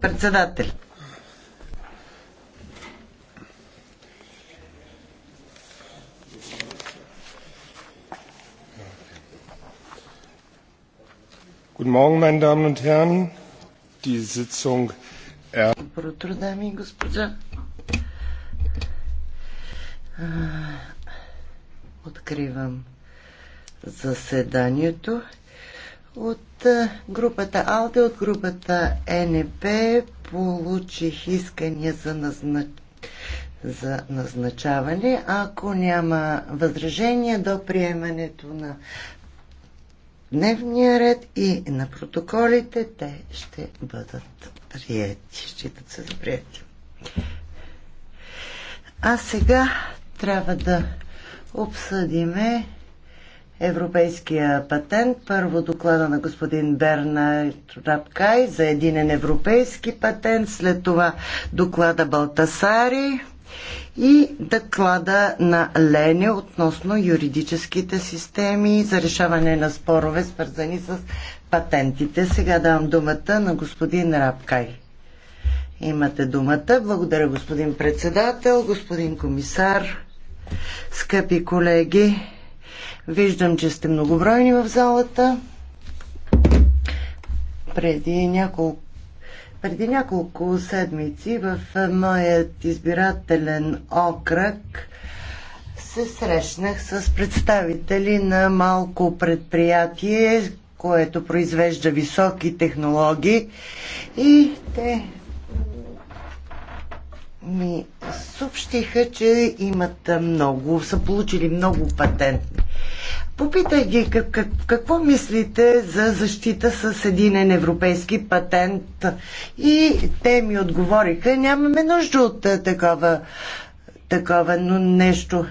Председател. Guten Morgen, meine Damen und Herren. Die Sitzung er... Добро утро, дами и господа. Откривам заседанието. От групата АЛДЕ, от групата НП получих искания за, назнач... за назначаване. Ако няма възражение до приемането на дневния ред и на протоколите, те ще бъдат прияти. Считат се за прияти. А сега трябва да обсъдиме европейския патент. Първо доклада на господин Берна Рапкай за единен европейски патент, след това доклада Балтасари и доклада на Лене относно юридическите системи за решаване на спорове, свързани с патентите. Сега давам думата на господин Рапкай. Имате думата. Благодаря, господин председател, господин комисар, скъпи колеги. Виждам, че сте многобройни в залата. Преди няколко преди няколко седмици в моят избирателен окръг се срещнах с представители на малко предприятие, което произвежда високи технологии и те ми съобщиха, че имат много, са получили много патентни. Попитах ги как, как, какво мислите за защита с един европейски патент и те ми отговориха, нямаме нужда от такова, такова но нещо.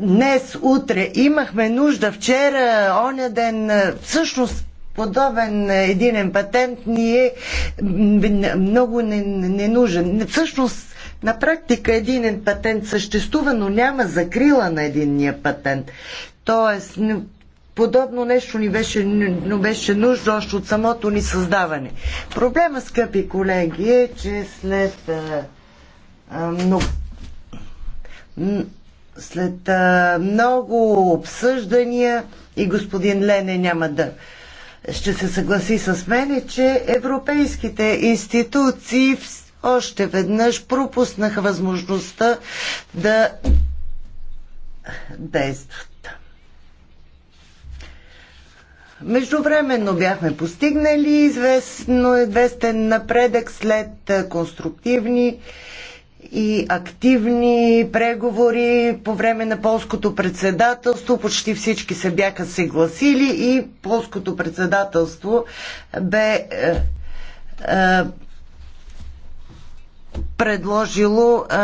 Днес, утре имахме нужда, вчера, оня ден, всъщност подобен е, единен патент ни е много ненужен. Всъщност, на практика единен патент съществува, но няма закрила на единния патент. Тоест, подобно нещо ни беше, но беше нужно още от самото ни създаване. Проблема, скъпи колеги, е, че след а, а, много, след а, много обсъждания и господин Лене няма да ще се съгласи с мен, че европейските институции още веднъж пропуснаха възможността да действат. Междувременно бяхме постигнали известно известен напредък след конструктивни и активни преговори по време на полското председателство. Почти всички се бяха съгласили и полското председателство бе е, е, предложило е,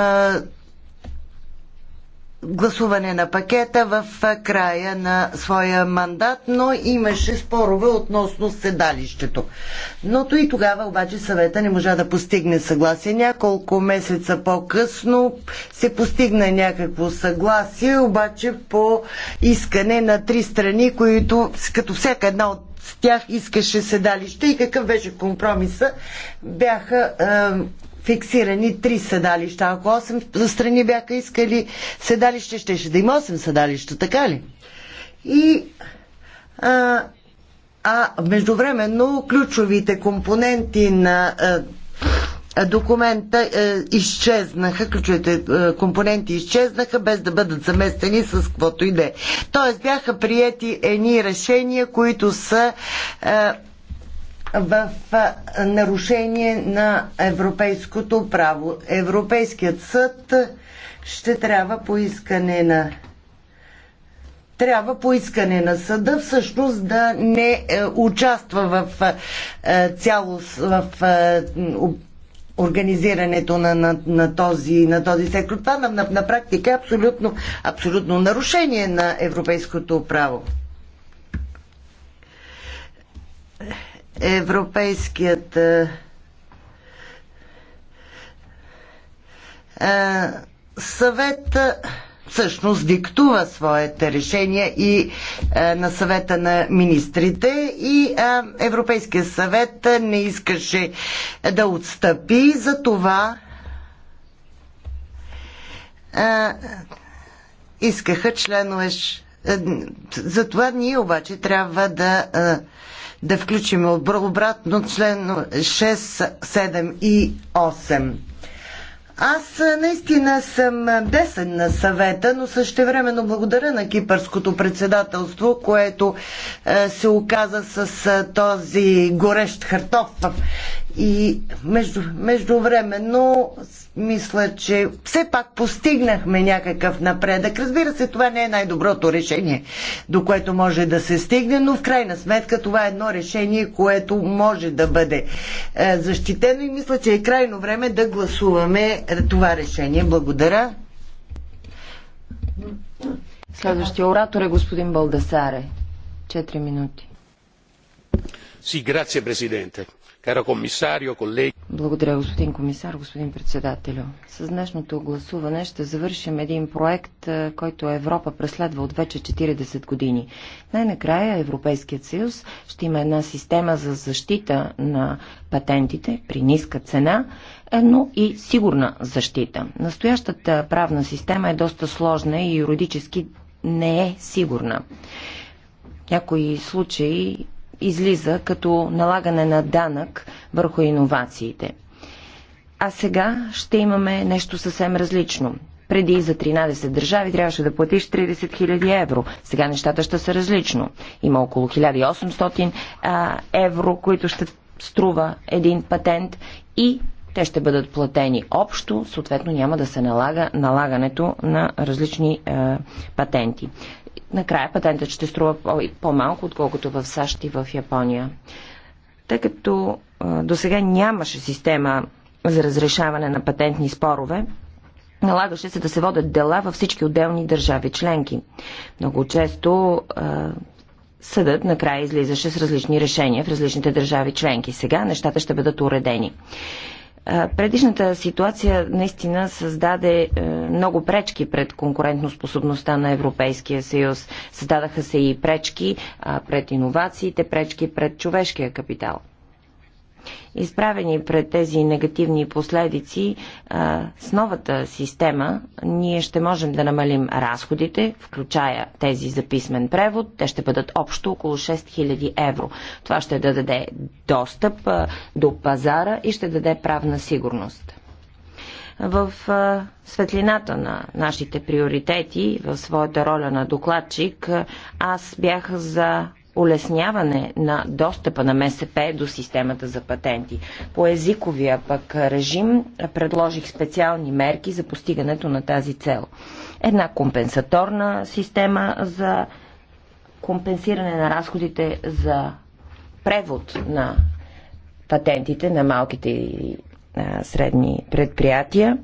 гласуване на пакета в края на своя мандат, но имаше спорове относно седалището. Но и тогава обаче съвета не можа да постигне съгласие. Няколко месеца по-късно се постигна някакво съгласие, обаче по искане на три страни, които като всяка една от с тях искаше седалище и какъв беше компромиса, бяха фиксирани три седалища. Ако 8 страни бяха искали седалище, ще, ще да има 8 седалища, така ли? И а, а междувременно ключовите компоненти на а, документа а, изчезнаха, ключовите а, компоненти изчезнаха, без да бъдат заместени с каквото и да е. Тоест бяха приети едни решения, които са а, в нарушение на европейското право. Европейският съд ще трябва по искане на трябва по искане на съда всъщност да не е, участва в е, цялост в е, организирането на, на, на, този, на този сектор. Това на, на, на практика е абсолютно, абсолютно нарушение на европейското право. Европейският съвет всъщност диктува своите решения и а, на съвета на министрите и а, Европейския съвет не искаше да отстъпи, за това искаха членове. Затова ние обаче трябва да а, да включим обратно член 6, 7 и 8. Аз наистина съм десен на съвета, но също времено благодаря на кипърското председателство, което се оказа с този горещ хартов и между, междувременно мисля, че все пак постигнахме някакъв напредък. Разбира се, това не е най-доброто решение, до което може да се стигне, но в крайна сметка това е едно решение, което може да бъде е, защитено и мисля, че е крайно време да гласуваме е, това решение. Благодаря. Следващия оратор е господин Балдасаре. Четири минути. Си, грация, президенте. Благодаря, господин комисар, господин председателю. С днешното гласуване ще завършим един проект, който Европа преследва от вече 40 години. Най-накрая Европейският съюз ще има една система за защита на патентите при ниска цена, е, но и сигурна защита. Настоящата правна система е доста сложна и юридически не е сигурна. Някои случаи излиза като налагане на данък върху иновациите. А сега ще имаме нещо съвсем различно. Преди за 13 държави трябваше да платиш 30 000 евро. Сега нещата ще са различно. Има около 1800 а, евро, които ще струва един патент и те ще бъдат платени общо, съответно няма да се налага налагането на различни е, патенти накрая патентът ще струва по-малко, отколкото в САЩ и в Япония. Тъй като до сега нямаше система за разрешаване на патентни спорове, налагаше се да се водят дела във всички отделни държави членки. Много често съдът накрая излизаше с различни решения в различните държави членки. Сега нещата ще бъдат уредени. Предишната ситуация наистина създаде е, много пречки пред конкурентноспособността на Европейския съюз. Създадаха се и пречки пред иновациите, пречки пред човешкия капитал. Изправени пред тези негативни последици, с новата система ние ще можем да намалим разходите, включая тези за писмен превод. Те ще бъдат общо около 6000 евро. Това ще да даде достъп до пазара и ще даде правна сигурност в светлината на нашите приоритети, в своята роля на докладчик, аз бях за улесняване на достъпа на МСП до системата за патенти. По езиковия пък режим предложих специални мерки за постигането на тази цел. Една компенсаторна система за компенсиране на разходите за превод на патентите на малките и средни предприятия,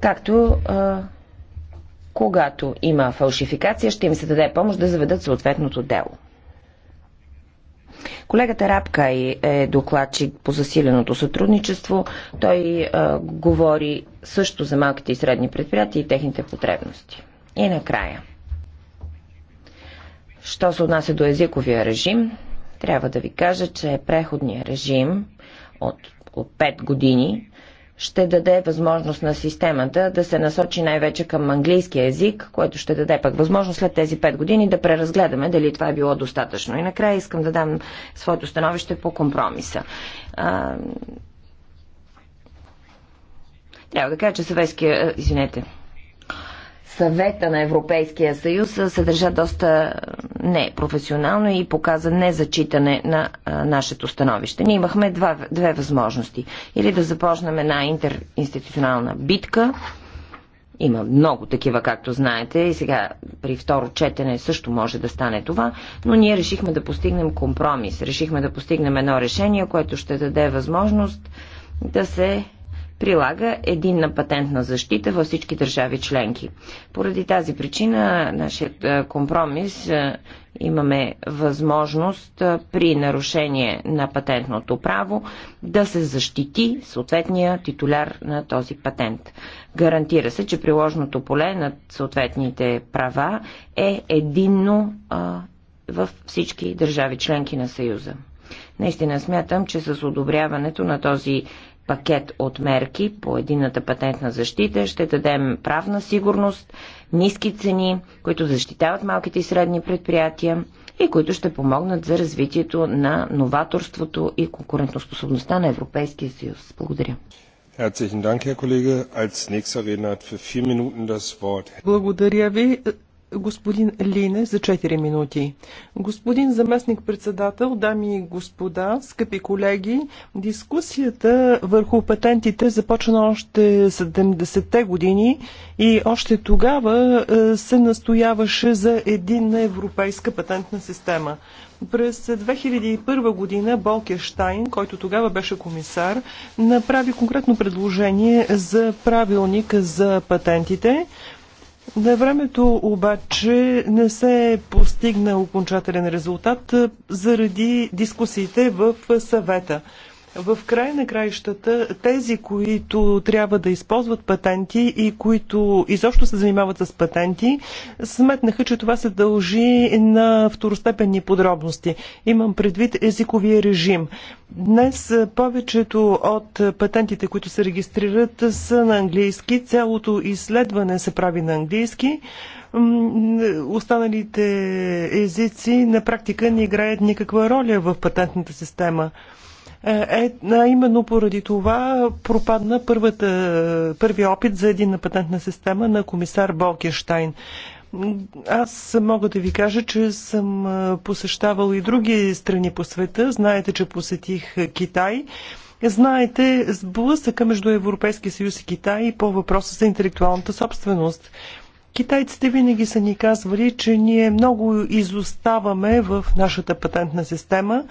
както когато има фалшификация, ще им се даде помощ да заведат съответното дело. Колегата Рапка е докладчик по засиленото сътрудничество. Той а, е, говори също за малките и средни предприятия и техните потребности. И накрая. Що се отнася до езиковия режим, трябва да ви кажа, че преходният режим от, от 5 години ще даде възможност на системата да се насочи най-вече към английския език, което ще даде пък възможност след тези 5 години да преразгледаме дали това е било достатъчно. И накрая искам да дам своето становище по компромиса. А... Трябва да кажа, че съветския... Извинете съвета на Европейския съюз се държа доста непрофесионално и показа незачитане на а, нашето становище. Ние имахме два, две възможности. Или да започнем една интеринституционална битка, има много такива, както знаете, и сега при второ четене също може да стане това, но ние решихме да постигнем компромис. Решихме да постигнем едно решение, което ще даде възможност да се прилага единна патентна защита във всички държави членки. Поради тази причина нашият е, компромис е, имаме възможност е, при нарушение на патентното право да се защити съответния титуляр на този патент. Гарантира се, че приложното поле на съответните права е единно във всички държави членки на Съюза. Наистина смятам, че с одобряването на този пакет от мерки по едината патентна защита. Ще дадем правна сигурност, ниски цени, които защитават малките и средни предприятия и които ще помогнат за развитието на новаторството и конкурентоспособността на Европейския съюз. Благодаря. Благодаря ви. Господин Лине за 4 минути. Господин заместник председател, дами и господа, скъпи колеги, дискусията върху патентите започна още 70-те години и още тогава е, се настояваше за единна европейска патентна система. През 2001 година Болкештайн, който тогава беше комисар, направи конкретно предложение за правилник за патентите. На времето обаче не се постигна окончателен резултат заради дискусиите в съвета. В край на краищата тези, които трябва да използват патенти и които изобщо се занимават с патенти, сметнаха, че това се дължи на второстепенни подробности. Имам предвид езиковия режим. Днес е, повечето от патентите, които се регистрират, са на английски. Цялото изследване се прави на английски останалите езици на практика не играят никаква роля в патентната система. Е, е, именно поради това пропадна първата, първи опит за един патентна система на комисар Болкештайн. Аз мога да ви кажа, че съм посещавал и други страни по света. Знаете, че посетих Китай. Знаете сблъсъка между Европейския съюз и Китай по въпроса за интелектуалната собственост. Китайците винаги са ни казвали, че ние много изоставаме в нашата патентна система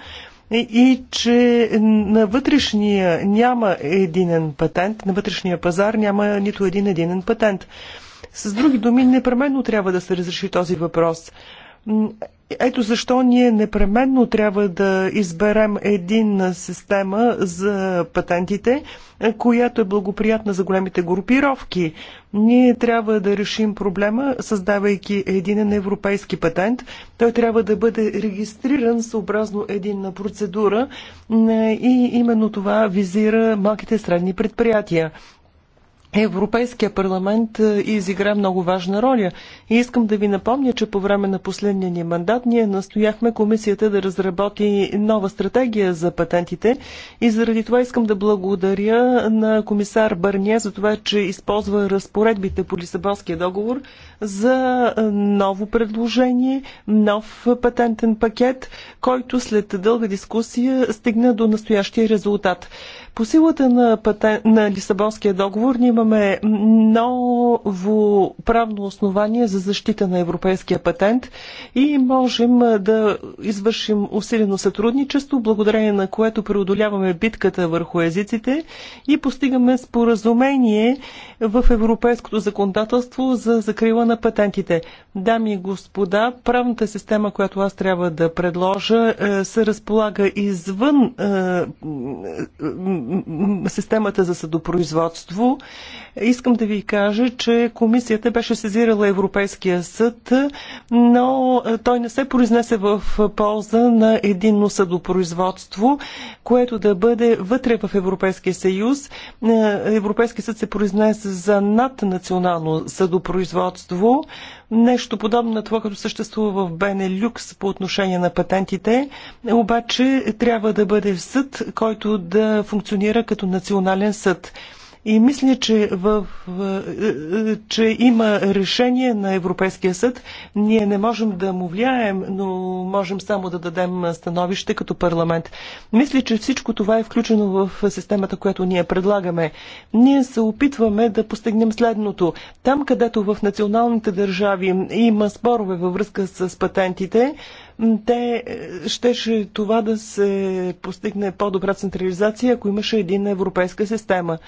и че на вътрешния няма единен патент, на вътрешния пазар няма нито един единен патент. С други думи, непременно трябва да се разреши този въпрос. Ето защо ние непременно трябва да изберем един система за патентите, която е благоприятна за големите групировки. Ние трябва да решим проблема, създавайки един европейски патент. Той трябва да бъде регистриран съобразно единна процедура е, и именно това визира малките средни предприятия. Европейския парламент е, изигра много важна роля и искам да ви напомня, че по време на последния ни мандат ние настояхме комисията да разработи нова стратегия за патентите и заради това искам да благодаря на комисар Бърния за това, че използва разпоредбите по Лисабонския договор за е, ново предложение, нов патентен пакет, който след дълга дискусия стигна до настоящия резултат. По силата на, патен... на Лисабонския договор ние имаме ново правно основание за защита на европейския патент и можем да извършим усилено сътрудничество, благодарение на което преодоляваме битката върху езиците и постигаме споразумение в европейското законодателство за закрила на патентите. Дами и господа, правната система, която аз трябва да предложа, е, се разполага извън е, системата за съдопроизводство. Искам да ви кажа, че комисията беше сезирала Европейския съд, но е, той не се произнесе в полза на единно съдопроизводство, което да бъде вътре в Европейския съюз. Е, Европейския съд се произнесе за наднационално съдопроизводство. Нещо подобно на това, като съществува в Бенелюкс по отношение на патентите, обаче трябва да бъде в съд, който да функционира като национален съд. И мисля, че, в, е, е, че има решение на Европейския съд. Ние не можем да му влияем, но можем само да дадем становище като парламент. Мисля, че всичко това е включено в системата, която ние предлагаме. Ние се опитваме да постигнем следното. Там, където в националните държави има спорове във връзка с патентите, те е, щеше това да се постигне по-добра централизация, ако имаше един европейска система.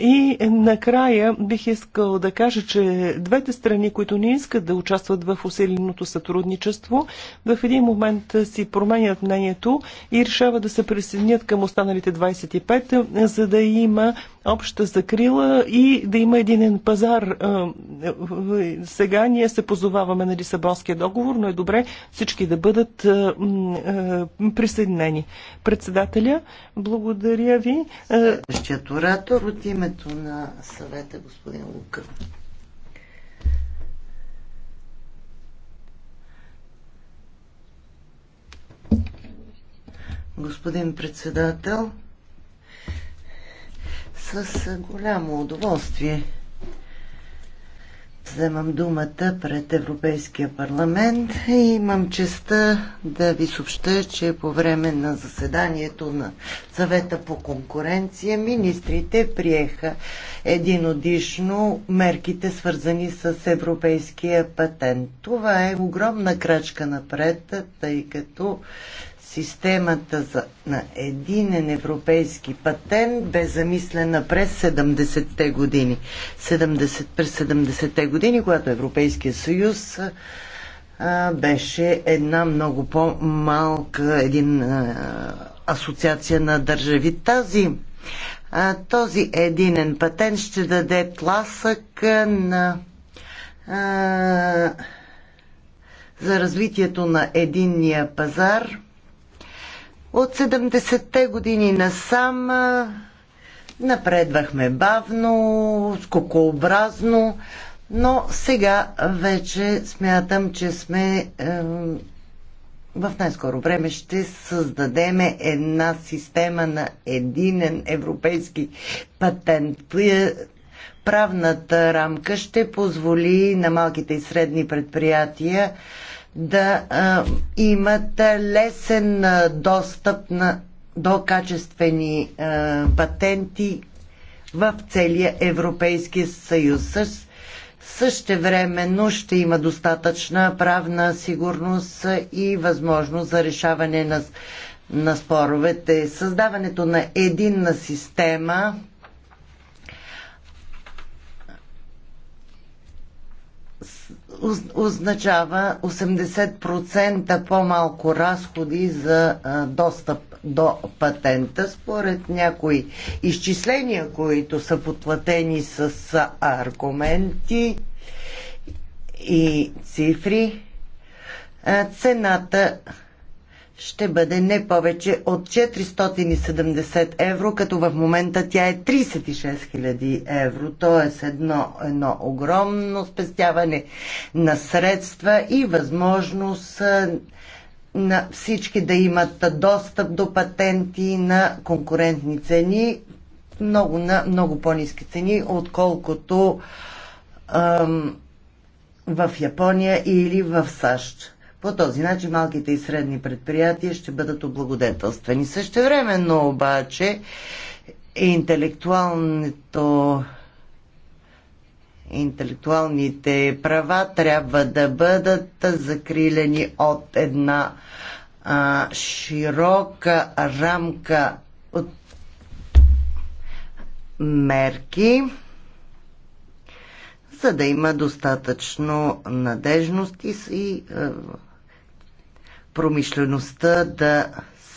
И накрая бих искал да кажа, че двете страни, които не искат да участват в усиленото сътрудничество, в един момент си променят мнението и решават да се присъединят към останалите 25, за да има обща закрила и да има единен пазар. Е, сега ние се позоваваме на Лисабонския договор, но е добре всички да бъдат е, е, присъединени. Председателя, благодаря ви. Следващият оратор от името името на съвета господин Лука. Господин председател, с голямо удоволствие Вземам думата пред Европейския парламент и имам честа да ви съобща, че по време на заседанието на съвета по конкуренция министрите приеха единодишно мерките свързани с европейския патент. Това е огромна крачка напред, тъй като Системата за, на единен европейски патент бе замислена през 70-те години. 70, през 70-те години, когато Европейския съюз а, беше една много по-малка един, а, асоциация на държави. Тази, а, този единен патент ще даде тласък на а, за развитието на единния пазар – от 70-те години насам напредвахме бавно, скокообразно, но сега вече смятам, че сме в най-скоро време ще създадеме една система на единен европейски патент. Правната рамка ще позволи на малките и средни предприятия да а, имат лесен достъп на, до качествени а, патенти в целия Европейски съюз. Същевременно ще има достатъчна правна сигурност и възможност за решаване на, на споровете. Създаването на единна система означава 80% по-малко разходи за достъп до патента. Според някои изчисления, които са потлатени с аргументи и цифри, цената ще бъде не повече от 470 евро, като в момента тя е 36 000 евро. Тоест едно, едно огромно спестяване на средства и възможност на всички да имат достъп до патенти на конкурентни цени, много на много по-низки цени, отколкото ам, в Япония или в САЩ. По този начин малките и средни предприятия ще бъдат облагодетелствани. но обаче интелектуалното интелектуалните права трябва да бъдат закрилени от една а, широка рамка от мерки, за да има достатъчно надежност и, и промишлеността да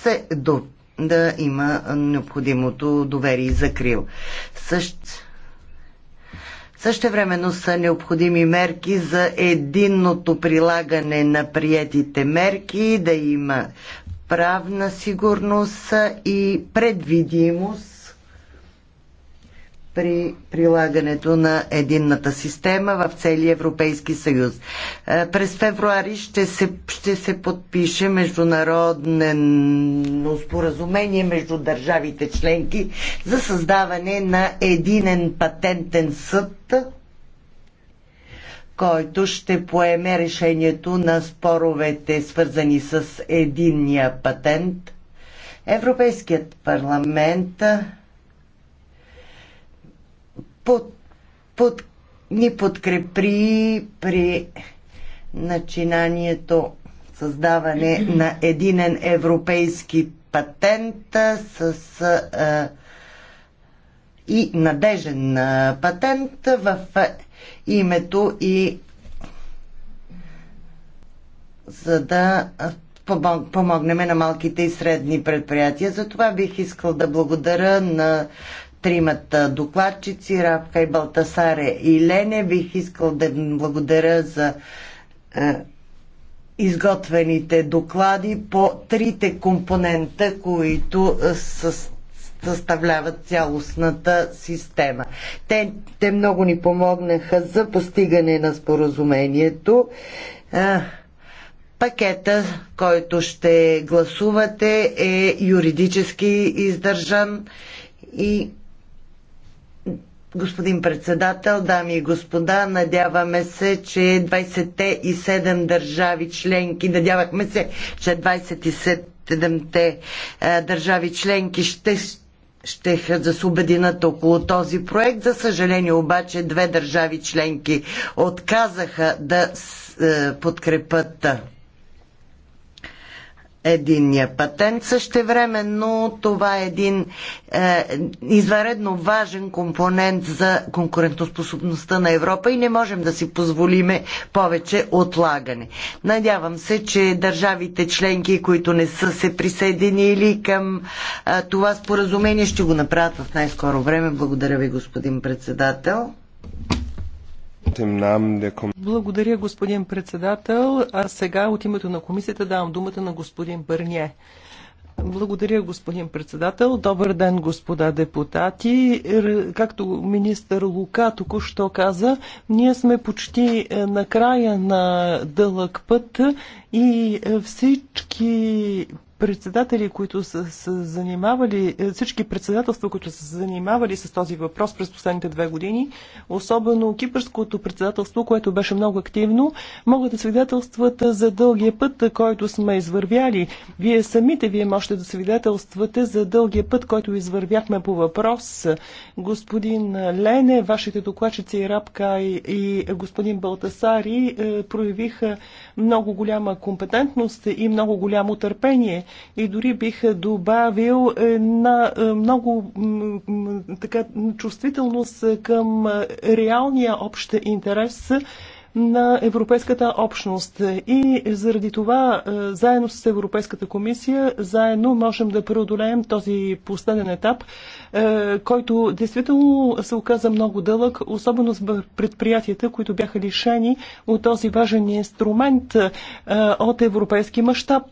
се до, да има необходимото доверие и закрил. Също Същевременно са необходими мерки за единното прилагане на приетите мерки, да има правна сигурност и предвидимост при прилагането на единната система в целия Европейски съюз. Е, през февруари ще се, ще се подпише международно споразумение между държавите членки за създаване на единен патентен съд, който ще поеме решението на споровете, свързани с единния патент. Европейският парламент под, под, ни подкрепи при начинанието създаване на единен европейски патент с а, и надежен патент в името и за да помогнем на малките и средни предприятия. За това бих искал да благодаря на тримата докладчици, Рабка и Балтасаре и Лене. Бих искал да благодаря за е, изготвените доклади по трите компонента, които е, съставляват цялостната система. Те, те много ни помогнаха за постигане на споразумението. Е, пакета, който ще гласувате, е юридически издържан и Господин председател, дами и господа, надяваме се, че 27 държави членки, надявахме се, че 27-те е, държави членки ще ще да се обединат около този проект. За съжаление обаче две държави членки отказаха да е, подкрепат единния патент. Същевременно това е един е, изваредно важен компонент за конкурентоспособността на Европа и не можем да си позволиме повече отлагане. Надявам се, че държавите членки, които не са се присъединили към е, това споразумение, ще го направят в най-скоро време. Благодаря ви, господин председател. Благодаря, господин председател. А сега от името на комисията давам думата на господин Бърние. Благодаря, господин председател. Добър ден, господа депутати. Както министър Лука току-що каза, ние сме почти е, на края на дълъг път и е, всички председатели, които са се занимавали, е, всички председателства, които са се занимавали с този въпрос през последните две години, особено кипърското председателство, което беше много активно, могат да свидетелстват за дългия път, който сме извървяли. Вие самите, вие можете да свидетелствате за дългия път, който извървяхме по въпрос. Господин Лене, вашите докладчици Рабка и, и господин Балтасари е, проявиха много голяма компетентност и много голямо търпение. И дори бих добавил е, на е, много така чувствителност към е, реалния общ интерес на Европейската общност. И заради това, е, заедно с Европейската комисия, заедно можем да преодолеем този последен етап, е, който действително се оказа много дълъг, особено с предприятията, които бяха лишени от този важен инструмент е, от европейски мащаб.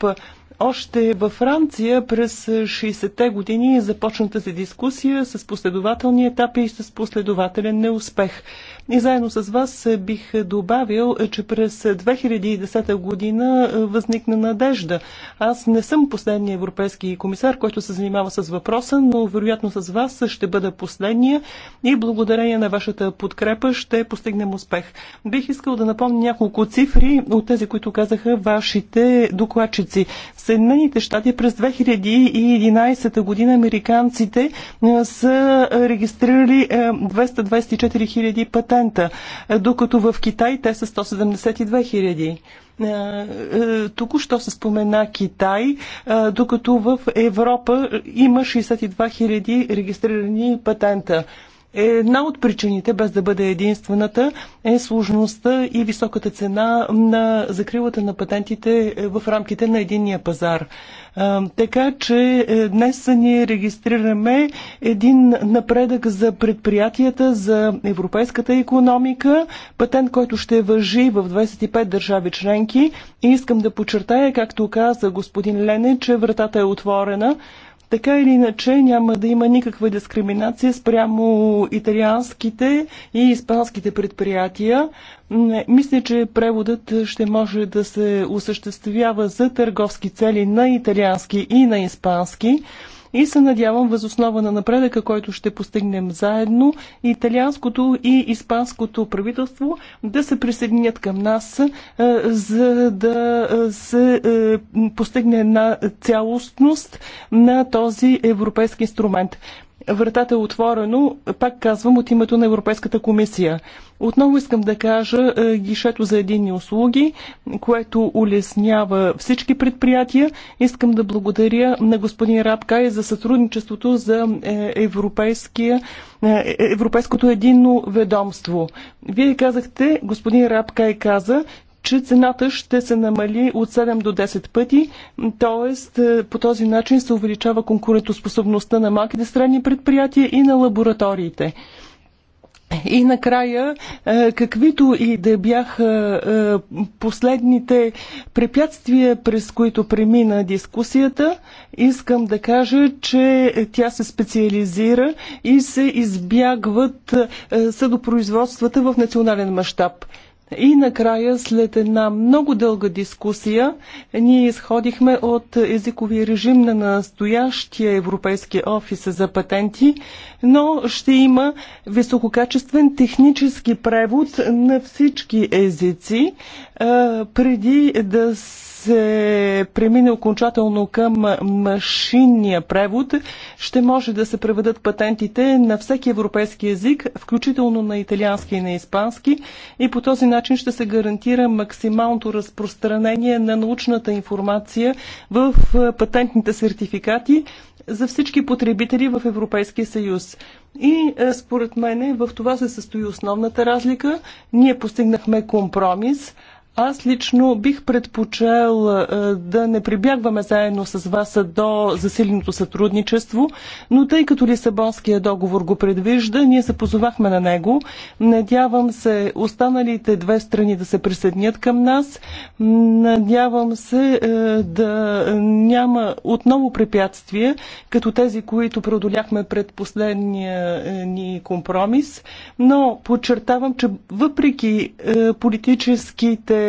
Още във Франция през 60-те години започната се дискусия с последователни етапи и с последователен неуспех. И заедно с вас бих добавил, че през 2010 година възникна надежда. Аз не съм последния европейски комисар, който се занимава с въпроса, но вероятно с вас ще бъда последния и благодарение на вашата подкрепа ще постигнем успех. Бих искал да напомня няколко цифри от тези, които казаха вашите докладчици. В Съединените щати през 2011 година американците са регистрирали 224 000 патента 1%, е, докато в Китай те са 172 хиляди. Е, е, току-що се спомена Китай, докато в Европа има 62 000 регистрирани патента. Една от причините, без да бъде единствената, е сложността и високата цена на закрилата на патентите е, в рамките на единния пазар. Така че е, днес ние регистрираме един напредък за предприятията, за европейската економика, патент, който ще въжи в 25 държави членки. И искам да подчертая, както каза господин Лене, че вратата е отворена. Така или иначе няма да има никаква дискриминация спрямо италианските и испанските предприятия. Мисля, че преводът ще може да се осъществява за търговски цели на италиански и на испански и се надявам възоснова на напредъка, който ще постигнем заедно, италианското и испанското правителство да се присъединят към нас, е, за да е, се е, постигне една цялостност на този европейски инструмент. Вратата е отворено, пак казвам, от името на Европейската комисия. Отново искам да кажа е, гишето за единни услуги, което улеснява всички предприятия. Искам да благодаря на господин Рабкай за сътрудничеството за е, европейския, е, европейското единно ведомство. Вие казахте, господин Рабкай каза, че цената ще се намали от 7 до 10 пъти, т.е. по този начин се увеличава конкурентоспособността на малките средни предприятия и на лабораториите. И накрая, е, каквито и да бяха е, последните препятствия, през които премина дискусията, искам да кажа, че тя се специализира и се избягват е, съдопроизводствата в национален мащаб. И накрая, след една много дълга дискусия, ние изходихме от езиковия режим на настоящия Европейски офис за патенти, но ще има висококачествен технически превод на всички езици преди да се се премине окончателно към машинния превод, ще може да се преведат патентите на всеки европейски език, включително на италиански и на испански, и по този начин ще се гарантира максималното разпространение на научната информация в патентните сертификати за всички потребители в Европейския съюз. И е, според мен в това се състои основната разлика. Ние постигнахме компромис – аз лично бих предпочел е, да не прибягваме заедно с вас до засиленото сътрудничество, но тъй като Лисабонския договор го предвижда, ние се позовахме на него. Надявам се останалите две страни да се присъединят към нас. Надявам се е, да няма отново препятствия, като тези, които преодоляхме пред последния е, ни компромис. Но подчертавам, че въпреки политическите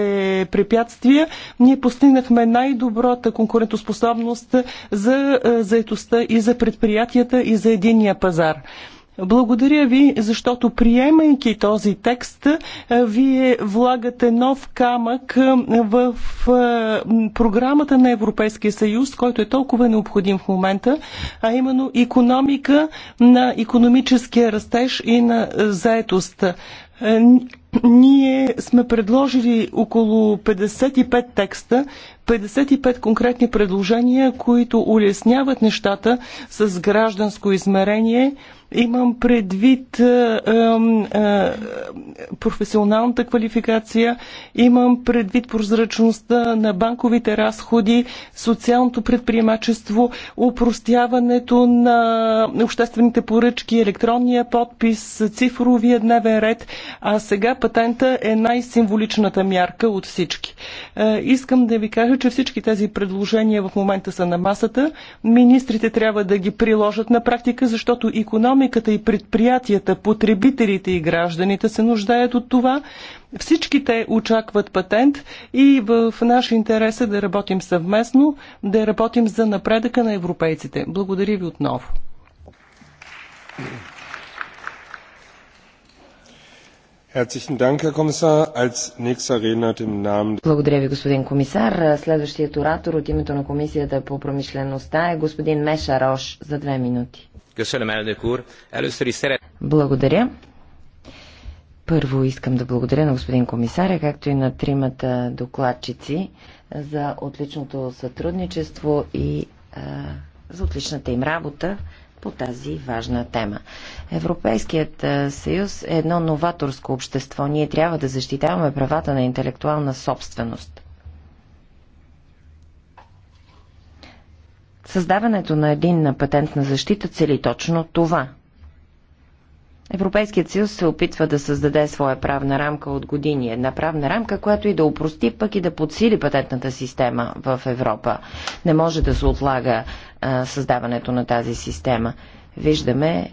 препятствия, ние постигнахме най-добрата конкурентоспособност за е, заетостта и за предприятията и за единния пазар. Благодаря ви, защото приемайки този текст, е, вие влагате нов камък е, в програмата на Европейския съюз, който е толкова необходим в момента, а именно економика на економическия растеж и на заетост. Ние сме предложили около 55 текста, 55 конкретни предложения, които улесняват нещата с гражданско измерение – Имам предвид е, е, професионалната квалификация, имам предвид прозрачността на банковите разходи, социалното предприемачество, упростяването на обществените поръчки, електронния подпис, цифровия дневен ред, а сега патента е най-символичната мярка от всички. Е, искам да ви кажа, че всички тези предложения в момента са на масата. Министрите трябва да ги приложат на практика, защото економиката економиката и предприятията, потребителите и гражданите се нуждаят от това. Всички те очакват патент и в наш интерес е да работим съвместно, да работим за напредъка на европейците. Благодаря ви отново. Благодаря ви, господин комисар. Следващият оратор от името на Комисията по промишлеността е господин Меша Рош за две минути. Благодаря. Първо искам да благодаря на господин комисаря, както и на тримата докладчици за отличното сътрудничество и а, за отличната им работа по тази важна тема. Европейският съюз е едно новаторско общество. Ние трябва да защитаваме правата на интелектуална собственост. Създаването на един на патентна защита цели точно това. Европейският съюз се опитва да създаде своя правна рамка от години. Една правна рамка, която и да упрости, пък и да подсили патентната система в Европа. Не може да се отлага а, създаването на тази система. Виждаме,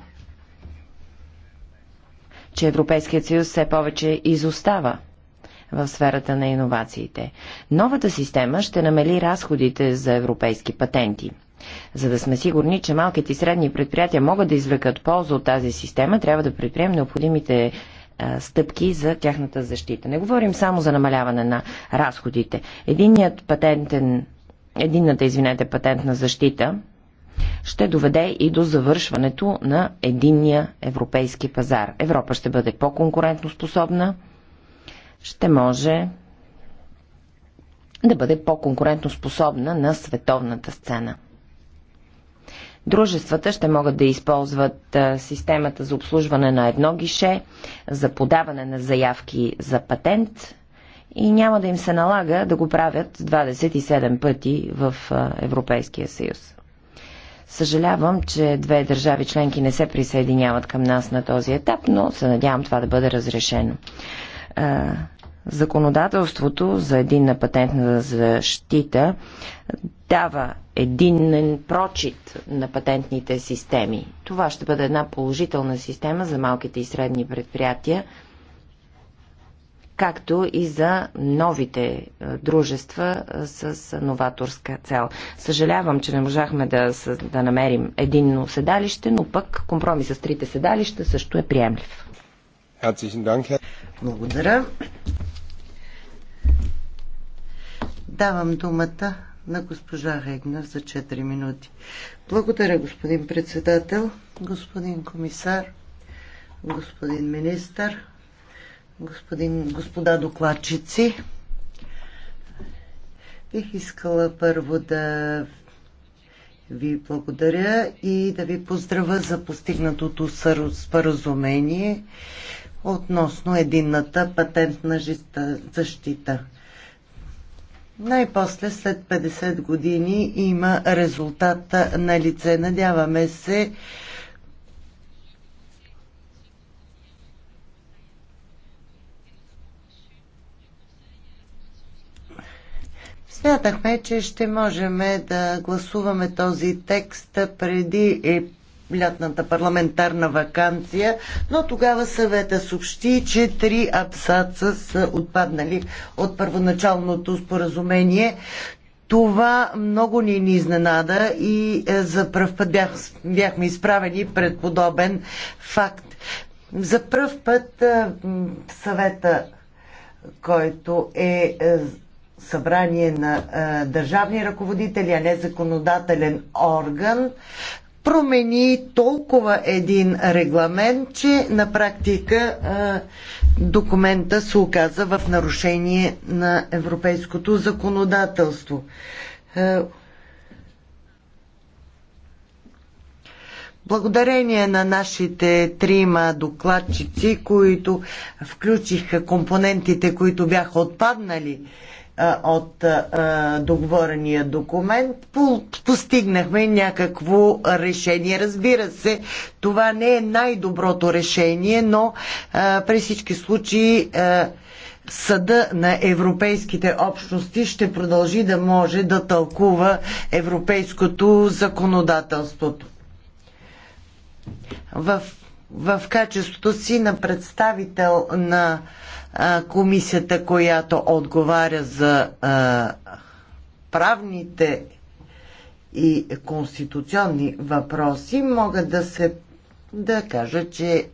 че Европейският съюз все повече изостава в сферата на иновациите. Новата система ще намали разходите за европейски патенти. За да сме сигурни, че малките и средни предприятия могат да извлекат полза от тази система, трябва да предприемем необходимите е, стъпки за тяхната защита. Не говорим само за намаляване на разходите. Единият патентен, единната, извинете, патентна защита ще доведе и до завършването на единния европейски пазар. Европа ще бъде по-конкурентно способна, ще може да бъде по-конкурентно способна на световната сцена. Дружествата ще могат да използват системата за обслужване на едно гише, за подаване на заявки за патент и няма да им се налага да го правят 27 пъти в Европейския съюз. Съжалявам, че две държави членки не се присъединяват към нас на този етап, но се надявам това да бъде разрешено законодателството за единна патентна защита дава единен прочит на патентните системи. Това ще бъде една положителна система за малките и средни предприятия, както и за новите дружества с новаторска цел. Съжалявам, че не можахме да, да намерим единно седалище, но пък компромисът с трите седалища също е приемлив. Благодаря. Давам думата на госпожа Регна за 4 минути. Благодаря, господин председател, господин комисар, господин министър, господин, господа докладчици. Бих искала първо да ви благодаря и да ви поздравя за постигнатото споразумение относно единната патентна защита. Най-после, след 50 години, има резултата на лице. Надяваме се, Смятахме, че ще можем да гласуваме този текст преди лятната парламентарна вакансия, но тогава съвета съобщи, че три абсаца са отпаднали от първоначалното споразумение. Това много ни ни изненада и е, за пръв път бях, бяхме изправени пред подобен факт. За пръв път е, съвета, който е, е събрание на държавни ръководители, а не законодателен орган, промени толкова един регламент, че на практика документа се оказа в нарушение на европейското законодателство. Благодарение на нашите трима докладчици, които включиха компонентите, които бяха отпаднали от договорения документ. постигнахме някакво решение. Разбира се, това не е най-доброто решение, но при всички случаи Съда на европейските общности ще продължи да може да тълкува европейското законодателството. В, в качеството си на представител на комисията, която отговаря за правните и конституционни въпроси, мога да се да кажа, че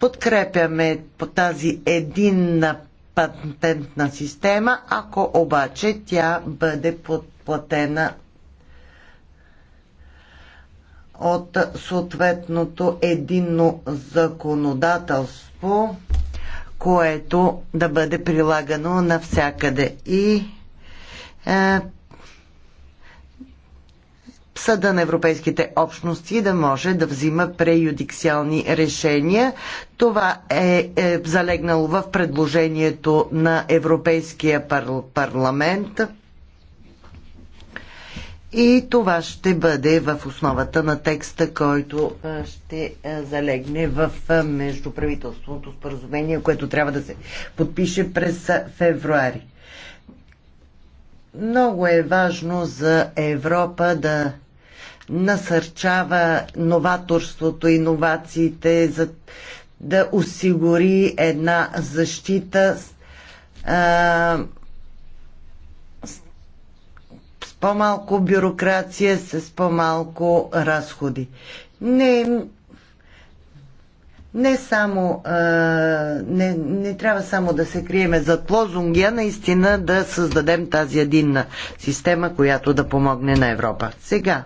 подкрепяме по тази единна патентна система, ако обаче тя бъде подплатена от съответното единно законодателство, което да бъде прилагано навсякъде. И е, Съда на европейските общности да може да взима преюдиксиални решения. Това е, е залегнало в предложението на Европейския парламент и това ще бъде в основата на текста, който ще залегне в междуправителственото споразумение, което трябва да се подпише през февруари. Много е важно за Европа да насърчава новаторството, иновациите, за да осигури една защита а, по-малко бюрокрация, с по-малко разходи. Не, не само а, не, не трябва само да се криеме зад лозунги, а наистина да създадем тази единна система, която да помогне на Европа. Сега,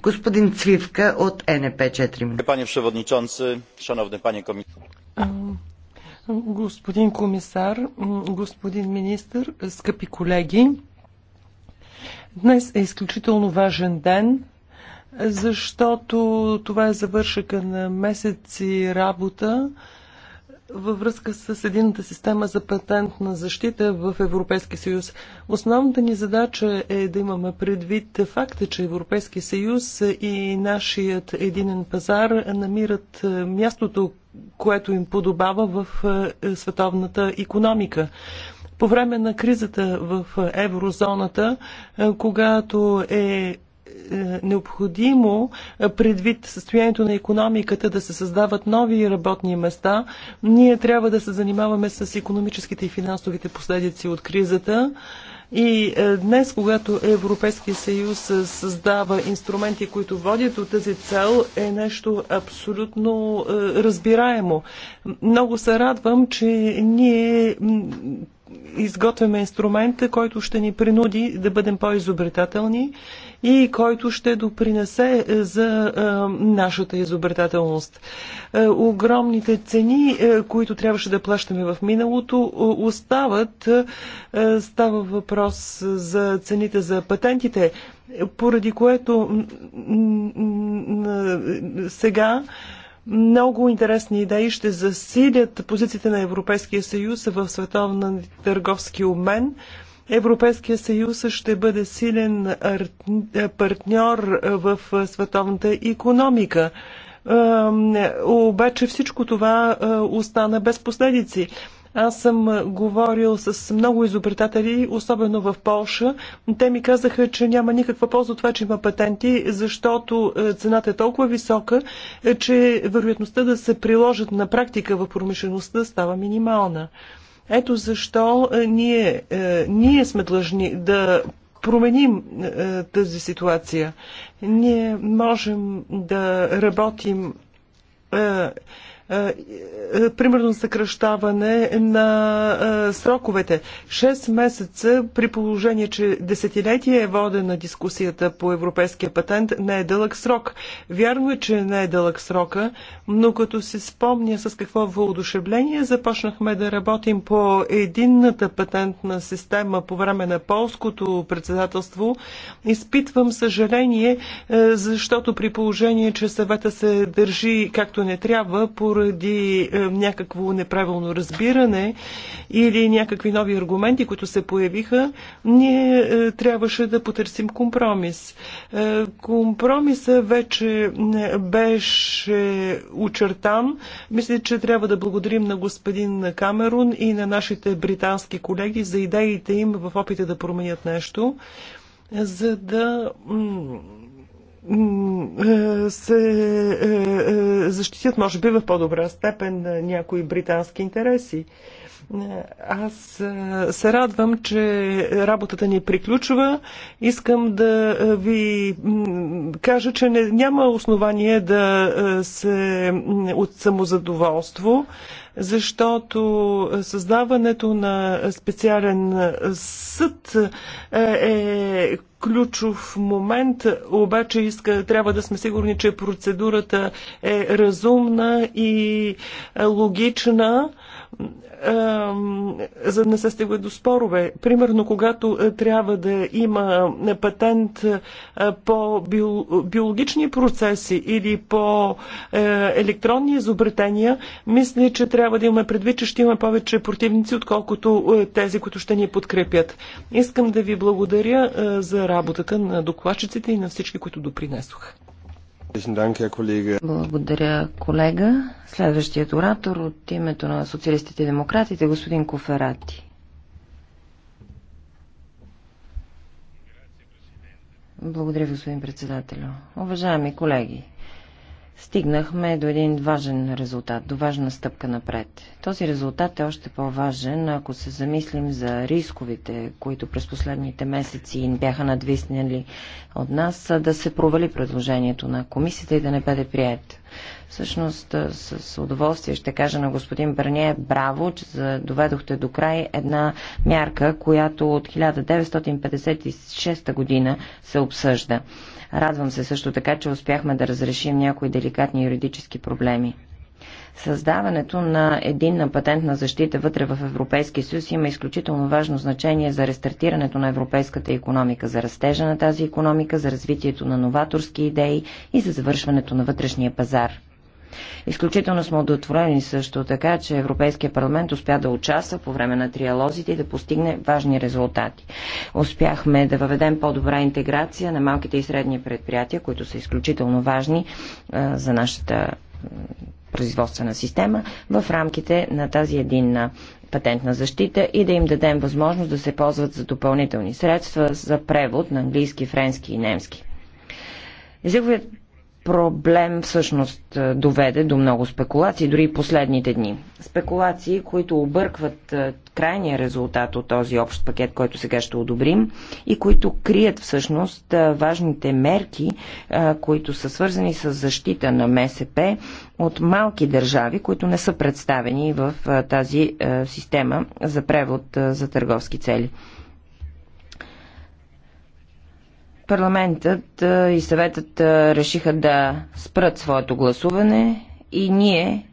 господин Цвивка от НП 4. Пане Przewodniczący, шановни пане комисар. Господин комисар, господин министр, скъпи колеги, Днес е изключително важен ден, защото това е завършъка на месеци работа във връзка с единната система за патентна защита в Европейския съюз. Основната ни задача е да имаме предвид факта, че Европейския съюз и нашият единен пазар намират мястото, което им подобава в е, световната економика. По време на кризата в еврозоната, е, когато е, е необходимо е, предвид състоянието на економиката да се създават нови работни места, ние трябва да се занимаваме с економическите и финансовите последици от кризата. И днес, когато Европейския съюз създава инструменти, които водят от тази цел, е нещо абсолютно разбираемо. Много се радвам, че ние изготвяме инструмент, който ще ни принуди да бъдем по-изобретателни и който ще допринесе е, за е, нашата изобретателност. Е, огромните цени, които трябваше да плащаме в миналото, остават. Става въпрос за цените за патентите, поради което сега много интересни идеи ще засилят позициите на Европейския съюз в световна търговски обмен. Европейския съюз ще бъде силен партньор в световната економика. Обаче всичко това остана без последици. Аз съм говорил с много изобретатели, особено в Полша. Те ми казаха, че няма никаква полза от това, че има патенти, защото цената е толкова висока, е, че вероятността да се приложат на практика в промишлеността става минимална. Ето защо ние, ние сме длъжни да променим тази ситуация. Ние можем да работим е, е, примерно съкръщаване на е, сроковете. Шест месеца при положение, че десетилетие е водена дискусията по европейския патент, не е дълъг срок. Вярно е, че не е дълъг срока, но като се спомня с какво въодушевление започнахме да работим по единната патентна система по време на полското председателство, изпитвам съжаление, защото при положение, че съвета се държи както не трябва по поради е, някакво неправилно разбиране или някакви нови аргументи, които се появиха, ние е, трябваше да потърсим компромис. Е, компромиса вече беше очертан. Мисля, че трябва да благодарим на господин Камерун и на нашите британски колеги за идеите им в опита да променят нещо, за да е, се е, е, защитят, може би, в по-добра степен някои британски интереси. Аз се радвам, че работата ни приключва. Искам да ви кажа, че не, няма основание да се от самозадоволство, защото създаването на специален съд е ключов момент, обаче иска, трябва да сме сигурни, че процедурата е разумна и е, логична за да не се стига до спорове. Примерно, когато е, трябва да има е, патент е, по биологични процеси или по електронни изобретения, мисля, че трябва да имаме предвид, че ще има повече противници, отколкото тези, които ще ни подкрепят. Искам да ви благодаря за работата на докладчиците и на всички, които допринесоха. Благодаря, колега. Следващият оратор от името на социалистите и демократите, господин Коферати. Благодаря, господин председател, Уважаеми колеги, стигнахме до един важен резултат, до важна стъпка напред. Този резултат е още по-важен, ако се замислим за рисковите, които през последните месеци бяха надвиснали от нас, да се провали предложението на комисията и да не бъде прият. Всъщност, с удоволствие ще кажа на господин Бърние, браво, че доведохте до край една мярка, която от 1956 година се обсъжда. Радвам се също така, че успяхме да разрешим някои деликатни юридически проблеми. Създаването на единна патентна защита вътре в Европейския съюз има изключително важно значение за рестартирането на европейската економика, за растежа на тази економика, за развитието на новаторски идеи и за завършването на вътрешния пазар. Изключително сме удовлетворени също така, че Европейския парламент успя да участва по време на триалозите и да постигне важни резултати. Успяхме да въведем по-добра интеграция на малките и средни предприятия, които са изключително важни за нашата производствена система в рамките на тази единна патентна защита и да им дадем възможност да се ползват за допълнителни средства за превод на английски, френски и немски. Езиковият проблем всъщност е, доведе до много спекулации, дори и последните дни. Спекулации, които объркват е, крайния резултат от този общ пакет, който сега ще одобрим и които крият всъщност е, важните мерки, които са свързани с защита на МСП от малки държави, които не са представени в тази система за превод за търговски цели. Парламентът и съветът решиха да спрат своето гласуване и ние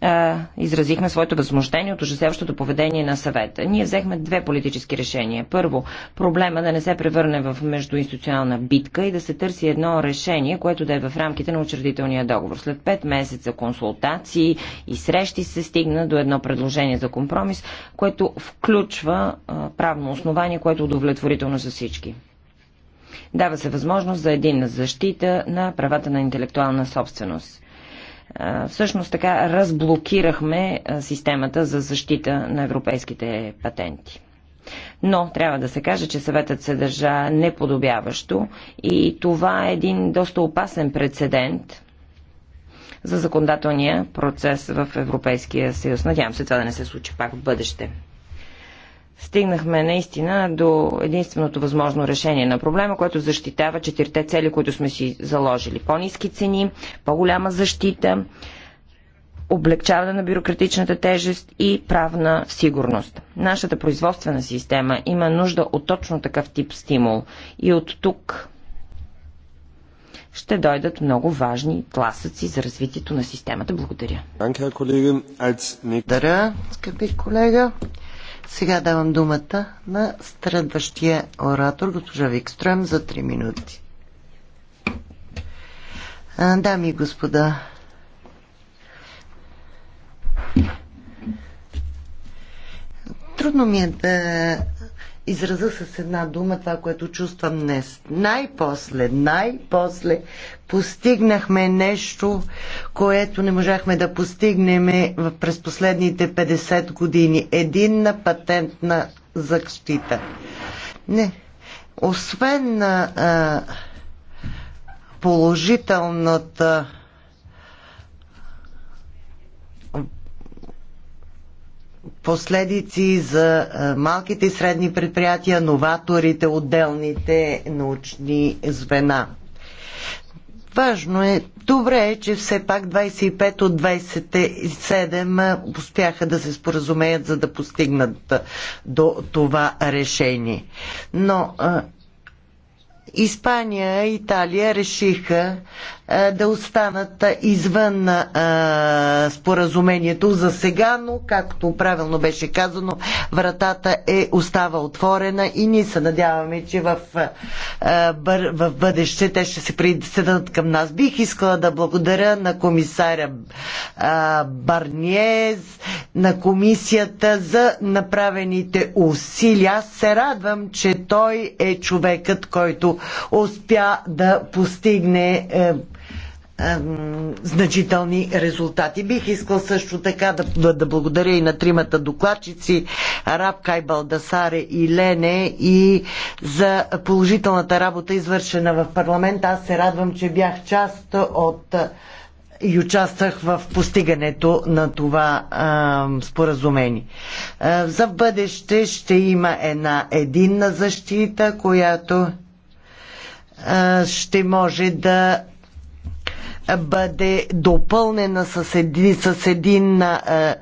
а, изразихме своето възмущение от ужасяващото поведение на съвета. Ние взехме две политически решения. Първо, проблема да не се превърне в междуинституционална битка и да се търси едно решение, което да е в рамките на учредителния договор. След пет месеца консултации и срещи се стигна до едно предложение за компромис, което включва а, правно основание, което е удовлетворително за всички. Дава се възможност за един защита на правата на интелектуална собственост. Всъщност така разблокирахме системата за защита на европейските патенти. Но трябва да се каже, че съветът се държа неподобяващо и това е един доста опасен прецедент за законодателния процес в Европейския съюз. Надявам се това да не се случи пак в бъдеще стигнахме наистина до единственото възможно решение на проблема, което защитава четирите цели, които сме си заложили. По-низки цени, по-голяма защита, облегчаване на бюрократичната тежест и правна сигурност. Нашата производствена система има нужда от точно такъв тип стимул и от тук ще дойдат много важни тласъци за развитието на системата. Благодаря. Благодаря, скъпи колега. Сега давам думата на следващия оратор, госпожа Викстрем, за 3 минути. Дами и господа, трудно ми е да израза с една дума това, което чувствам днес. Най-после, най-после постигнахме нещо, което не можахме да постигнем през последните 50 години. Единна патентна защита. Не. Освен на положителната последици за малките и средни предприятия, новаторите, отделните научни звена. Важно е, добре е, че все пак 25 от 27 успяха да се споразумеят, за да постигнат до това решение. Но Испания и Италия решиха е, да останат извън е, споразумението за сега, но както правилно беше казано, вратата е остава отворена и ние се надяваме, че в, е, в бъдеще те ще се присъединят към нас. Бих искала да благодаря на комисаря Барниез, на комисията за направените усилия. Аз се радвам, че той е човекът, който успя да постигне значителни резултати. Бих искал също така да, да благодаря и на тримата докладчици Рабкай Балдасаре и Лене и за положителната работа извършена в парламент. Аз се радвам, че бях част от и участвах в постигането на това а, споразумение. А, за бъдеще ще има една единна защита, която а, ще може да бъде допълнена с един, с един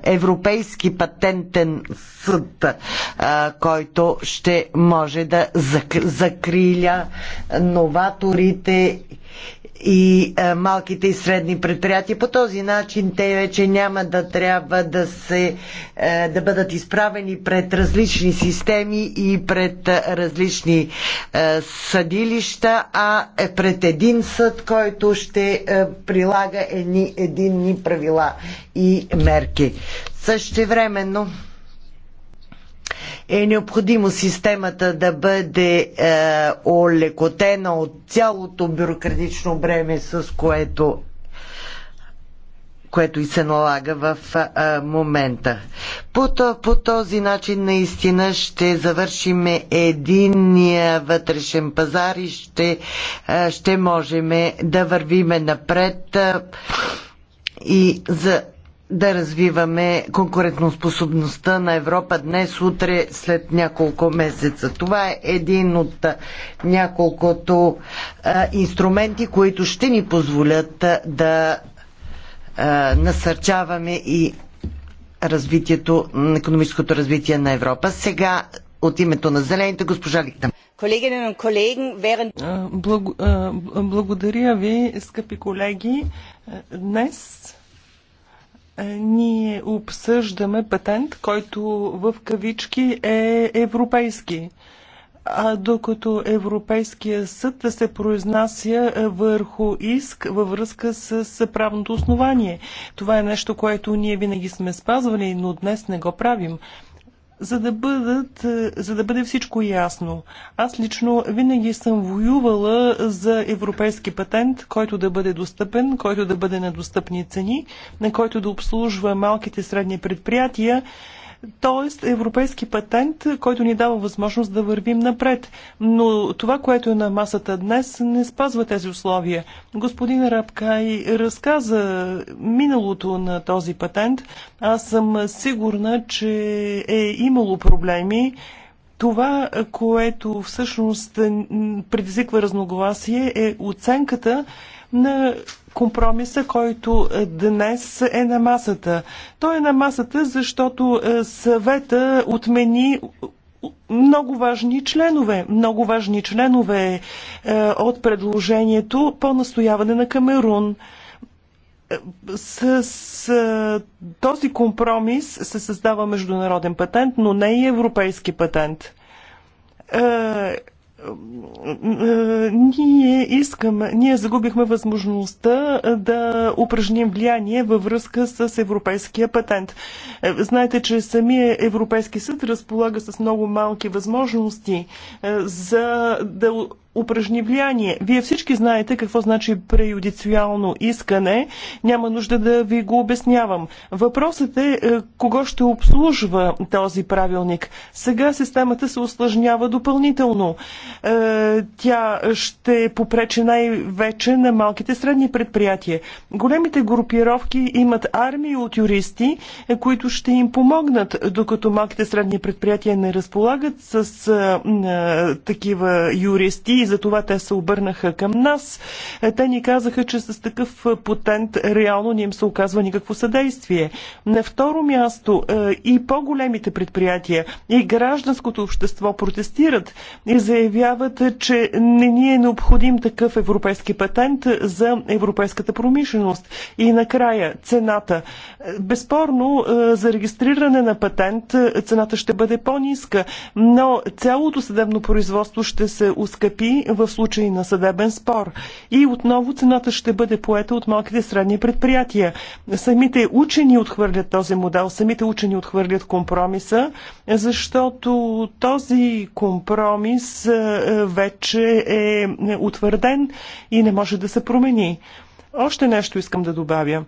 европейски патентен съд, който ще може да закриля новаторите и а, е, малките и средни предприятия. По този начин те вече няма да трябва да, се, а, е, да бъдат изправени пред различни системи и пред а, е, различни а, съдилища, а пред един съд, който ще а, прилага едни единни правила и мерки. Също времено е необходимо системата да бъде е, олекотена от цялото бюрократично бреме, с което което и се налага в а, е, е, момента. По, то, по този начин наистина ще завършим единния вътрешен пазар и ще, а, е, ще можем да вървиме напред а, и за да развиваме конкурентоспособността на Европа днес, утре, след няколко месеца. Това е един от няколкото а, инструменти, които ще ни позволят а, да а, насърчаваме и развитието, економическото развитие на Европа. Сега от името на зелените госпожа Ликтам. Благодаря ви, скъпи колеги. Днес е, ние обсъждаме патент, който в кавички е европейски. А докато Европейския съд се произнася е, върху иск във връзка с правното основание. Това е нещо, което ние винаги сме спазвали, но днес не го правим за да, бъдат, е, за да бъде всичко ясно. Аз лично винаги съм воювала за европейски патент, който да бъде достъпен, който да бъде на достъпни цени, на който да обслужва малките и средни предприятия т.е. европейски патент, който ни дава възможност да вървим напред. Но това, което е на масата днес, не спазва тези условия. Господин Рабкай разказа миналото на този патент. Аз съм сигурна, че е имало проблеми. Това, което всъщност предизвиква разногласие, е оценката на компромиса, който днес е на масата. Той е на масата, защото е, съвета отмени много важни членове, много важни членове е, от предложението по настояване на Камерун с, с този компромис се създава международен патент, но не и европейски патент. Е, ние искаме, ние загубихме възможността да упражним влияние във връзка с европейския патент. Знаете, че самия Европейски съд разполага с много малки възможности е, за да упражни влияние. Вие всички знаете какво значи преюдициално искане. Няма нужда да ви го обяснявам. Въпросът е, е кого ще обслужва този правилник. Сега системата се осложнява допълнително. Е, тя ще попречи най-вече на малките средни предприятия. Големите групировки имат армии от юристи, е, които ще им помогнат, докато малките средни предприятия не разполагат с такива юристи за това те се обърнаха към нас. Е, те ни казаха, че с такъв е, потент реално не им се оказва никакво съдействие. На второ място е, и по-големите предприятия и гражданското общество протестират и заявяват, че не ни е необходим такъв европейски патент за европейската промишленост. И накрая цената. Безспорно, за регистриране на патент цената ще бъде по-ниска, но цялото съдебно производство ще се ускъпи в случай на съдебен спор. И отново цената ще бъде поета от малките средни предприятия. Самите учени отхвърлят този модел, самите учени отхвърлят компромиса, защото този компромис е, вече е утвърден и не може да се промени. Още нещо искам да добавя.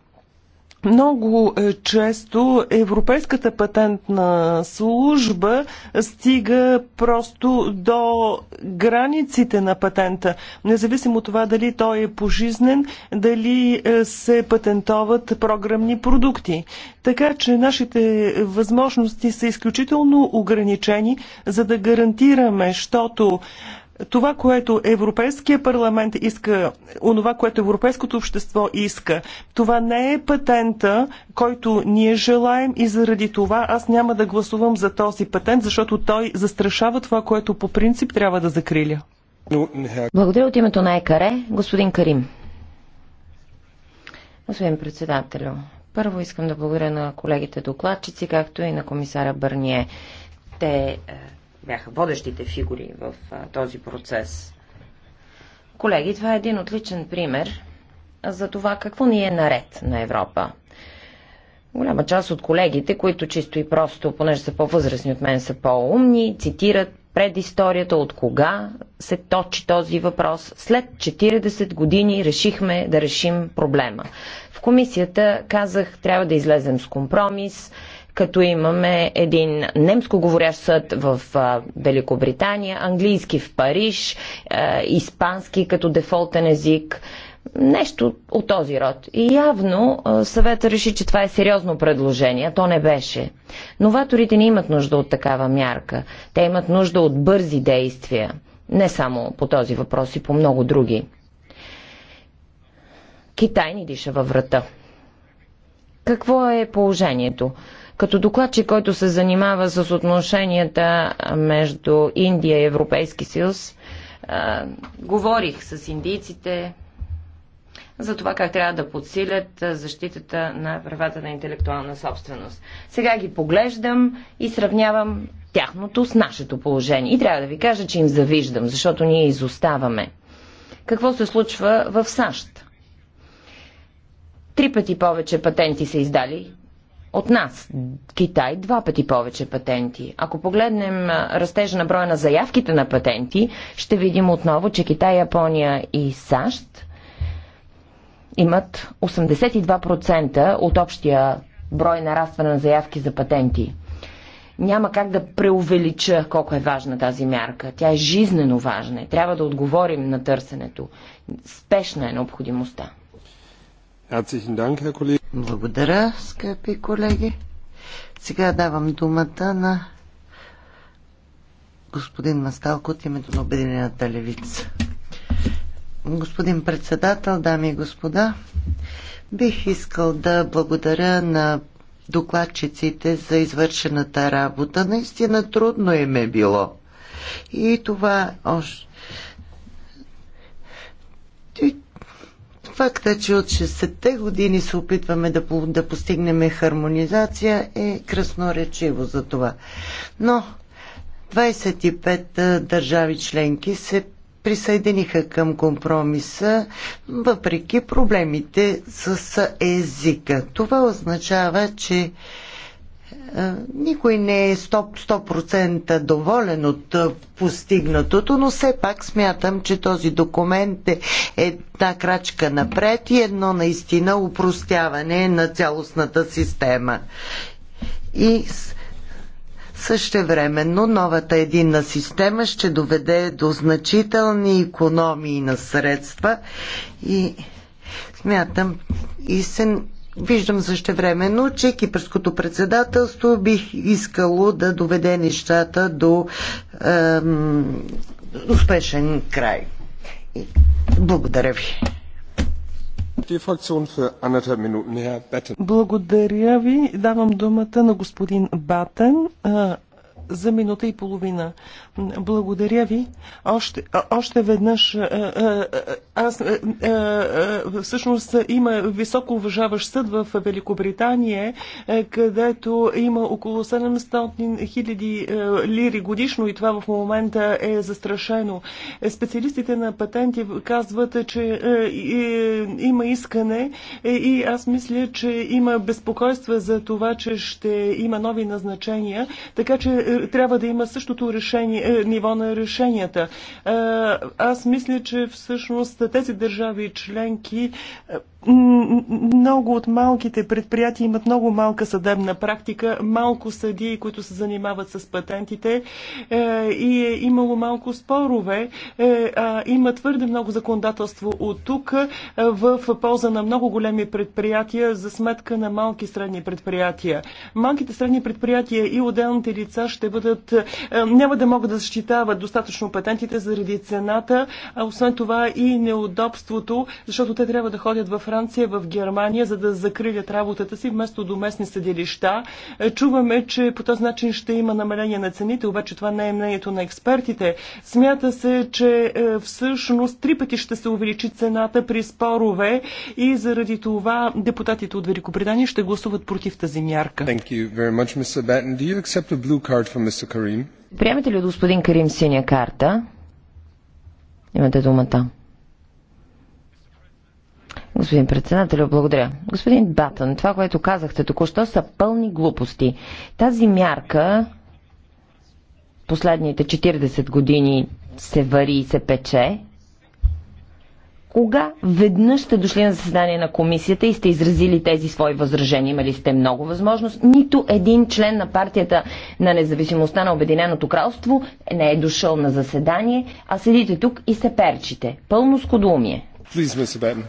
Много е, често Европейската патентна служба стига просто до границите на патента, независимо от това дали той е пожизнен, дали е, се патентоват програмни продукти. Така че нашите възможности са изключително ограничени, за да гарантираме, защото това, което Европейския парламент иска, онова, което европейското общество иска. Това не е патента, който ние желаем и заради това аз няма да гласувам за този патент, защото той застрашава това, което по принцип трябва да закриля. Благодаря от името на ЕКАРЕ, господин Карим. Господин председателю, първо искам да благодаря на колегите докладчици, както и на комисара Бърние. Те е, бяха водещите фигури в а, този процес. Колеги, това е един отличен пример за това какво ни е наред на Европа. Голяма част от колегите, които чисто и просто, понеже са по-възрастни от мен, са по-умни, цитират предисторията, от кога се точи този въпрос. След 40 години решихме да решим проблема. В комисията казах, трябва да излезем с компромис, като имаме един немско говорящ съд в Великобритания, английски в Париж, испански като дефолтен език. Нещо от този род. И явно съвета реши, че това е сериозно предложение. То не беше. Новаторите не имат нужда от такава мярка. Те имат нужда от бързи действия. Не само по този въпрос и по много други. Китай ни диша във врата. Какво е положението? Като докладчик, който се занимава с отношенията между Индия и Европейски съюз, говорих с индийците за това как трябва да подсилят защитата на правата на интелектуална собственост. Сега ги поглеждам и сравнявам тяхното с нашето положение. И трябва да ви кажа, че им завиждам, защото ние изоставаме. Какво се случва в САЩ? Три пъти повече патенти са издали от нас. Китай два пъти повече патенти. Ако погледнем растежа на броя на заявките на патенти, ще видим отново, че Китай, Япония и САЩ имат 82% от общия брой нарастване на заявки за патенти. Няма как да преувелича колко е важна тази мярка. Тя е жизнено важна. Трябва да отговорим на търсенето. Спешна е необходимостта. Благодаря, скъпи колеги. Сега давам думата на господин Масталко от името на Обединената левица. Господин председател, дами и господа, бих искал да благодаря на докладчиците за извършената работа. Наистина трудно им е било. И това още Факта, че от 60-те години се опитваме да, да постигнем хармонизация е красноречиво за това. Но 25 държави членки се присъединиха към компромиса, въпреки проблемите с езика. Това означава, че никой не е 100%, доволен от постигнатото, но все пак смятам, че този документ е една крачка напред и едно наистина упростяване на цялостната система. И Същевременно новата единна система ще доведе до значителни економии на средства и смятам и се Виждам същевременно, че кипърското председателство бих искало да доведе нещата до ем, успешен край. Благодаря ви. Благодаря ви. Давам думата на господин Батен за минута и половина. Благодаря ви. Още, още веднъж аз, е, е, е, всъщност има високо уважаващ съд в Великобритания, е, където има около 700 хиляди е, лири годишно и това в момента е застрашено. Специалистите на патенти казват, че е, има искане и аз мисля, че има безпокойства за това, че ще има нови назначения, така че трябва да има същото решение, ниво на решенията. Аз мисля, че всъщност тези държави членки е, много от малките предприятия имат много малка съдебна практика, малко съдии, които се занимават с патентите е, и е имало малко спорове. Е, а, има твърде много законодателство от тук е, в полза на много големи предприятия за сметка на малки средни предприятия. Малките средни предприятия и отделните лица ще бъдат, е, няма да могат да защитават достатъчно патентите заради цената, а освен това и неудобството, защото те трябва да ходят в Франция, в Германия, за да закрилят работата си вместо до местни съдилища. Е, чуваме, че по този начин ще има намаление на цените, обаче това не е мнението на експертите. Смята се, че е, всъщност три пъти ще се увеличи цената при спорове и заради това депутатите от Великобритания ще гласуват против тази мярка. Приемете ли от господин Карим синя карта? Имате думата. Господин председател, благодаря. Господин Батън, това, което казахте току-що, са пълни глупости. Тази мярка последните 40 години се вари и се пече. Кога веднъж сте дошли на заседание на комисията и сте изразили тези свои възражения? Имали сте много възможност. Нито един член на партията на независимостта на Обединеното кралство не е дошъл на заседание, а седите тук и се перчите. Пълно скудоумие. Please,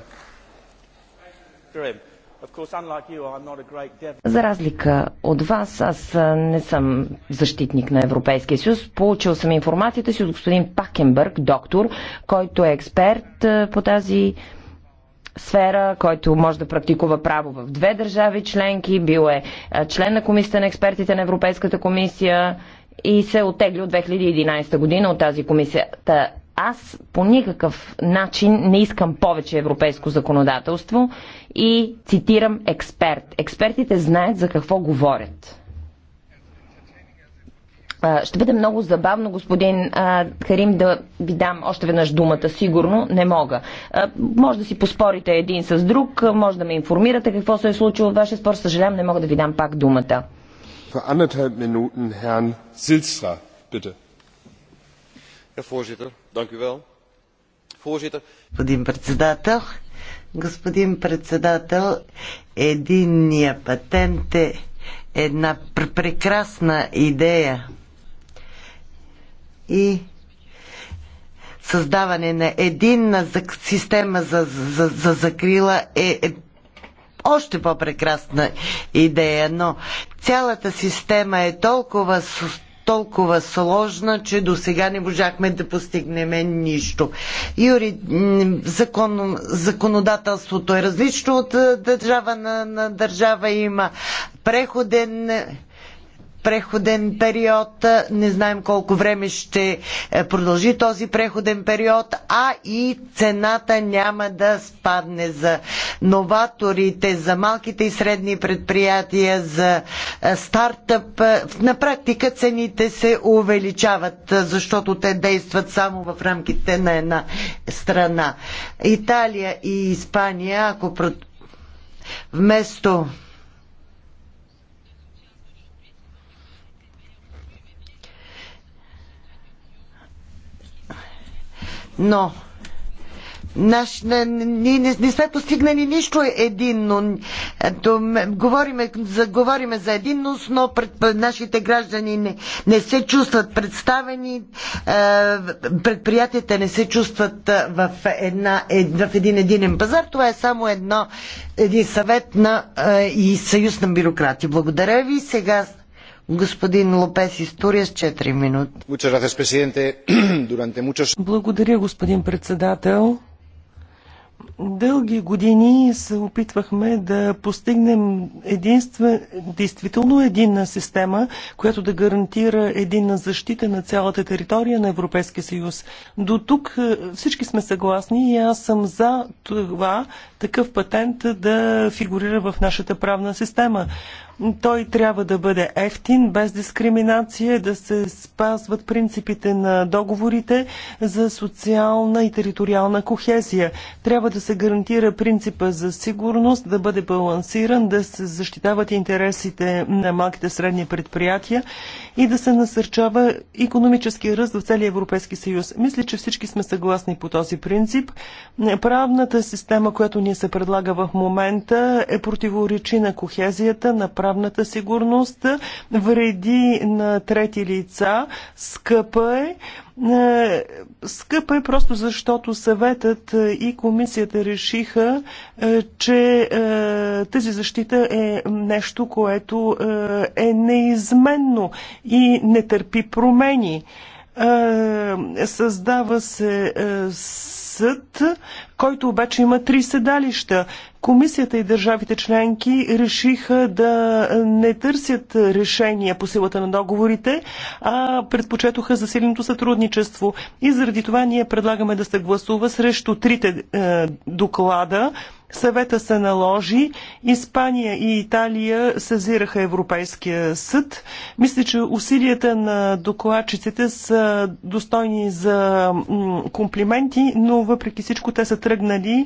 за разлика от вас, аз не съм защитник на Европейския съюз. Получил съм информацията си от господин Пакенбърг, доктор, който е експерт по тази сфера, който може да практикува право в две държави членки, бил е член на комисията на експертите на Европейската комисия и се отегли от 2011 година от тази комисия аз по никакъв начин не искам повече европейско законодателство и цитирам експерт. Експертите знаят за какво говорят. Ще бъде много забавно, господин Карим, да ви дам още веднъж думата. Сигурно не мога. Може да си поспорите един с друг, може да ме информирате какво се е случило в вашия спор. Съжалявам, не мога да ви дам пак думата. For anderthalb Minuten Herrn е, господин председател, господин председател, единния патент е една пр прекрасна идея и създаване на единна система за, за, за закрила е, е още по-прекрасна идея, но цялата система е толкова толкова сложна, че до сега не можахме да постигнем нищо. Юри, закон, законодателството е различно от държава на, на държава. Има преходен преходен период. Не знаем колко време ще е, продължи този преходен период, а и цената няма да спадне за новаторите, за малките и средни предприятия, за е, стартъп. Е, на практика цените се увеличават, защото те действат само в рамките на една страна. Италия и Испания, ако вместо Но Наш, не, не, не, не сме постигнали нищо единно. Ето, говориме, за, говориме за единност, но пред, нашите граждани не, не се чувстват представени, е, предприятията не се чувстват е, в, една, е, в един единен пазар. Това е само едно, един съвет на, е, и съюз на бюрократи. Благодаря ви. Сега Господин Лопес История с 4 минути. Благодаря, господин председател. Дълги години се опитвахме да постигнем единствен, действително единна система, която да гарантира единна защита на цялата територия на Европейския съюз. До тук е, всички сме съгласни и аз съм за това такъв патент да фигурира в нашата правна система. Той трябва да бъде ефтин, без дискриминация, да се спазват принципите на договорите за социална и териториална кохезия. Трябва да се гарантира принципа за сигурност, да бъде балансиран, да се защитават интересите на малките средни предприятия и да се насърчава економически ръст в целия Европейски съюз. Мисля, че всички сме съгласни по този принцип. Правната система, която ни се предлага в момента, е противоречи на кохезията, на правилата правната сигурност, вреди на трети лица, скъпа е. е. Скъпа е просто защото съветът и комисията решиха, е, че е, тази защита е нещо, което е неизменно и не търпи промени. Създава се съд, който обаче има три седалища. Комисията и държавите членки решиха да не търсят решения по силата на договорите, а предпочетоха засиленото сътрудничество. И заради това ние предлагаме да се гласува срещу трите е, доклада Съвета се наложи. Испания и Италия сезираха Европейския съд. Мисля, че усилията на докладчиците са достойни за комплименти, но въпреки всичко те са тръгнали е,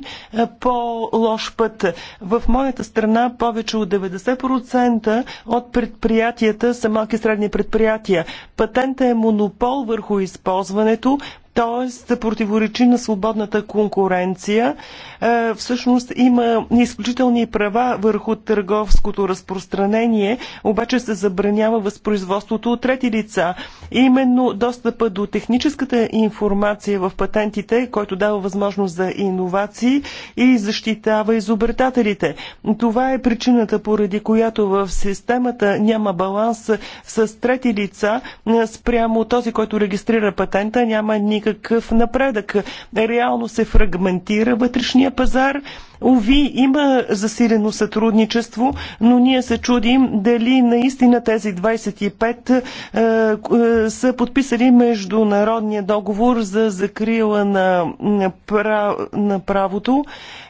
по лош път. В моята страна повече от 90% от предприятията са малки и средни предприятия. Патента е монопол върху използването, т.е. противоречи на свободната конкуренция. Е, всъщност има изключителни права върху търговското разпространение, обаче се забранява възпроизводството от трети лица. Именно достъпа до техническата информация в патентите, който дава възможност за иновации и защитава изобретателите. Това е причината, поради която в системата няма баланс с трети лица е, спрямо този, който регистрира патента, няма никакъв никакъв напредък. Реално се фрагментира вътрешния пазар, Ови, има засилено сътрудничество, но ние се чудим дали наистина тези 25 е, е, са подписали международния договор за закрила на, на, пра, на правото.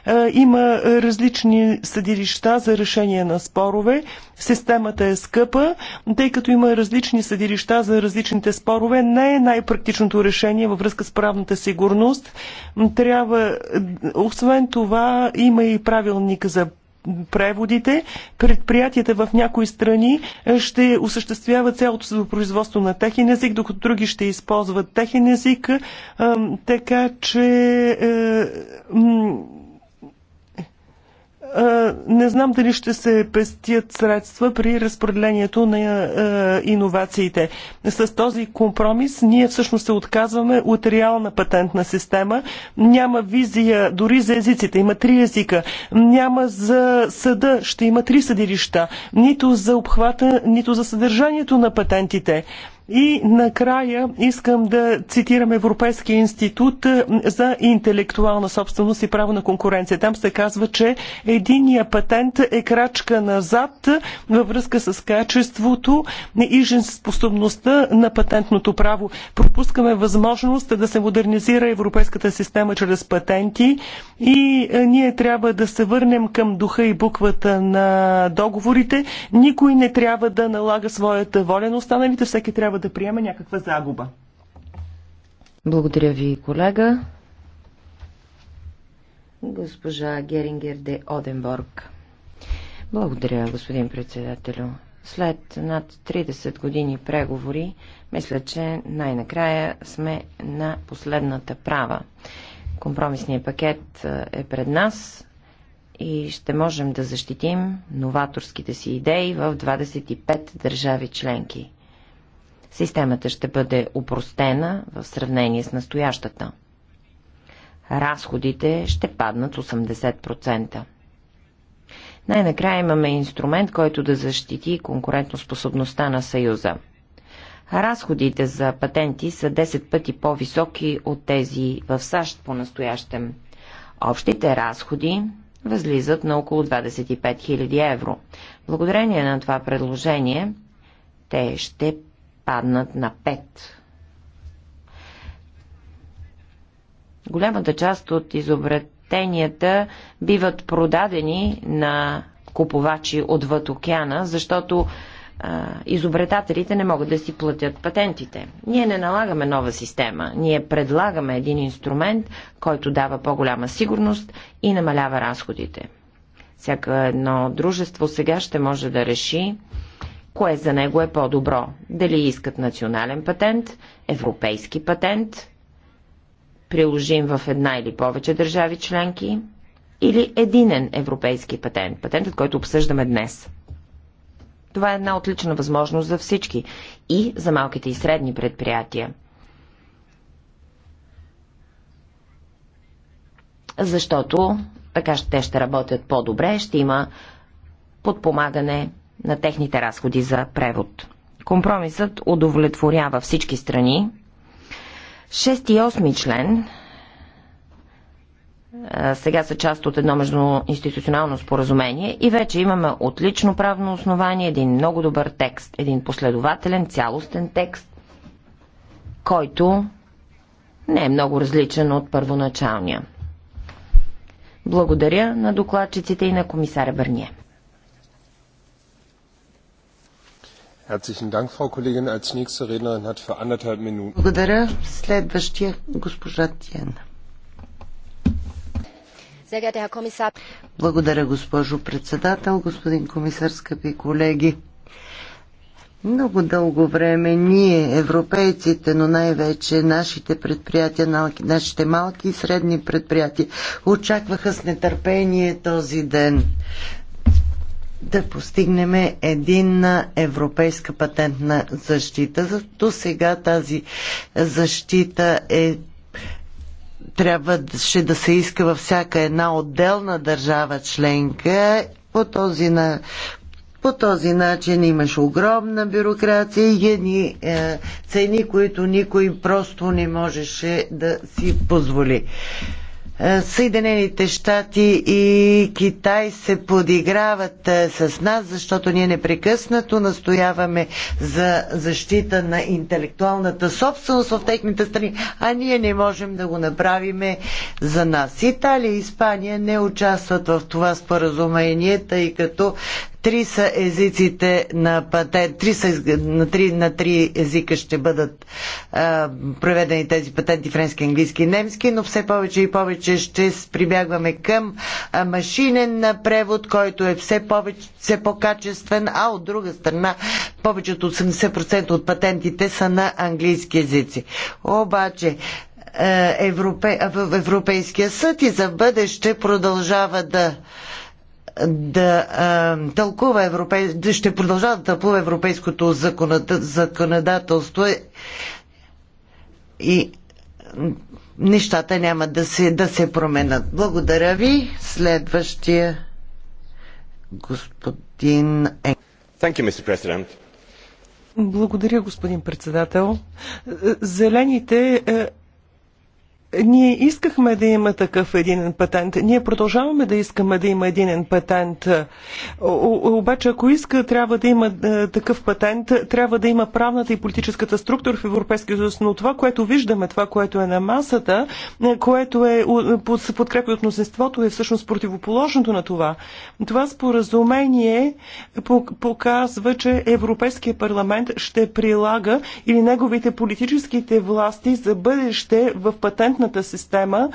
Е, има различни съдилища за решение на спорове. Системата е скъпа, тъй като има различни съдилища за различните спорове. Не е най-практичното решение във връзка с правната сигурност. Трябва, освен това, има и правилник за преводите. Предприятията в някои страни е, ще осъществяват цялото производство на техен език, докато други ще използват техен език. Е, така че е, не знам дали ще се пестят средства при разпределението на иновациите. С този компромис ние всъщност се отказваме от реална патентна система. Няма визия дори за езиците. Има три езика. Няма за съда. Ще има три съдилища. Нито за обхвата, нито за съдържанието на патентите. И накрая искам да цитирам Европейския институт е, за интелектуална собственост и право на конкуренция. Там се казва, че единия патент е крачка назад във връзка с качеството и способността на патентното право. Пропускаме възможност да се модернизира европейската система чрез патенти и е, ние трябва да се върнем към духа и буквата на договорите. Никой не трябва да налага своята воля на останалите, всеки трябва трябва да приема някаква загуба. Благодаря ви, колега. Госпожа Герингер де Оденборг. Благодаря, господин председателю. След над 30 години преговори, мисля, че най-накрая сме на последната права. Компромисният пакет е, е пред нас и ще можем да защитим новаторските си идеи в 25 държави членки. Системата ще бъде упростена в сравнение с настоящата. Разходите ще паднат 80%. Най-накрая имаме инструмент, който да защити конкурентоспособността на Съюза. Разходите за патенти са 10 пъти по-високи от тези в САЩ по-настоящем. Общите разходи възлизат на около 25 000 евро. Благодарение на това предложение те ще паднат на 5. Голямата част от изобретенията биват продадени на купувачи отвъд океана, защото а, изобретателите не могат да си платят патентите. Ние не налагаме нова система. Ние предлагаме един инструмент, който дава по-голяма сигурност и намалява разходите. Всяка едно дружество сега ще може да реши кое за него е по-добро. Дали искат национален патент, европейски патент, приложим в една или повече държави членки, или единен европейски патент, патентът, който обсъждаме днес. Това е една отлична възможност за всички и за малките и средни предприятия. Защото така те ще работят по-добре, ще има подпомагане на техните разходи за превод. Компромисът удовлетворява всички страни. Шести и осми член сега са част от едно междуинституционално споразумение и вече имаме отлично правно основание, един много добър текст, един последователен, цялостен текст, който не е много различен от първоначалния. Благодаря на докладчиците и на комисаря Бърния. Благодаря. Следващия госпожа Тиена. Благодаря, госпожо председател, господин комисар, скъпи колеги. Много дълго време ние, европейците, но най-вече нашите предприятия, нашите малки и средни предприятия, очакваха с нетърпение този ден да постигнем единна европейска патентна защита. До сега тази защита е трябваше да се иска във всяка една отделна държава членка. По този, на, по този начин имаш огромна бюрокрация и едни е, цени, които никой просто не можеше да си позволи. Е, Съединените щати и Китай се подиграват е, с нас, защото ние непрекъснато настояваме за защита на интелектуалната собственост в техните страни, а ние не можем да го направиме за нас. Италия и Испания не участват в това споразумение, тъй като Три са езиците на патент. Три са, на, три, на три езика ще бъдат а, проведени тези патенти френски, английски и немски, но все повече и повече ще прибягваме към а, машинен превод, който е все, повече, все по-качествен, а от друга страна повечето от 80% от патентите са на английски езици. Обаче, Европе, Европейския съд и за бъдеще продължава да да а, тълкува европей... ще продължава да тълкува европейското законодателство и нещата няма да се, да се променят. Благодаря ви. Следващия господин Енг. Благодаря, господин председател. Зелените е, ние искахме да има такъв единен патент. Ние продължаваме да искаме да има единен патент. Обаче, ако иска, трябва да има е, такъв патент, трябва да има правната и политическата структура в Европейския съюз. Но това, което виждаме, това, което е на масата, е, което е, се подкрепи от мнозинството, е всъщност противоположното на това. Това споразумение показва, че Европейския парламент ще прилага или неговите политическите власти за бъдеще в патент тяхната система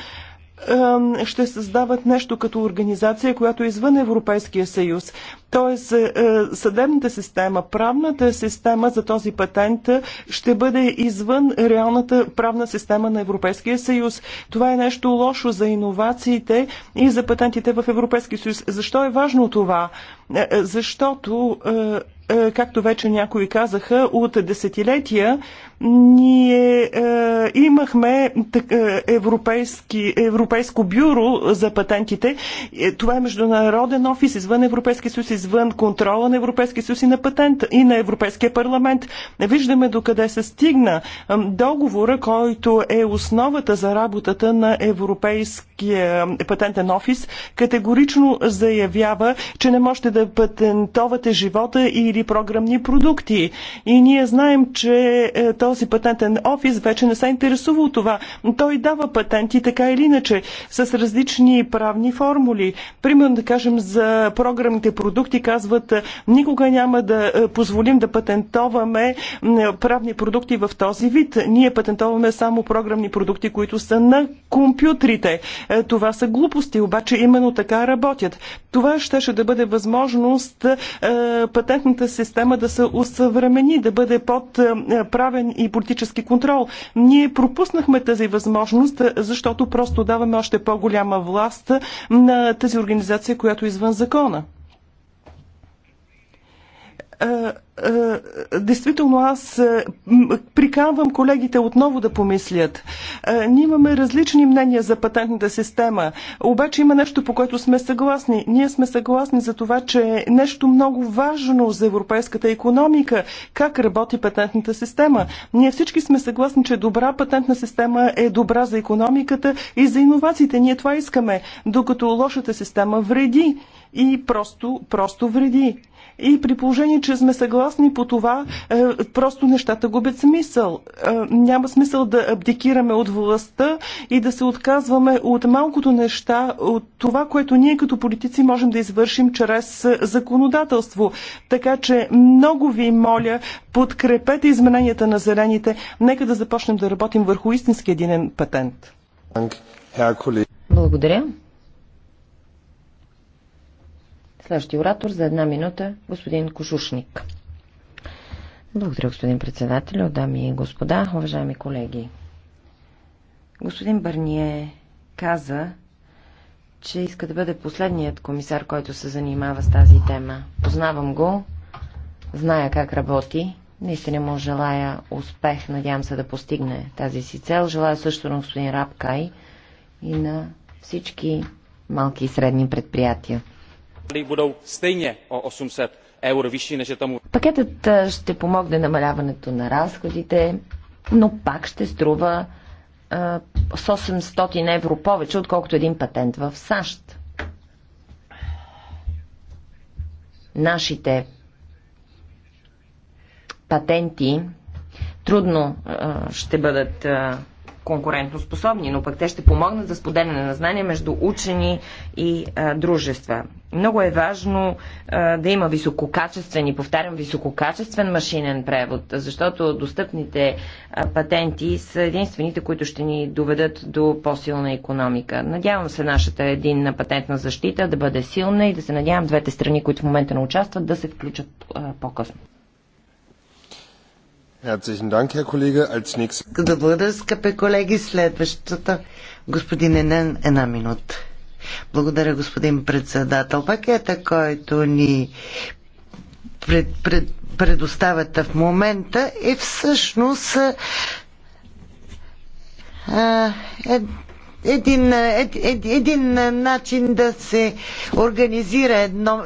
ще създават нещо като организация, която е извън Европейския съюз. Тоест, е, е, съдебната система, правната система за този патент ще бъде извън реалната правна система на Европейския съюз. Това е нещо лошо за иновациите и за патентите в Европейския съюз. Защо е важно това? Е, защото както вече някои казаха, от десетилетия ние е, имахме так, е, европейски, европейско бюро за патентите. Е, това е международен офис извън Европейския съюз, извън контрола на Европейския съюз и на патент и на Европейския парламент. Виждаме докъде се стигна. Договора, който е основата за работата на Европейския патентен офис, категорично заявява, че не можете да патентовате живота или програмни продукти. И ние знаем, че е, този този патентен офис вече не се интересува от това. Той дава патенти така или иначе с различни правни формули. Примерно да кажем за програмните продукти казват никога няма да е, позволим да патентоваме правни продукти в този вид. Ние патентоваме само програмни продукти, които са на компютрите. Е, това са глупости, обаче именно така работят. Това щеше да бъде възможност е, патентната система да се усъвремени, да бъде под правен и политически контрол. Ние пропуснахме тази възможност, защото просто даваме още по-голяма власт на тази организация, която е извън закона действително аз приканвам колегите отново да помислят. Ние имаме различни мнения за патентната система, обаче има нещо, по което сме съгласни. Ние сме съгласни за това, че е нещо много важно за европейската економика, как работи патентната система. Ние всички сме съгласни, че добра патентна система е добра за економиката и за иновациите. Ние това искаме, докато лошата система вреди и просто, просто вреди. И при положение, че сме съгласни по това, е, просто нещата губят смисъл. Е, няма смисъл да абдикираме от властта и да се отказваме от малкото неща, от това, което ние като политици можем да извършим чрез законодателство. Така че много ви моля, подкрепете измененията на зелените. Нека да започнем да работим върху истински единен патент. Благодаря. Следващия оратор за една минута господин Кошушник. Благодаря, господин председател, дами и господа, уважаеми колеги. Господин Бърние каза, че иска да бъде последният комисар, който се занимава с тази тема. Познавам го, зная как работи, наистина му желая успех, надявам се да постигне тази си цел. Желая също на господин Рабкай и на всички малки и средни предприятия budou stejně o 800 eur vyšší, než je tomu. Пакетът ще помогне намаляването на разходите, но пак ще струва а, с 800 евро повече, отколкото един патент в САЩ. Нашите патенти трудно а, ще бъдат а, конкурентоспособни, но пък те ще помогнат за споделяне на знания между учени и а, дружества. Много е важно а, да има висококачествен и повтарям висококачествен машинен превод, защото достъпните а, патенти са единствените, които ще ни доведат до по-силна економика. Надявам се нашата единна патентна защита да бъде силна и да се надявам двете страни, които в момента не участват, да се включат по-късно. Благодаря, скъпи колеги. Следващата господин Енен, една минута. Благодаря, господин председател. Пакета, който ни пред, пред, предоставяте в момента е всъщност а, е, един, един, един начин да се организира едно,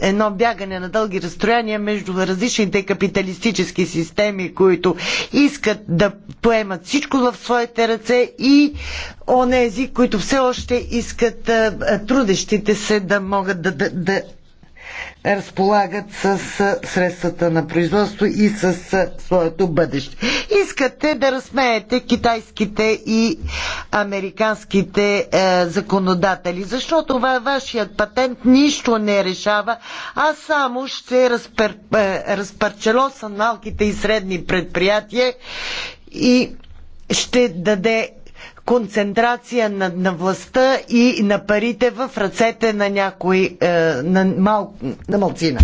едно бягане на дълги разстояния между различните капиталистически системи, които искат да поемат всичко в своите ръце и онези, които все още искат трудещите се да могат да, да, да разполагат с средствата на производство и с своето бъдеще. Искате да разсмеете китайските и американските е, законодатели, защото ва, вашият патент нищо не решава, а само ще разпер, е, са малките и средни предприятия и ще даде концентрация на, на властта и на парите в ръцете на някой, е, на, мал, на малцина.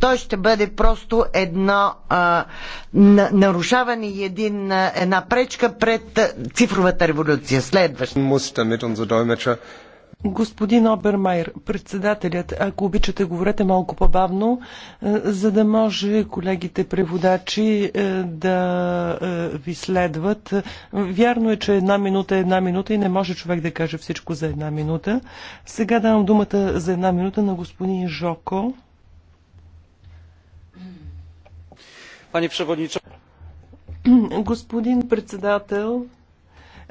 Той ще бъде просто едно е, нарушаване и един, една пречка пред цифровата революция. Следващ. Господин Обермайер, председателят, ако обичате, говорете малко по-бавно, е, за да може колегите преводачи е, да е, ви следват. Вярно е, че една минута е една минута и не може човек да каже всичко за една минута. Сега давам думата за една минута на господин Жоко. Господин председател,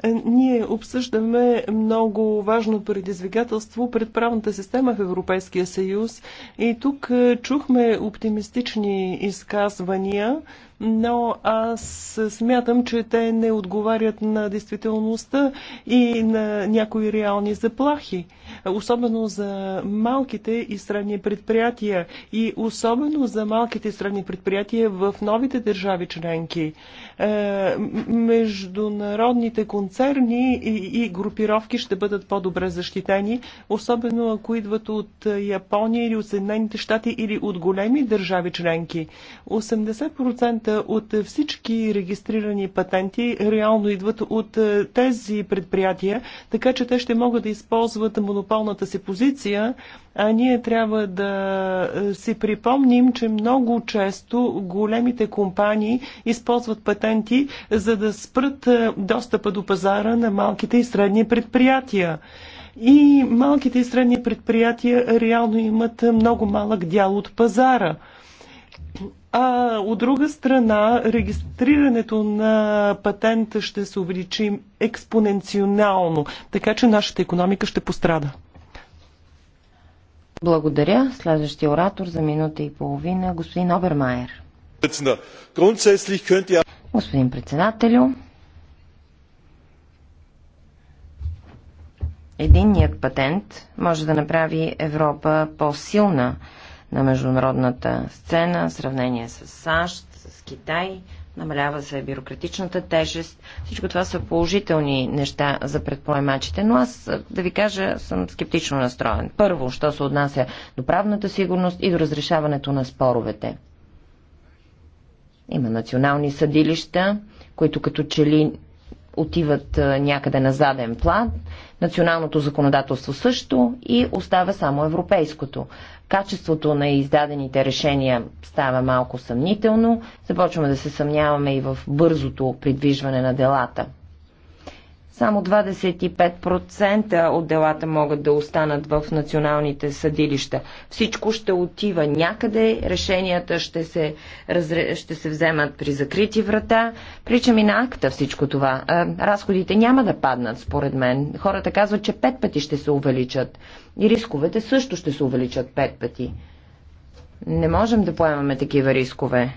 е, ние обсъждаме много важно предизвикателство пред правната система в Европейския съюз и тук е, чухме оптимистични изказвания, но аз смятам, че те не отговарят на действителността и на някои реални заплахи особено за малките и средни предприятия и особено за малките и средни предприятия в новите държави членки. Е, международните концерни и групировки ще бъдат по-добре защитени, особено ако идват от Япония или от Съединените щати или от големи държави членки. 80% от всички регистрирани патенти реално идват от е, тези предприятия, така че те ще могат да използват монопол монополната си позиция, а ние трябва да си припомним, че много често големите компании използват патенти, за да спрат е, достъпа до пазара на малките и средни предприятия. И малките и средни предприятия реално имат много малък дял от пазара. А от друга страна, регистрирането на патента ще се увеличи експоненционално, така че нашата економика ще пострада. Благодаря. Следващия оратор за минута и половина, господин Обермайер. Господин председателю, единният патент може да направи Европа по-силна на международната сцена в сравнение с САЩ, с Китай, намалява се бюрократичната тежест. Всичко това са положителни неща за предприемачите, но аз, да ви кажа, съм скептично настроен. Първо, що се отнася до правната сигурност и до разрешаването на споровете. Има национални съдилища, които като че ли отиват някъде на заден план Националното законодателство също и остава само европейското. Качеството на издадените решения става малко съмнително. Започваме да се съмняваме и в бързото придвижване на делата. Само 25% от делата могат да останат в националните съдилища. Всичко ще отива някъде, решенията ще се, разре... ще се вземат при закрити врата. Причам и на акта всичко това. Разходите няма да паднат, според мен. Хората казват, че пет пъти ще се увеличат. И рисковете също ще се увеличат пет пъти. Не можем да поемаме такива рискове.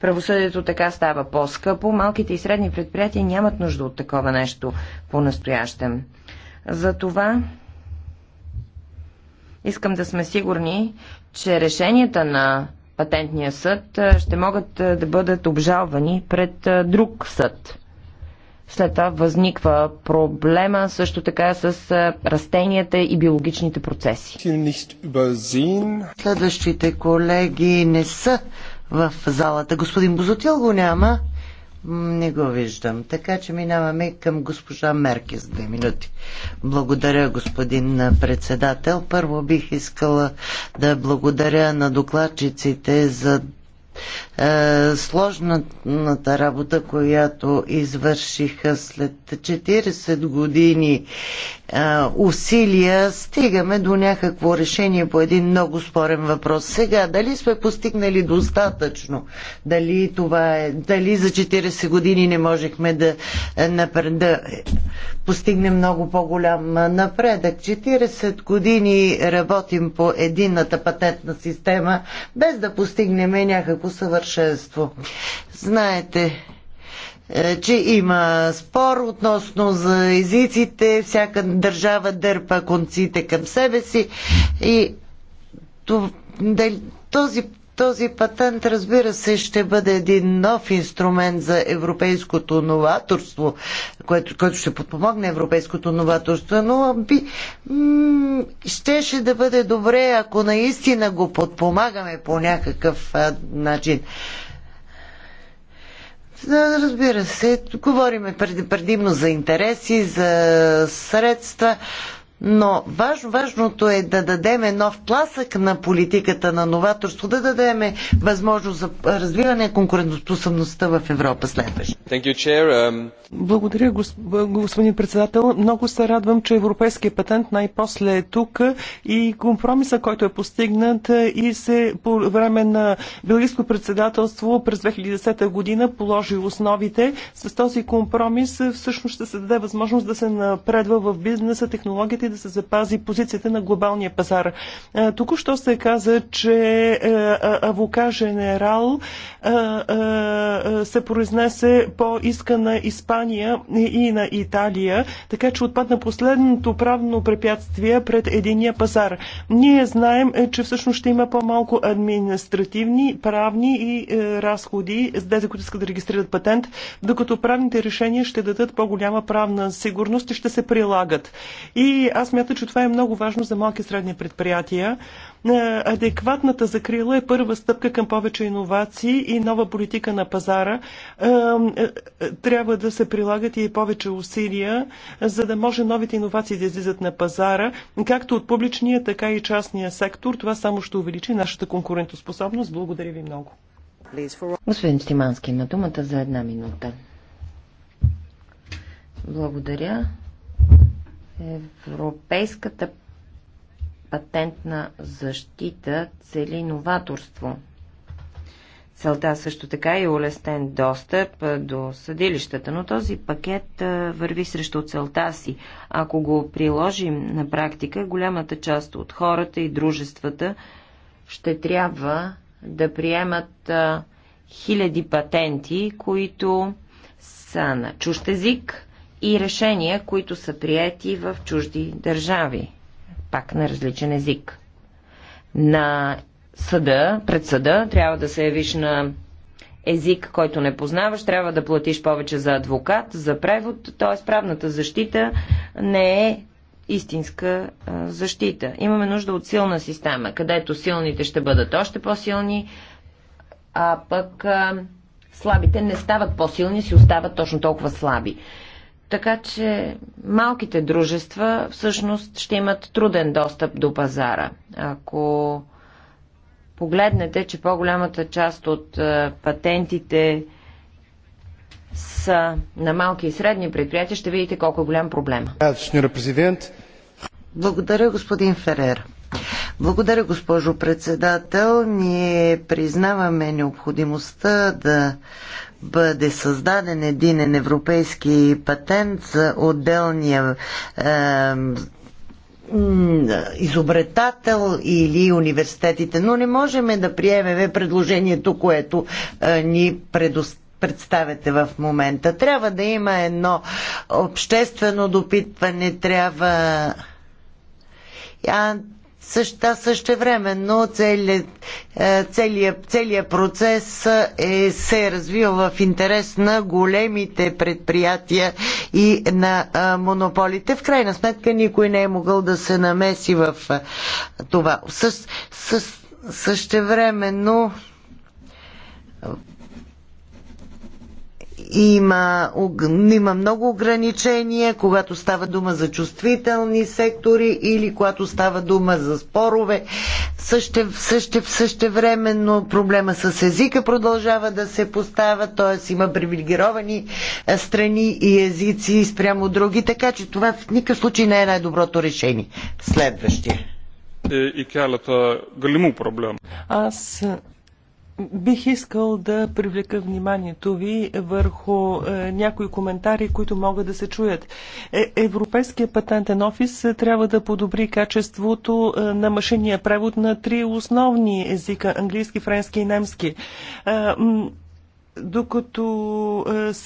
Правосъдието така става по-скъпо. Малките и средни предприятия нямат нужда от такова нещо по-настоящем. Затова искам да сме сигурни, че решенията на патентния съд ще могат да бъдат обжалвани пред друг съд. След това възниква проблема също така с растенията и биологичните процеси. Следващите колеги не са в залата. Господин Бозотил го няма. Не го виждам. Така че минаваме към госпожа Мерки с две минути. Благодаря, господин председател. Първо бих искала да благодаря на докладчиците за е, сложната работа, която извършиха след 40 години е, усилия, стигаме до някакво решение по един много спорен въпрос. Сега, дали сме постигнали достатъчно? Дали това е, дали за 40 години не можехме да, е, напред, да постигнем много по-голям напредък? 40 години работим по единната патентна система, без да постигнем някакво съвършено съвършенство. Знаете, е, че има спор относно за езиците, всяка държава дърпа конците към себе си и този този патент, разбира се, ще бъде един нов инструмент за европейското новаторство, което, което ще подпомогне европейското новаторство, но би, щеше да бъде добре, ако наистина го подпомагаме по някакъв а, начин. Разбира се, говориме пред, предимно за интереси, за средства. Но важно, важното е да дадеме нов тласък на политиката на новаторство, да дадеме възможност за развиване на конкурентоспособността в Европа следващ. Um, Благодаря, господин председател. Много се радвам, че европейският патент най-после е тук и компромиса, който е постигнат и се по време на Белгийско председателство през 2010 година положи основите. С този компромис всъщност ще се даде възможност да се напредва в бизнеса, технологията да се запази позицията на глобалния пазар. Току-що се каза, че е, Авока Женерал е, е, се произнесе по иска на Испания и на Италия, така че отпадна последното правно препятствие пред единия пазар. Ние знаем, че всъщност ще има по-малко административни, правни и разходи, с тези, които искат да регистрират патент, докато правните решения ще дадат по-голяма правна сигурност и ще се прилагат. И аз мятам, че това е много важно за малки и средни предприятия. Е, адекватната закрила е първа стъпка към повече иновации и нова политика на пазара. Е, е, трябва да се прилагат и повече усилия, за да може новите иновации да излизат на пазара, както от публичния, така и частния сектор. Това само ще увеличи нашата конкурентоспособност. Благодаря ви много. Господин Стимански, на думата за една минута. Благодаря. Европейската патентна защита цели новаторство. Целта също така е улестен достъп до съдилищата, но този пакет върви срещу целта си. Ако го приложим на практика, голямата част от хората и дружествата ще трябва да приемат хиляди патенти, които са на чужд език, и решения, които са приети в чужди държави, пак на различен език. На съда, пред съда, трябва да се явиш на език, който не познаваш, трябва да платиш повече за адвокат, за превод, т.е. правната защита не е истинска защита. Имаме нужда от силна система, където силните ще бъдат още по-силни, а пък а, слабите не стават по-силни, си остават точно толкова слаби. Така че малките дружества всъщност ще имат труден достъп до пазара. Ако погледнете, че по-голямата част от е, патентите са на малки и средни предприятия, ще видите колко е голям проблем. Благодаря, господин Ферер. Благодаря, госпожо председател. Ние признаваме необходимостта да бъде създаден един европейски патент за отделния е, изобретател или университетите, но не можем да приемем предложението, което е, ни предоставя представяте в момента. Трябва да има едно обществено допитване, трябва а, също, същевременно целият, е, целият, целият процес е, се е развил в интерес на големите предприятия и на а, е, монополите. В крайна сметка никой не е могъл да се намеси в а, е, това. Със, същевременно има, има много ограничения, когато става дума за чувствителни сектори или когато става дума за спорове. Съще, съще, същевременно проблема с езика продължава да се поставя, т.е. има привилегировани страни и езици спрямо други, така че това в никакъв случай не е най-доброто решение. Следващия. И, е, и кялата галиму проблем. Аз Бих искал да привлека вниманието ви върху е, някои коментари, които могат да се чуят. Е, Европейския патентен офис е, трябва да подобри качеството е, на машинния превод на три основни езика английски, френски и немски. Е, докато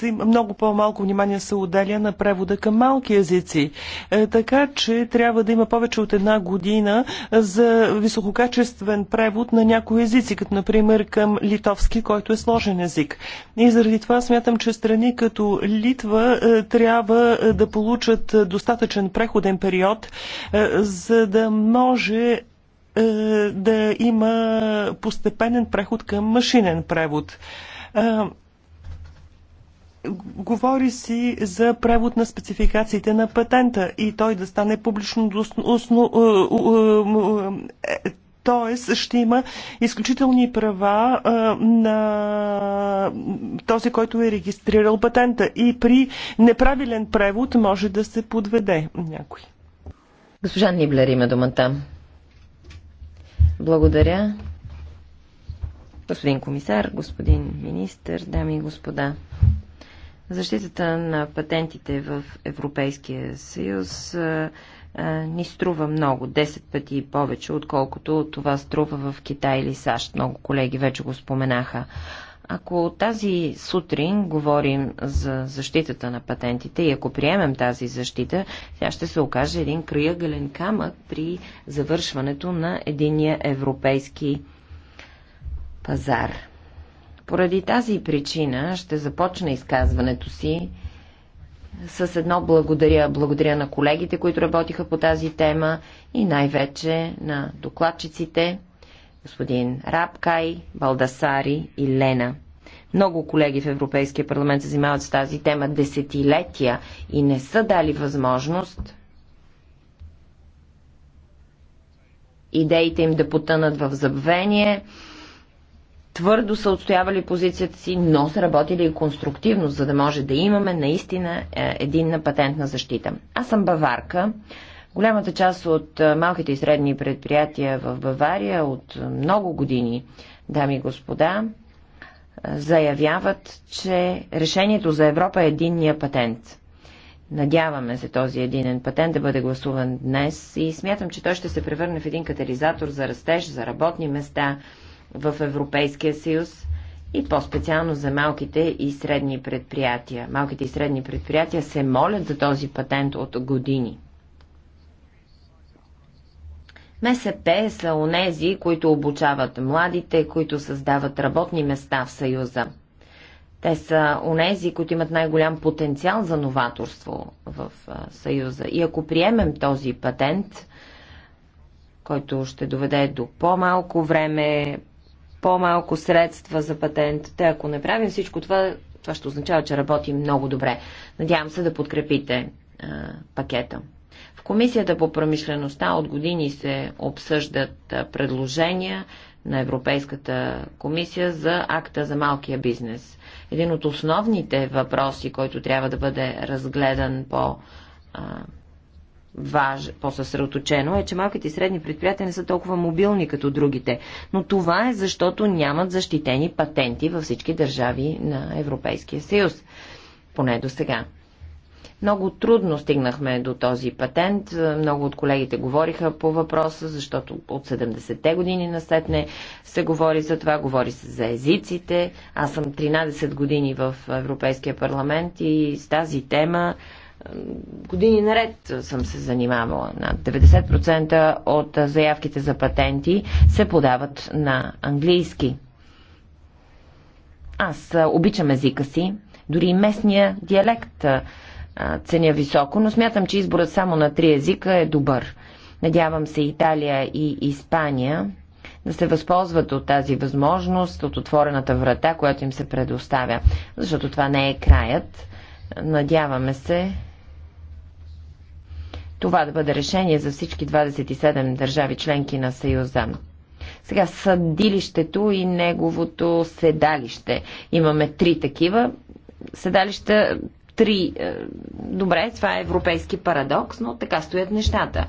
е, много по-малко внимание се отделя на превода към малки езици. Е, така че трябва да има повече от една година за висококачествен превод на някои езици, като например към литовски, който е сложен език. И заради това смятам, че страни като Литва е, трябва е, да получат достатъчен преходен период, за да може да има постепенен преход към машинен превод. Говори си за превод на спецификациите на патента и той да стане публично устно, т.е. ще има изключителни права а, на този, който е регистрирал патента и при неправилен превод може да се подведе някой. Госпожа Ниблер има думата. Благодаря. Господин комисар, господин министр, дами и господа, защитата на патентите в Европейския съюз ни струва много, 10 пъти повече, отколкото това струва в Китай или САЩ. Много колеги вече го споменаха. Ако тази сутрин говорим за защитата на патентите и ако приемем тази защита, тя ще се окаже един краягален камък при завършването на единия европейски пазар. Поради тази причина ще започна изказването си с едно благодаря. Благодаря на колегите, които работиха по тази тема и най-вече на докладчиците, господин Рабкай, Балдасари и Лена. Много колеги в Европейския парламент се занимават с тази тема десетилетия и не са дали възможност идеите им да потънат в забвение твърдо са отстоявали позицията си, но са работили и конструктивно, за да може да имаме наистина е, единна патентна защита. Аз съм баварка. Голямата част от е, малките и средни предприятия в Бавария от много години, дами и господа, е, заявяват, че решението за Европа е единния патент. Надяваме се този единен патент да бъде гласуван днес и смятам, че той ще се превърне в един катализатор за растеж, за работни места, в Европейския съюз и по-специално за малките и средни предприятия. Малките и средни предприятия се молят за този патент от години. МСП са онези, които обучават младите, които създават работни места в Съюза. Те са онези, които имат най-голям потенциал за новаторство в Съюза. И ако приемем този патент, който ще доведе до по-малко време, по-малко средства за патентите. Ако не правим всичко това, това ще означава, че работим много добре. Надявам се да подкрепите а, пакета. В Комисията по промишлеността от години се обсъждат предложения на Европейската комисия за акта за малкия бизнес. Един от основните въпроси, който трябва да бъде разгледан по важ, по-съсредоточено е, че малките и средни предприятия не са толкова мобилни като другите. Но това е защото нямат защитени патенти във всички държави на Европейския съюз. Поне до сега. Много трудно стигнахме до този патент. Много от колегите говориха по въпроса, защото от 70-те години насетне се говори за това, говори се за езиците. Аз съм 13 години в Европейския парламент и с тази тема години наред съм се занимавала. Над 90% от заявките за патенти се подават на английски. Аз обичам езика си, дори и местния диалект ценя високо, но смятам, че изборът само на три езика е добър. Надявам се Италия и Испания да се възползват от тази възможност, от отворената врата, която им се предоставя. Защото това не е краят. Надяваме се това да бъде решение за всички 27 държави членки на Съюза. Сега съдилището и неговото седалище. Имаме три такива. Седалища, три. Е, добре, това е европейски парадокс, но така стоят нещата.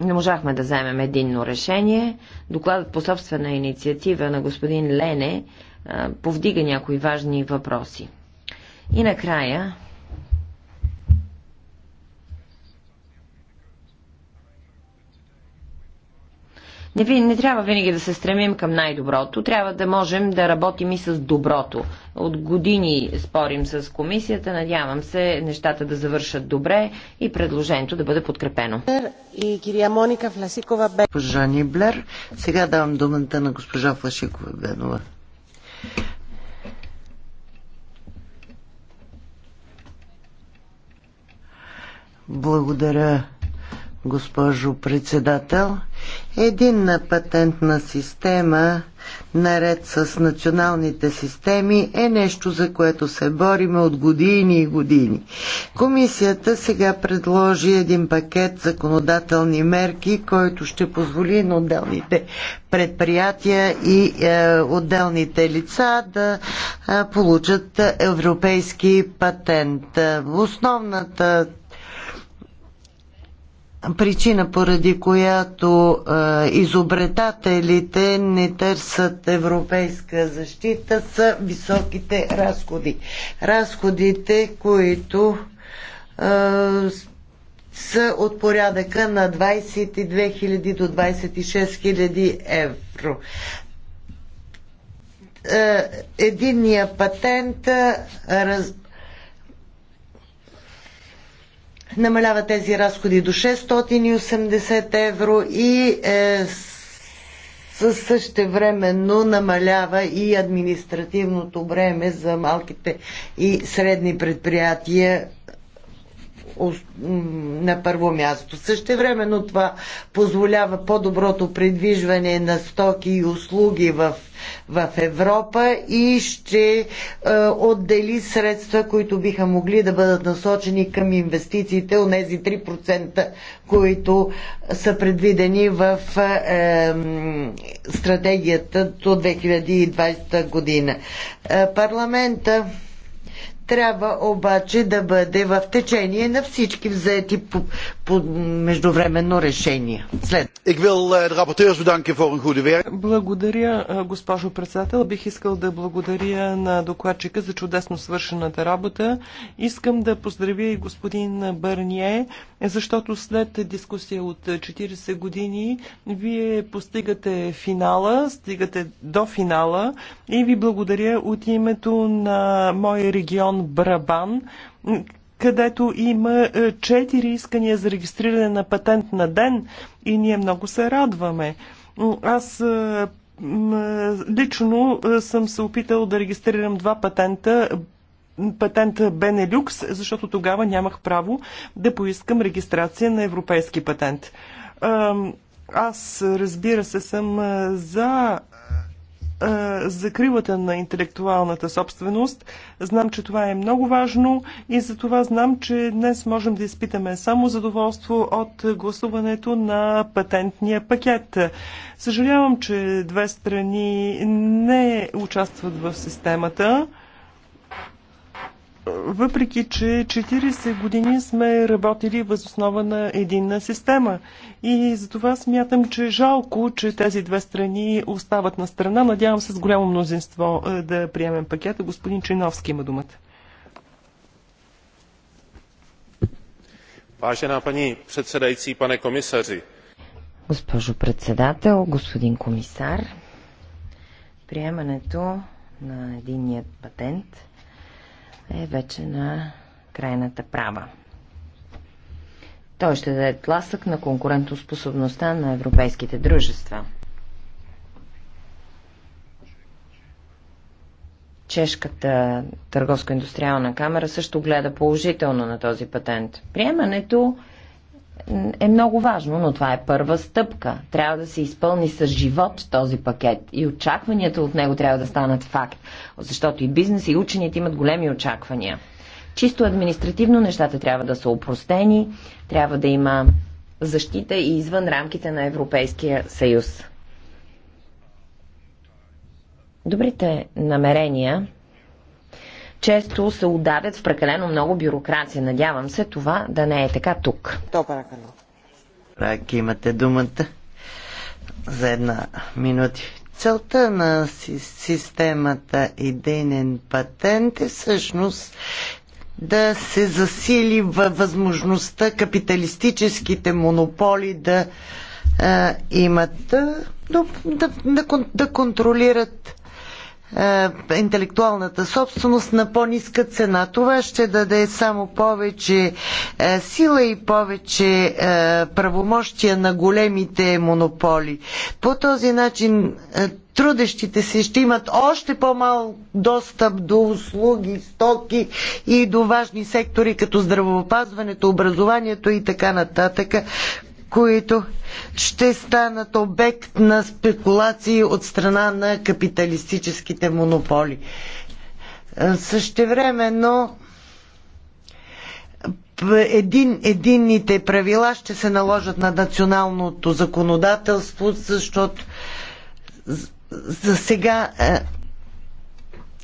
Не можахме да вземем единно решение. Докладът по собствена инициатива на господин Лене е, повдига някои важни въпроси. И накрая Не, не трябва винаги да се стремим към най-доброто, трябва да можем да работим и с доброто. От години спорим с комисията, надявам се нещата да завършат добре и предложението да бъде подкрепено. И кирия Моника Фласикова Бе. Госпожа Ниблер, сега давам думата на госпожа Фласикова Бенова. Благодаря, госпожо председател. Единна патентна система, наред с националните системи, е нещо, за което се бориме от години и години. Комисията сега предложи един пакет законодателни мерки, който ще позволи на отделните предприятия и е, отделните лица да е, получат европейски патент. Основната причина, поради която е, изобретателите не търсят европейска защита, са високите разходи. Разходите, които е, са от порядъка на 22 000 до 26 000 евро. Е, единия патент раз, намалява тези разходи до 680 евро и е, същевременно намалява и административното бреме за малките и средни предприятия на първо място. времено това позволява по-доброто предвижване на стоки и услуги в, в Европа и ще е, отдели средства, които биха могли да бъдат насочени към инвестициите, от тези 3%, които са предвидени в е, стратегията до 2020 година. Е, парламента трябва обаче да бъде в течение на всички взети по, по междувременно решение. След. Eh, благодаря, госпожо председател. Бих искал да благодаря на докладчика за чудесно свършената работа. Искам да поздравя и господин Бърние, защото след дискусия от 40 години вие постигате финала, стигате до финала и ви благодаря от името на моя регион Брабан, където има е, четири искания за регистриране на патент на ден и ние много се радваме. Аз е, е, лично съм се опитал да регистрирам два патента патента Бенелюкс, защото тогава нямах право да поискам регистрация на европейски патент. Аз, разбира се, съм за е, закрилата на интелектуалната собственост. Знам, че това е много важно и за това знам, че днес можем да изпитаме само задоволство от гласуването на патентния пакет. Съжалявам, че две страни не участват в системата въпреки че 40 години сме работили въз основа на единна система. И затова смятам, че е жалко, че тези две страни остават на страна. Надявам се с голямо мнозинство е, да приемем пакета. Господин Чиновски има думата. пани paní и пане комисари. Госпожо председател, господин комисар, приемането на единният патент – е вече на крайната права. Той ще даде тласък на конкурентоспособността на европейските дружества. Чешката търговско-индустриална камера също гледа положително на този патент. Приемането е много важно, но това е първа стъпка. Трябва да се изпълни с живот този пакет и очакванията от него трябва да станат факт, защото и бизнес и учените имат големи очаквания. Чисто административно нещата трябва да са опростени, трябва да има защита и извън рамките на Европейския съюз. Добрите намерения често се удавят в прекалено много бюрокрация. Надявам се това да не е така тук. канал. Рак, имате думата за една минути. Целта на системата идейен патент е всъщност да се засили във възможността капиталистическите монополи да а, имат да, да, да, да контролират е, интелектуалната собственост на по-ниска цена. Това ще даде само повече е, сила и повече е, правомощия на големите монополи. По този начин трудещите се ще имат още по-мал достъп до услуги, стоки и до важни сектори, като здравеопазването, образованието и така нататък, които ще станат обект на спекулации от страна на капиталистическите монополи. Същевременно един, единните правила ще се наложат на националното законодателство, защото за сега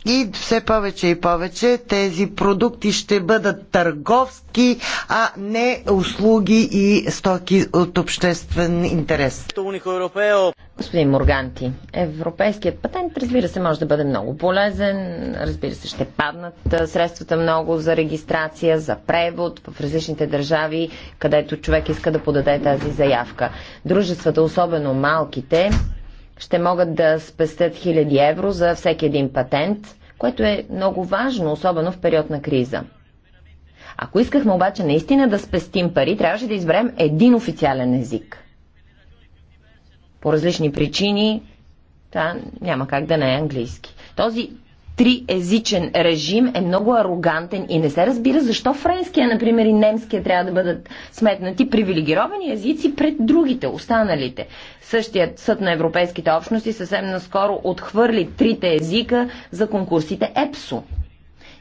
и все повече и повече тези продукти ще бъдат търговски, а не услуги и стоки от обществен интерес. Господин Морганти, европейският патент, разбира се, може да бъде много полезен. Разбира се, ще паднат средствата много за регистрация, за превод в различните държави, където човек иска да подаде тази заявка. Дружествата, особено малките, ще могат да спестят хиляди евро за всеки един патент, което е много важно, особено в период на криза. Ако искахме обаче наистина да спестим пари, трябваше да изберем един официален език. По различни причини, това няма как да не е английски. Този триезичен режим е много арогантен и не се разбира защо френския, например, и немския трябва да бъдат сметнати привилегировани езици пред другите, останалите. Същият съд на европейските общности съвсем наскоро отхвърли трите езика за конкурсите ЕПСО.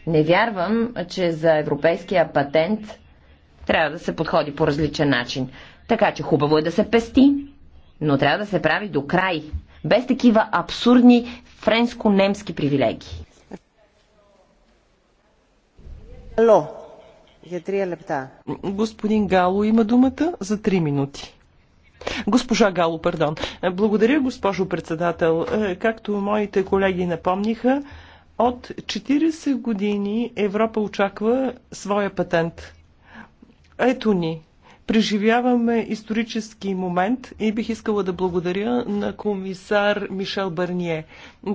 Не вярвам, че за европейския патент трябва да се подходи по различен начин. Така че хубаво е да се пести, но трябва да се прави до край, без такива абсурдни френско-немски привилегии. Ало, за е, три лепта. Господин Гало има думата за три минути. Госпожа Гало, пардон. Благодаря, госпожо председател. Е, както моите колеги напомниха, от 40 години Европа очаква своя патент. Ето ни. Преживяваме исторически момент и бих искала да благодаря на комисар Мишел Барние.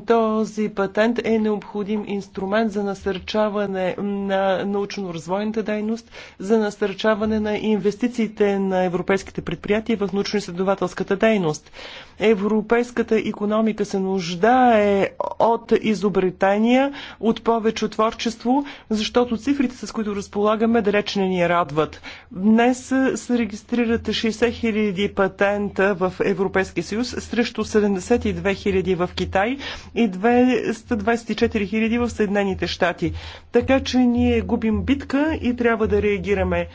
Този патент е необходим инструмент за насърчаване на научно-развойната дейност, за насърчаване на инвестициите на европейските предприятия в научно-изследователската дейност. Европейската економика се нуждае от изобретения, от повече творчество, защото цифрите, с които разполагаме, далеч не ни радват. Днес се регистрират 60 000 патента в Европейския съюз срещу 72 000 в Китай – и 224 000 в Съединените щати. Така че ние губим битка и трябва да реагираме.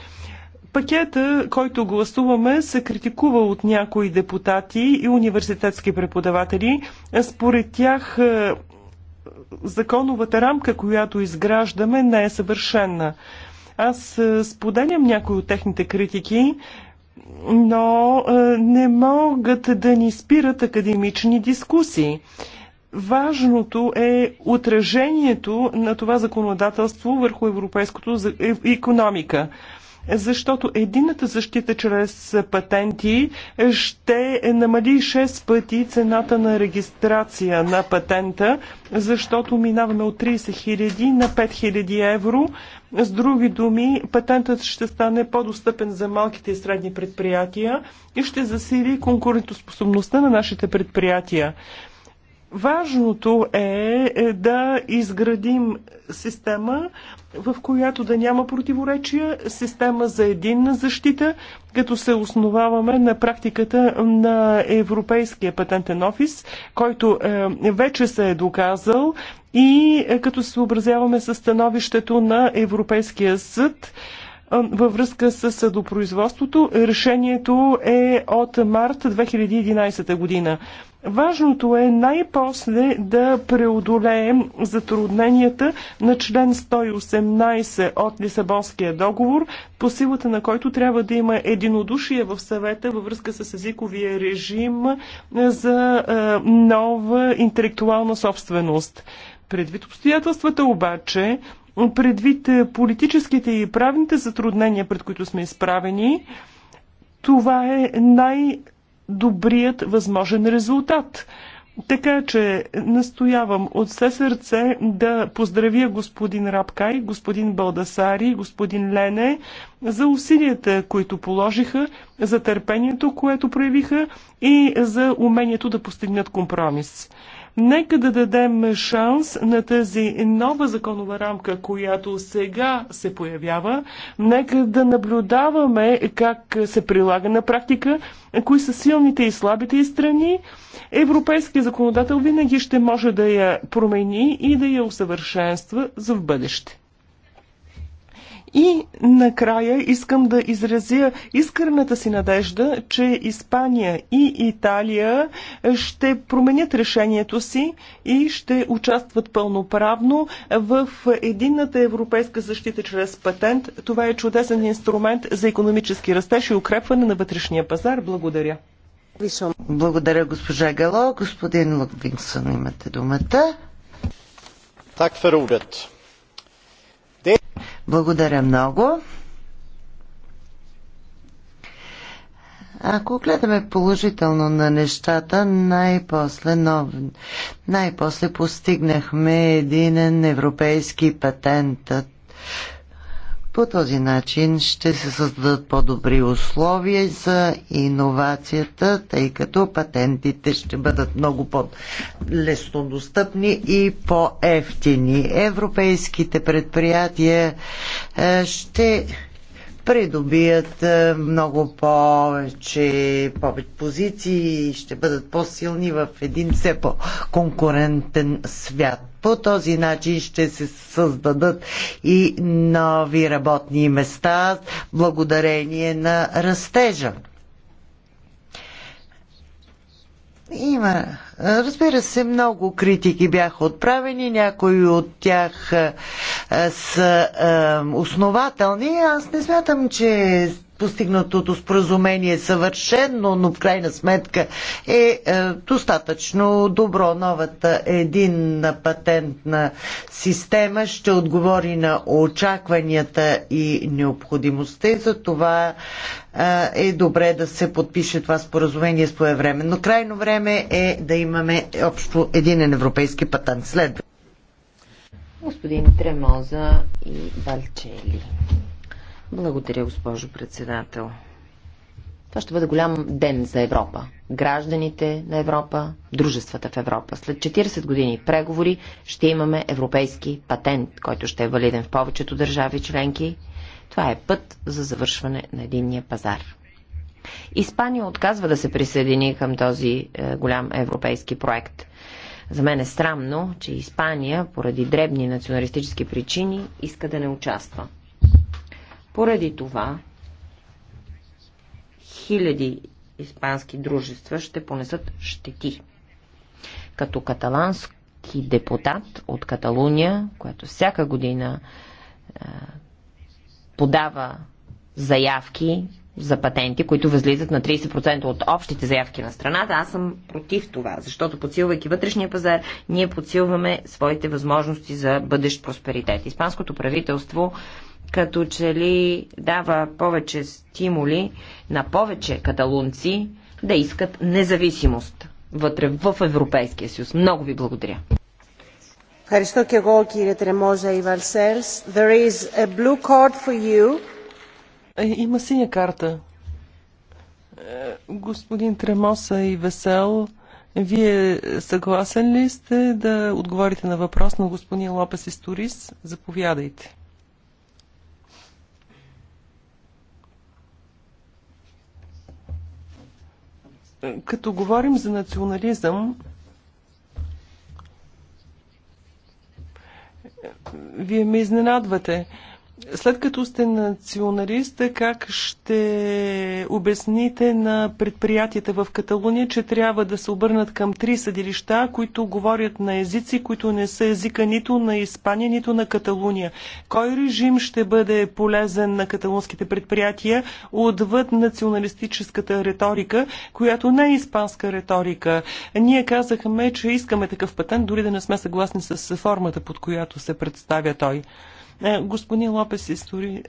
Пакета, който гласуваме, се критикува от някои депутати и университетски преподаватели. Според тях е, законовата рамка, която изграждаме, не е съвършена. Аз е, споделям някои от техните критики, но е, не могат да ни спират академични дискусии. Важното е отражението на това законодателство върху европейското е, економика защото едината защита чрез патенти ще намали 6 пъти цената на регистрация на патента, защото минаваме от 30 000 на 5 000 евро. С други думи, патентът ще стане по-достъпен за малките и средни предприятия и ще засили конкурентоспособността на нашите предприятия. Важното е, е да изградим система, в която да няма противоречия, система за единна защита, като се основаваме на практиката на Европейския патентен офис, който е, вече се е доказал и е, като се съобразяваме с становището на Европейския съд, във връзка с съдопроизводството. Решението е от март 2011 година. Важното е най-после да преодолеем затрудненията на член 118 от Лисабонския договор, по силата на който трябва да има единодушие в съвета във връзка с езиковия режим за нова интелектуална собственост. Предвид обстоятелствата обаче, предвид е, политическите и правните затруднения, пред които сме изправени, това е най-добрият възможен резултат. Така че настоявам от все сърце да поздравя господин Рабкай, господин Балдасари, господин Лене за усилията, които положиха, за търпението, което проявиха и за умението да постигнат компромис. Нека да дадем шанс на тази нова законова рамка, която сега се появява. Нека да наблюдаваме как се прилага на практика, кои са силните и слабите страни. Европейският законодател винаги ще може да я промени и да я усъвършенства за в бъдеще. И накрая искам да изразя искрената си надежда, че Испания и Италия ще променят решението си и ще участват пълноправно в единната европейска защита чрез патент. Това е чудесен инструмент за економически растеж и укрепване на вътрешния пазар. Благодаря. Благодаря, госпожа Гало. Господин Лъквинсън, имате думата. Так благодаря много. Ако гледаме положително на нещата, най-после, нов... най-после постигнахме един европейски патент. По този начин ще се създадат по-добри условия за иновацията, тъй като патентите ще бъдат много по-лесно достъпни и по-ефтини. Европейските предприятия е, ще придобият е, много повече, повече позиции и ще бъдат по-силни в един все по-конкурентен свят. По този начин ще се създадат и нови работни места благодарение на растежа. Има. Разбира се, много критики бяха отправени, някои от тях са основателни. Аз не смятам, че постигнатото споразумение е съвършено, но в крайна сметка е, е, достатъчно добро. Новата единна патентна система ще отговори на очакванията и необходимостта и за това е, е добре да се подпише това споразумение своевременно. Крайно време е да имаме общо един европейски патент. Следва. Господин Тремоза и Валчели. Благодаря, госпожо председател. Това ще бъде голям ден за Европа. Гражданите на Европа, дружествата в Европа. След 40 години преговори ще имаме европейски патент, който ще е валиден в повечето държави членки. Това е път за завършване на единния пазар. Испания отказва да се присъедини към този е, голям европейски проект. За мен е срамно, че Испания, поради дребни националистически причини, иска да не участва. Поради това хиляди испански дружества ще понесат щети. Като каталански депутат от Каталуния, която всяка година е, подава заявки за патенти, които възлизат на 30% от общите заявки на страната, аз съм против това, защото подсилвайки вътрешния пазар, ние подсилваме своите възможности за бъдещ просперитет. Испанското правителство като че ли дава повече стимули на повече каталунци да искат независимост вътре в Европейския съюз. Много ви благодаря. Ευχαριστώ και εγώ κύριε Τρεμόζα Ιβαρσέλς. There is a blue card for you. Е, има синя карта. Е, господин Тремоса и Весел, вие съгласен ли сте да отговорите на въпрос на господин Лопес Историс? Заповядайте. Като говорим за национализъм, вие ме изненадвате след като сте националист, как ще обясните на предприятията в Каталуния, че трябва да се обърнат към три съдилища, които говорят на езици, които не са езика нито на Испания, нито на Каталуния? Кой режим ще бъде полезен на каталунските предприятия отвъд националистическата риторика, която не е испанска риторика? Ние казахме, че искаме такъв патент, дори да не сме съгласни с формата, под която се представя той. Е, господин Лопес Истори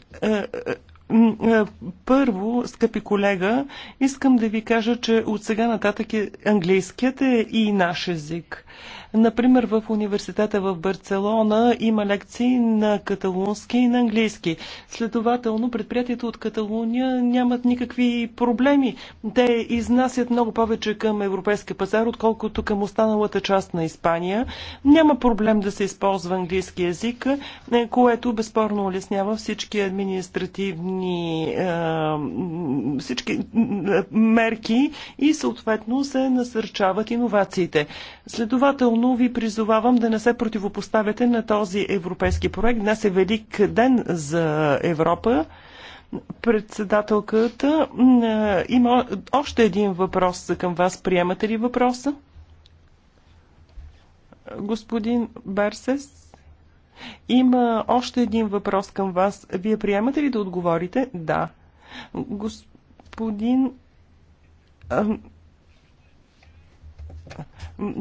е, първо, скъпи колега, искам да ви кажа, че от сега нататък е, английският е и наш език. Например, в университета в Барселона има лекции на каталунски и на английски. Следователно, предприятията от Каталуния нямат никакви проблеми. Те изнасят много повече към европейския пазар, отколкото към останалата част на Испания. Няма проблем да се използва английски език, е, което безспорно улеснява всички административни а, всички мерки и съответно се насърчават иновациите. Следователно ви призовавам да не се противопоставяте на този европейски проект. Днес е велик ден за Европа председателката. Има още един въпрос към вас. Приемате ли въпроса? Господин Берсес? Има още един въпрос към вас. Вие приемате ли да отговорите? Да. Господин.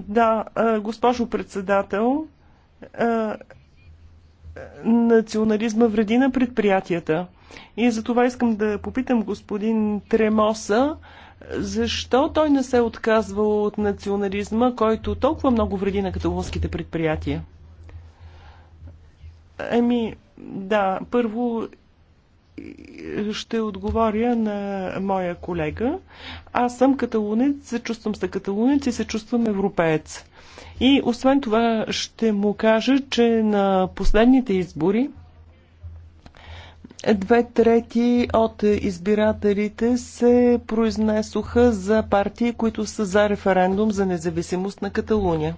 Да, госпожо председател, национализма вреди на предприятията. И за това искам да попитам господин Тремоса, защо той не се отказва от национализма, който толкова много вреди на каталонските предприятия? Ами, да, първо ще отговоря на моя колега. Аз съм каталунец, се чувствам се каталунец и се чувствам европеец. И освен това ще му кажа, че на последните избори две трети от избирателите се произнесоха за партии, които са за референдум за независимост на Каталуния.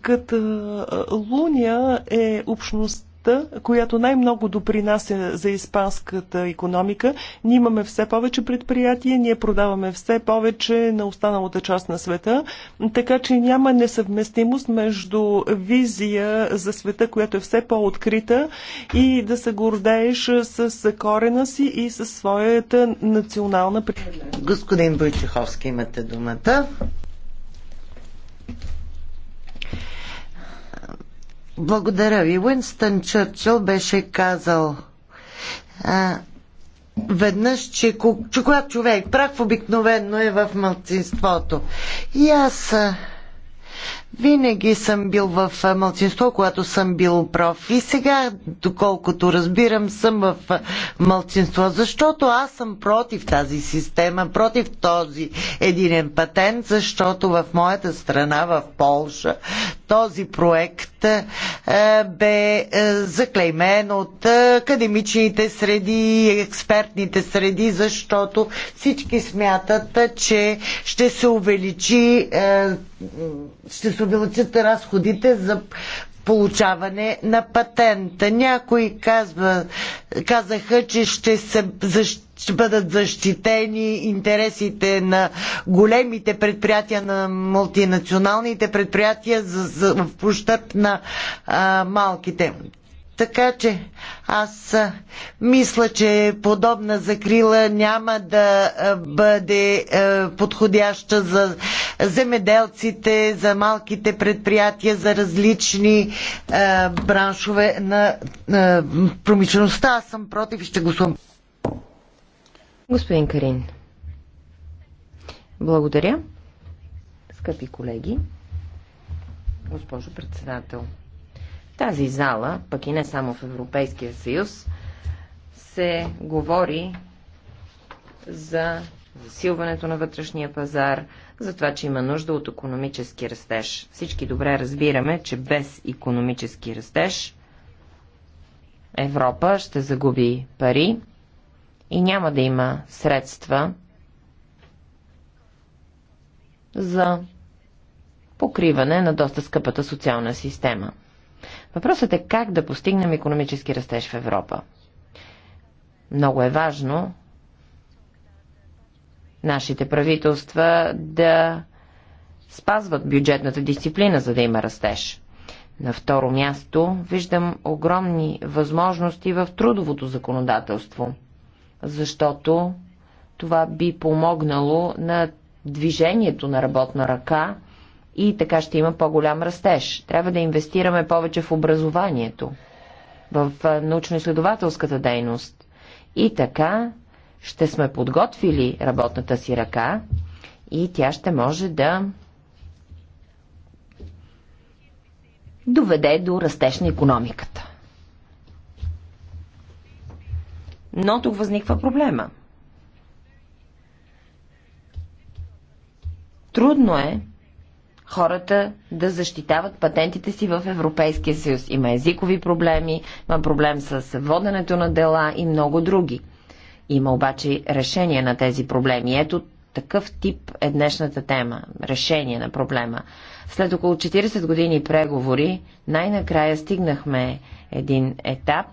Като Луния е общност която най-много допринася за испанската економика. Ние имаме все повече предприятия, ние продаваме все повече на останалата част на света, така че няма несъвместимост между визия за света, която е все по-открита и да се гордееш с корена си и със своята национална принадлежност. Господин Бойчеховски, имате думата. Благодаря ви. Уинстън Чърчил беше казал а, веднъж, че, че когато човек е прав обикновенно е в мълцинството. И аз а, винаги съм бил в малцинство, когато съм бил проф. И сега, доколкото разбирам, съм в мълцинство, защото аз съм против тази система, против този единен патент, защото в моята страна, в Полша, този проект бе заклеймен от академичните среди, експертните среди, защото всички смятат, че ще се увеличи ще се увеличат разходите за получаване на патента. Някои казва, казаха, че ще, се, ще бъдат защитени интересите на големите предприятия, на мултинационалните предприятия за, за, в пощърп на а, малките. Така че аз мисля, че подобна закрила няма да бъде подходяща за земеделците, за малките предприятия, за различни браншове на промишлеността. Аз съм против и ще съм. Господин Карин, благодаря. Скъпи колеги, госпожо председател тази зала, пък и не само в Европейския съюз, се говори за засилването на вътрешния пазар, за това, че има нужда от економически растеж. Всички добре разбираме, че без економически растеж Европа ще загуби пари и няма да има средства за покриване на доста скъпата социална система. Въпросът е как да постигнем економически растеж в Европа. Много е важно нашите правителства да спазват бюджетната дисциплина, за да има растеж. На второ място виждам огромни възможности в трудовото законодателство, защото това би помогнало на движението на работна ръка и така ще има по-голям растеж. Трябва да инвестираме повече в образованието, в научно-изследователската дейност. И така ще сме подготвили работната си ръка и тя ще може да доведе до растеж на економиката. Но тук възниква проблема. Трудно е хората да защитават патентите си в Европейския съюз. Има езикови проблеми, има проблем с воденето на дела и много други. Има обаче решение на тези проблеми. Ето такъв тип е днешната тема. Решение на проблема. След около 40 години преговори, най-накрая стигнахме един етап,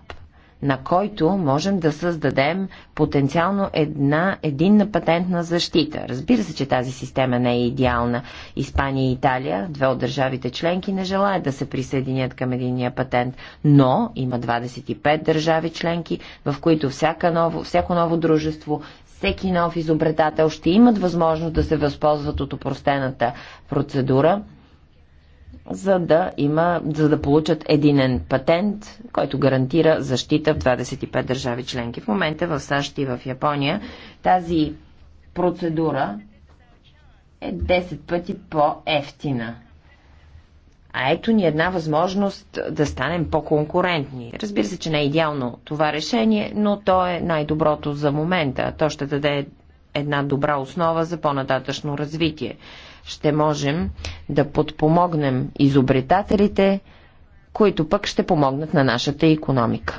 на който можем да създадем потенциално една единна патентна защита. Разбира се, че тази система не е идеална. Испания и Италия, две от държавите членки, не желаят да се присъединят към единния патент, но има 25 държави членки, в които всяка ново, всяко ново дружество, всеки нов изобретател ще имат възможност да се възползват от опростената процедура – за да, има, за да получат единен патент, който гарантира защита в 25 държави членки. В момента в САЩ и в Япония тази процедура е 10 пъти по-ефтина. А ето ни една възможност да станем по-конкурентни. Разбира се, че не е идеално това решение, но то е най-доброто за момента. То ще даде една добра основа за по-нататъчно развитие ще можем да подпомогнем изобретателите, които пък ще помогнат на нашата економика.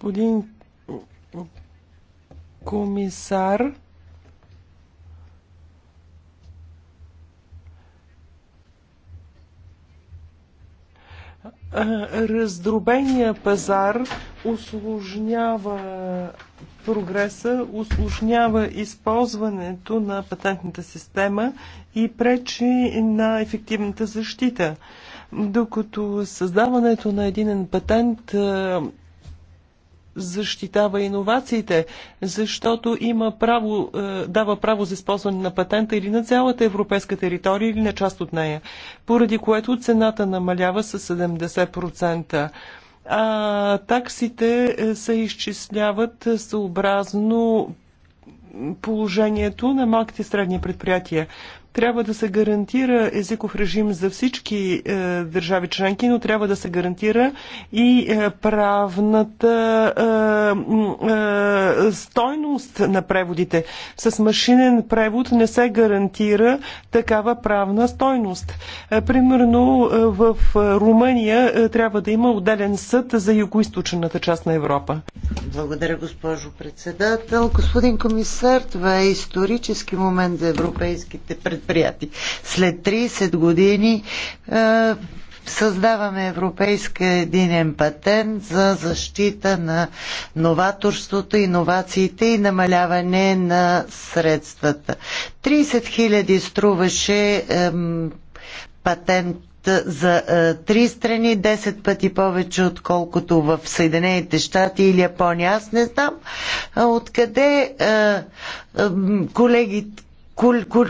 Господин комисар, раздробения пазар осложнява прогреса, усложнява използването на патентната система и пречи на ефективната защита. Докато създаването на един патент защитава иновациите, защото има право, дава право за използване на патента или на цялата европейска територия или на част от нея, поради което цената намалява с 70% а, таксите е, се изчисляват е, съобразно положението на малките и средни предприятия. Трябва да се гарантира езиков режим за всички е, държави членки, но трябва да се гарантира и е, правната е, е, стойност на преводите. С машинен превод не се гарантира такава правна стойност. Е, примерно е, в е, Румъния е, трябва да има отделен съд за югоисточната част на Европа. Благодаря, госпожо председател. Господин комисар, това е исторически момент за европейските пред предприяти. След 30 години е, създаваме европейска единен патент за защита на новаторството, иновациите и намаляване на средствата. 30 хиляди струваше е, патент за е, три страни, 10 пъти повече, отколкото в Съединените щати или Япония. Аз не знам е, откъде е, е, колегите кол, кол,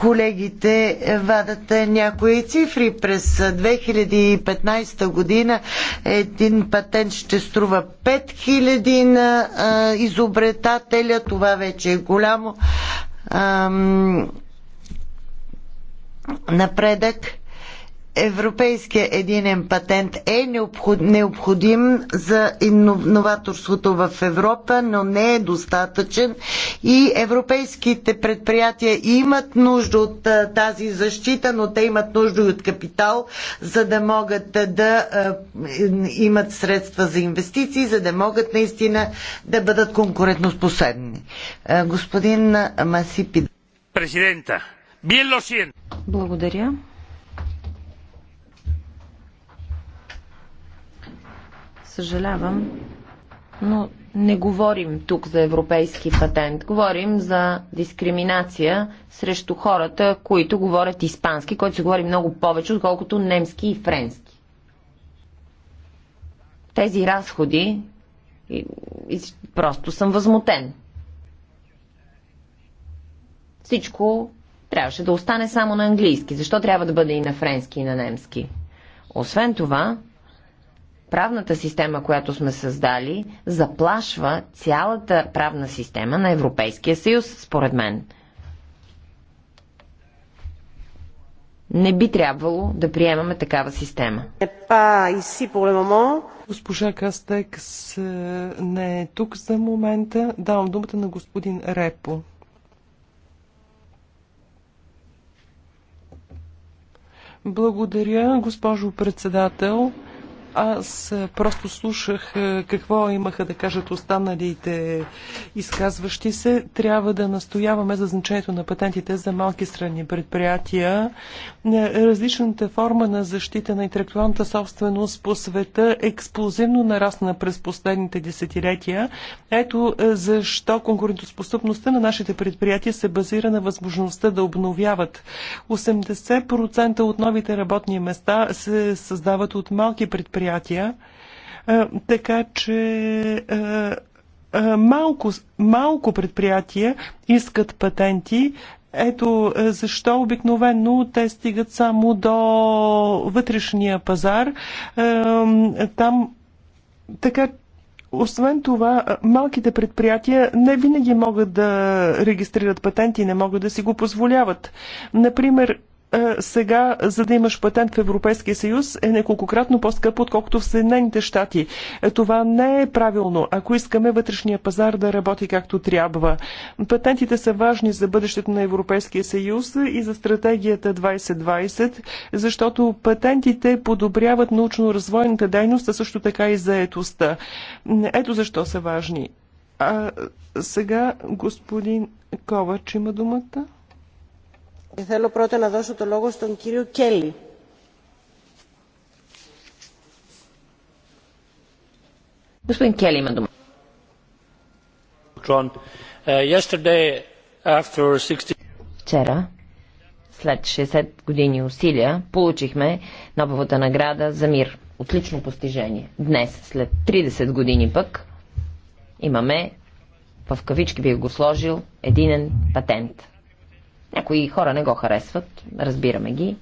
колегите вадат някои цифри. През 2015 година един патент ще струва 5000 на а, изобретателя. Това вече е голямо ам, напредък. Европейския единен патент е необходим за новаторството в Европа, но не е достатъчен и европейските предприятия имат нужда от тази защита, но те имат нужда и от капитал, за да могат да имат средства за инвестиции, за да могат наистина да бъдат конкурентоспособни. Господин Масипи. Президента, bien lo siento. Благодаря. Съжалявам, но не говорим тук за европейски патент. Говорим за дискриминация срещу хората, които говорят испански, който се говори много повече, отколкото немски и френски. Тези разходи и, и, просто съм възмутен. Всичко трябваше да остане само на английски. Защо трябва да бъде и на френски и на немски? Освен това, правната система, която сме създали, заплашва цялата правна система на Европейския съюз, според мен. Не би трябвало да приемаме такава система. Е, Госпожа Кастекс не е тук за момента. Давам думата на господин Репо. Благодаря, госпожо председател. Аз просто слушах е, какво имаха да кажат останалите изказващи се. Трябва да настояваме за значението на патентите за малки страни предприятия. Е, различната форма на защита на интелектуалната собственост по света експлозивно нарасна през последните десетилетия. Ето е, защо конкурентоспособността на нашите предприятия се базира на възможността да обновяват. 80% от новите работни места се създават от малки предприятия предприятия. Така че малко, малко предприятия искат патенти. Ето защо обикновено те стигат само до вътрешния пазар. Там така освен това, малките предприятия не винаги могат да регистрират патенти, не могат да си го позволяват. Например, е, сега, за да имаш патент в Европейския съюз, е неколкократно по-скъпо, отколкото в Съединените щати. Е, това не е правилно, ако искаме вътрешния пазар да работи както трябва. Патентите са важни за бъдещето на Европейския съюз и за стратегията 2020, защото патентите подобряват научно-развойната дейност, а също така и заетостта. Ето защо са важни. А сега господин Ковач има думата. Θέλω πρώτα να δώσω το λόγο στον κύριο Κέλλη. Господин Кели има дума. Uh, Вчера, след 60 години усилия, получихме Нобеловата награда за мир. Отлично постижение. Днес, след 30 години пък, имаме, в кавички бих го сложил, единен патент. Някои хора не го харесват, разбираме ги.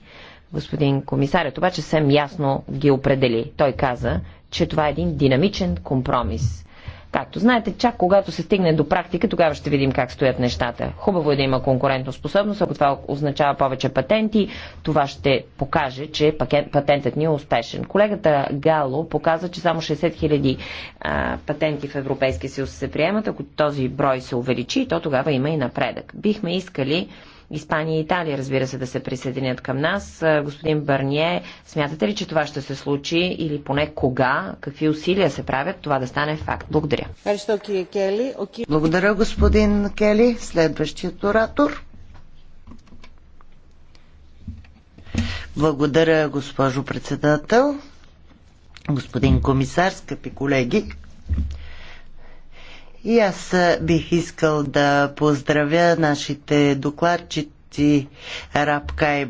Господин комисарят обаче съвсем ясно ги определи. Той каза, че това е един динамичен компромис. Както знаете, чак когато се стигне до практика, тогава ще видим как стоят нещата. Хубаво е да има конкурентоспособност, ако това означава повече патенти, това ще покаже, че патентът ни е успешен. Колегата Гало показа, че само 60 000 патенти в Европейския съюз се приемат. Ако този брой се увеличи, то тогава има и напредък. Бихме искали Испания и Италия, разбира се, да се присъединят към нас. Господин Бърние, смятате ли, че това ще се случи или поне кога? Какви усилия се правят това да стане факт? Благодаря. Благодаря, господин Кели. Следващият оратор. Благодаря, госпожо председател, господин комисар, скъпи колеги. И аз бих искал да поздравя нашите докладчици Рапка и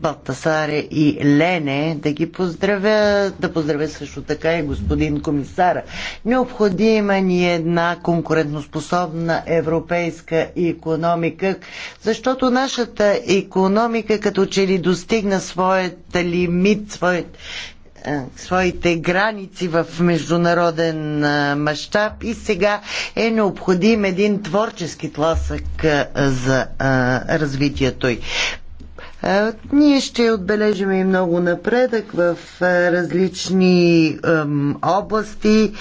Балтасаре и Лене, да ги поздравя, да поздравя също така и господин комисара. Необходима ни е една конкурентоспособна европейска економика, защото нашата економика като че ли достигна своят лимит, своят е, своите граници в международен е, мащаб и сега е необходим един творчески тласък е, за развитието й. Е, ние ще отбележим и много напредък в е, различни области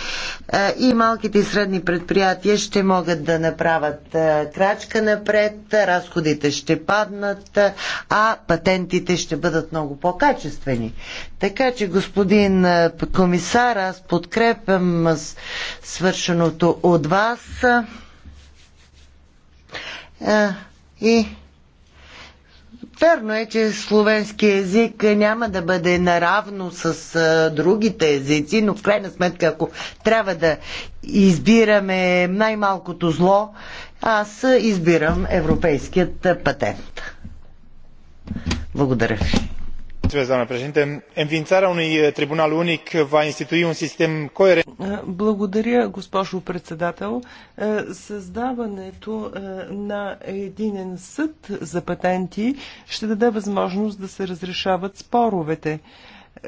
е, и малките и средни предприятия ще могат да направят крачка напред, разходите ще паднат, а патентите ще бъдат много по-качествени. Така че, господин комисар, аз подкрепям свършеното от вас. И Верно е, че словенски език няма да бъде наравно с а, другите езици, но в крайна сметка, ако трябва да избираме най-малкото зло, аз избирам европейският патент. Благодаря ви înființarea unui eh, tribunal unic va institui un sistem coerent. Eh, Благодаря, госпожо председател. Е, създаването е, на единен съд за патенти ще даде възможност да се разрешават споровете. Е,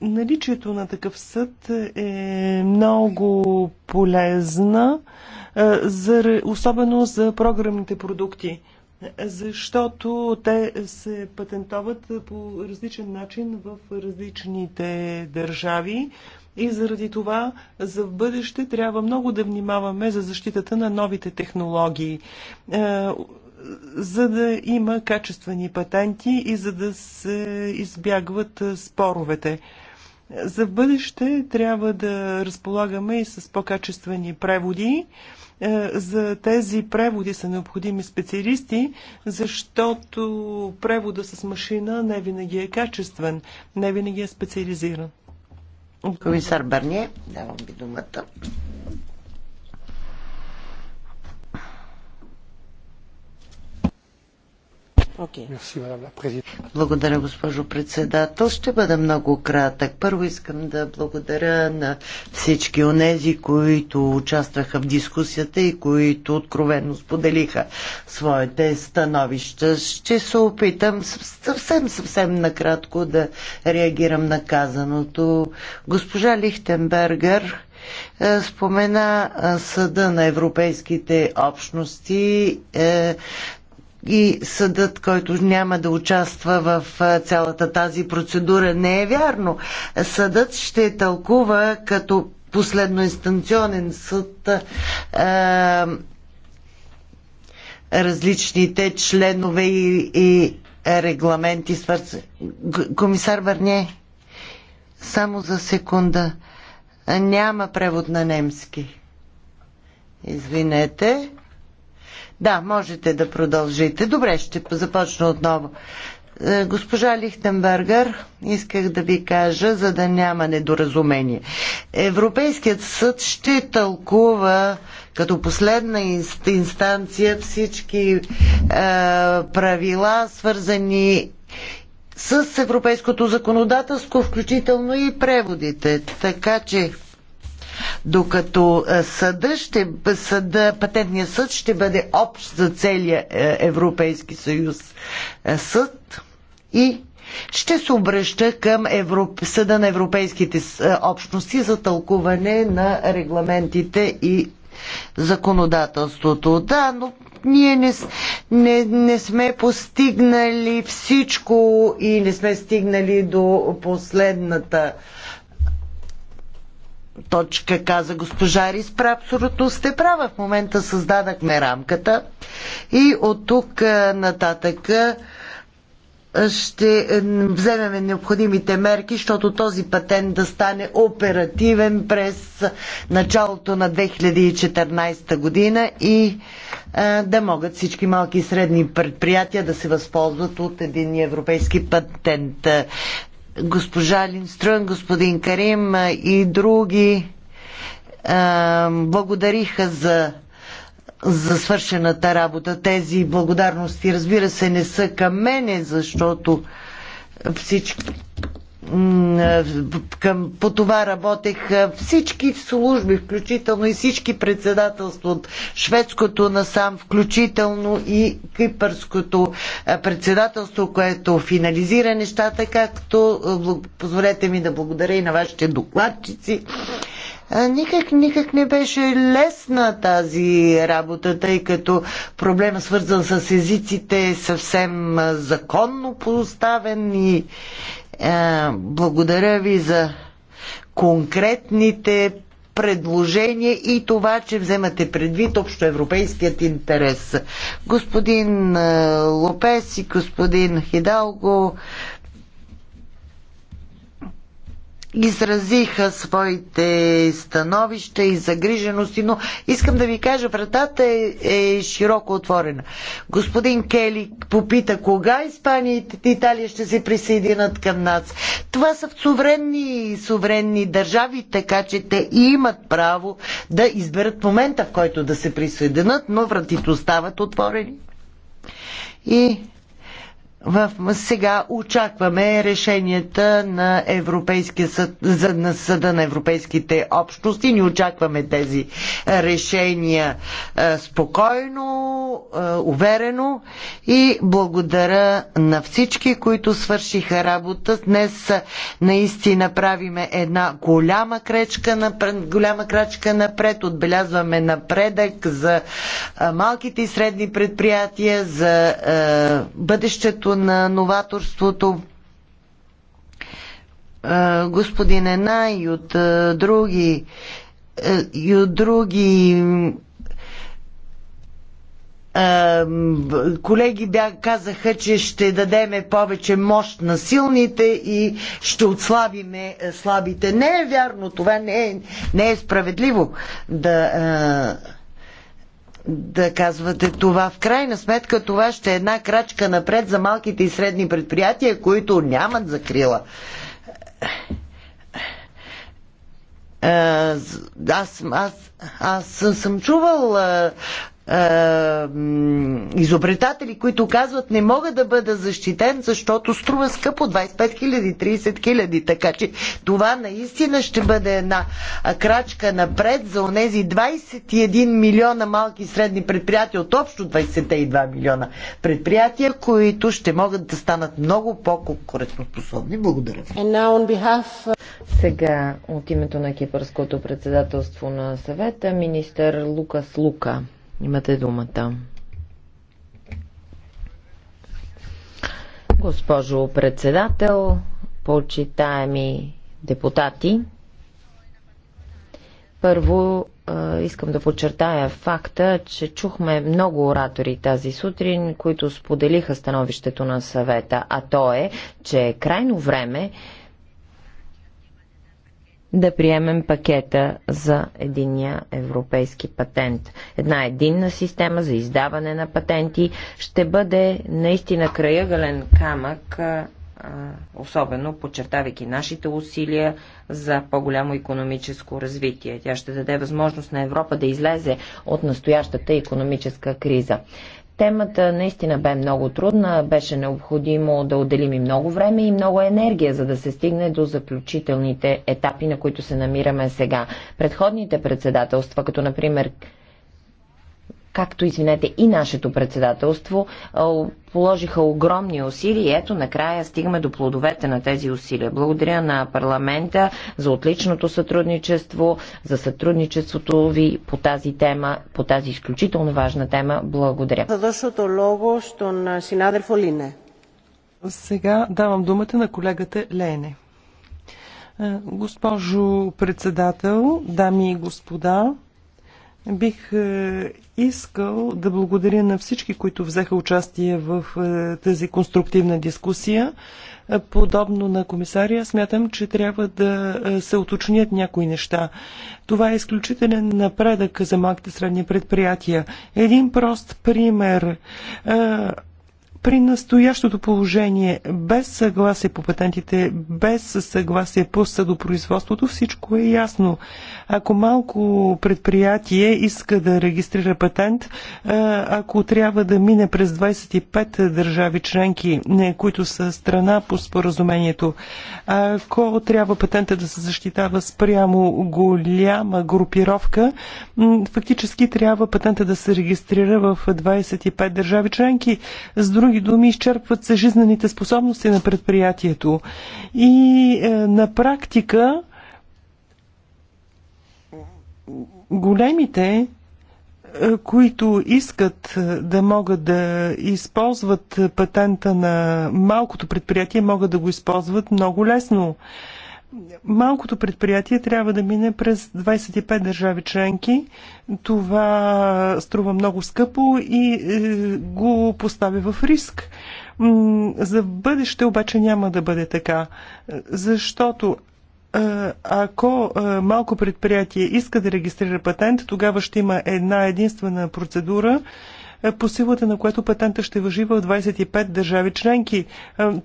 наличието на такъв съд е много полезна, особено за програмните продукти защото те се патентоват по различен начин в различните държави. И заради това за в бъдеще трябва много да внимаваме за защитата на новите технологии, е, за да има качествени патенти и за да се избягват споровете. За бъдеще трябва да разполагаме и с по-качествени преводи. Е, за тези преводи са необходими специалисти, защото превода с машина не винаги е качествен, не винаги е специализиран. Комисар Барние, давам ви думата. благодаря, госпожо председател. Ще бъда много кратък. Първо искам да благодаря на всички онези, които участваха в дискусията и които откровенно споделиха своите становища. Ще се опитам съвсем, съвсем накратко да реагирам на казаното. Госпожа Лихтенбергер е, спомена е, съда на европейските общности е, и съдът, който няма да участва в цялата тази процедура. Не е вярно. Съдът ще тълкува като последно инстанционен съд а, различните членове и, и регламенти. Свърз... Комисар Върне, само за секунда. Няма превод на немски. Извинете. Да, можете да продължите. Добре, ще започна отново. Е, госпожа Лихтенбергер, исках да ви кажа, за да няма недоразумение. Европейският съд ще тълкува като последна инстанция всички е, правила, свързани с европейското законодателство, включително и преводите. Така че докато е, съда ще, съда, патентният съд ще бъде общ за целия е, Европейски съюз е, съд и ще се обръща към Европ... Съда на Европейските общности за тълкуване на регламентите и законодателството. Да, но ние не, не, не сме постигнали всичко и не сме стигнали до последната точка, каза госпожа Риспра. Абсолютно сте права. В момента създадахме рамката и от тук е, нататък е, ще е, вземем необходимите мерки, защото този патент да стане оперативен през началото на 2014 година и да могат всички малки и средни предприятия да се възползват от един европейски патент госпожа Линстрън, господин Карим и други благодариха за за свършената работа. Тези благодарности, разбира се, не са към мене, защото всички, към, по това работех всички служби, включително и всички председателства от шведското насам, включително и кипърското председателство, което финализира нещата, както позволете ми да благодаря и на вашите докладчици. Никак, никак не беше лесна тази работа, тъй като проблема свързан с езиците е съвсем законно поставен и е, благодаря ви за конкретните предложения и това, че вземате предвид общоевропейският интерес. Господин е, Лопес и господин Хидалго изразиха своите становища и загрижености, но искам да ви кажа, вратата е, е широко отворена. Господин Кели попита кога Испания и Италия ще се присъединят към нас. Това са суверенни, суверенни държави, така че те имат право да изберат момента, в който да се присъединят, но вратите остават отворени. И в, сега очакваме решенията на Европейския съд, за, на съда на европейските общности. Ни очакваме тези решения а, е, спокойно, а, е, уверено и благодаря на всички, които свършиха работа. Днес наистина правиме една голяма крачка, напред, голяма крачка напред. Отбелязваме напредък за е, малките и средни предприятия, за а, бъдещето на новаторството, господин Ена и от други и от други колеги бях, казаха, че ще дадеме повече мощ на силните и ще отслабиме слабите. Не е вярно, това не е, не е справедливо да да казвате това. В крайна сметка това ще е една крачка напред за малките и средни предприятия, които нямат закрила. Е, аз, аз, аз съм чувал е, е, изобретатели, които казват не мога да бъда защитен, защото струва скъпо 25 000, 30 хиляди. Така че това наистина ще бъде една крачка напред за онези 21 милиона малки и средни предприятия от общо 22 милиона предприятия, които ще могат да станат много по-конкурентоспособни. Благодаря. Behalf... Сега от името на Кипърското председателство на съвета министър Лукас Лука. Имате думата. Госпожо председател, почитаеми депутати, първо искам да подчертая факта, че чухме много оратори тази сутрин, които споделиха становището на съвета, а то е, че е крайно време да приемем пакета за единия европейски патент. Една единна система за издаване на патенти ще бъде наистина краягален камък особено подчертавайки нашите усилия за по-голямо економическо развитие. Тя ще даде възможност на Европа да излезе от настоящата економическа криза. Темата наистина бе много трудна, беше необходимо да отделим и много време и много енергия, за да се стигне до заключителните етапи, на които се намираме сега. Предходните председателства, като например както, извинете, и нашето председателство положиха огромни усилия и ето накрая стигаме до плодовете на тези усилия. Благодаря на парламента за отличното сътрудничество, за сътрудничеството ви по тази тема, по тази изключително важна тема. Благодаря. Сега давам думата на колегата Лене. Госпожо председател, дами и господа, Бих е, искал да благодаря на всички, които взеха участие в е, тази конструктивна дискусия. Е, подобно на комисария, смятам, че трябва да се уточнят някои неща. Това е изключителен напредък за малките средни предприятия. Един прост пример при настоящото положение, без съгласие по патентите, без съгласие по съдопроизводството, всичко е ясно. Ако малко предприятие иска да регистрира патент, ако трябва да мине през 25 държави членки, които са страна по споразумението, ако трябва патента да се защитава спрямо голяма групировка, фактически трябва патента да се регистрира в 25 държави членки. С други други думи, изчерпват се жизнените способности на предприятието. И е, на практика големите е, които искат е, да могат да използват патента на малкото предприятие, могат да го използват много лесно малкото предприятие трябва да мине през 25 държави членки. Това струва много скъпо и е, го поставя в риск. За бъдеще обаче няма да бъде така, защото е, ако е, малко предприятие иска да регистрира патент, тогава ще има една единствена процедура е по силата на което патента ще въжи в 25 държави членки. Е,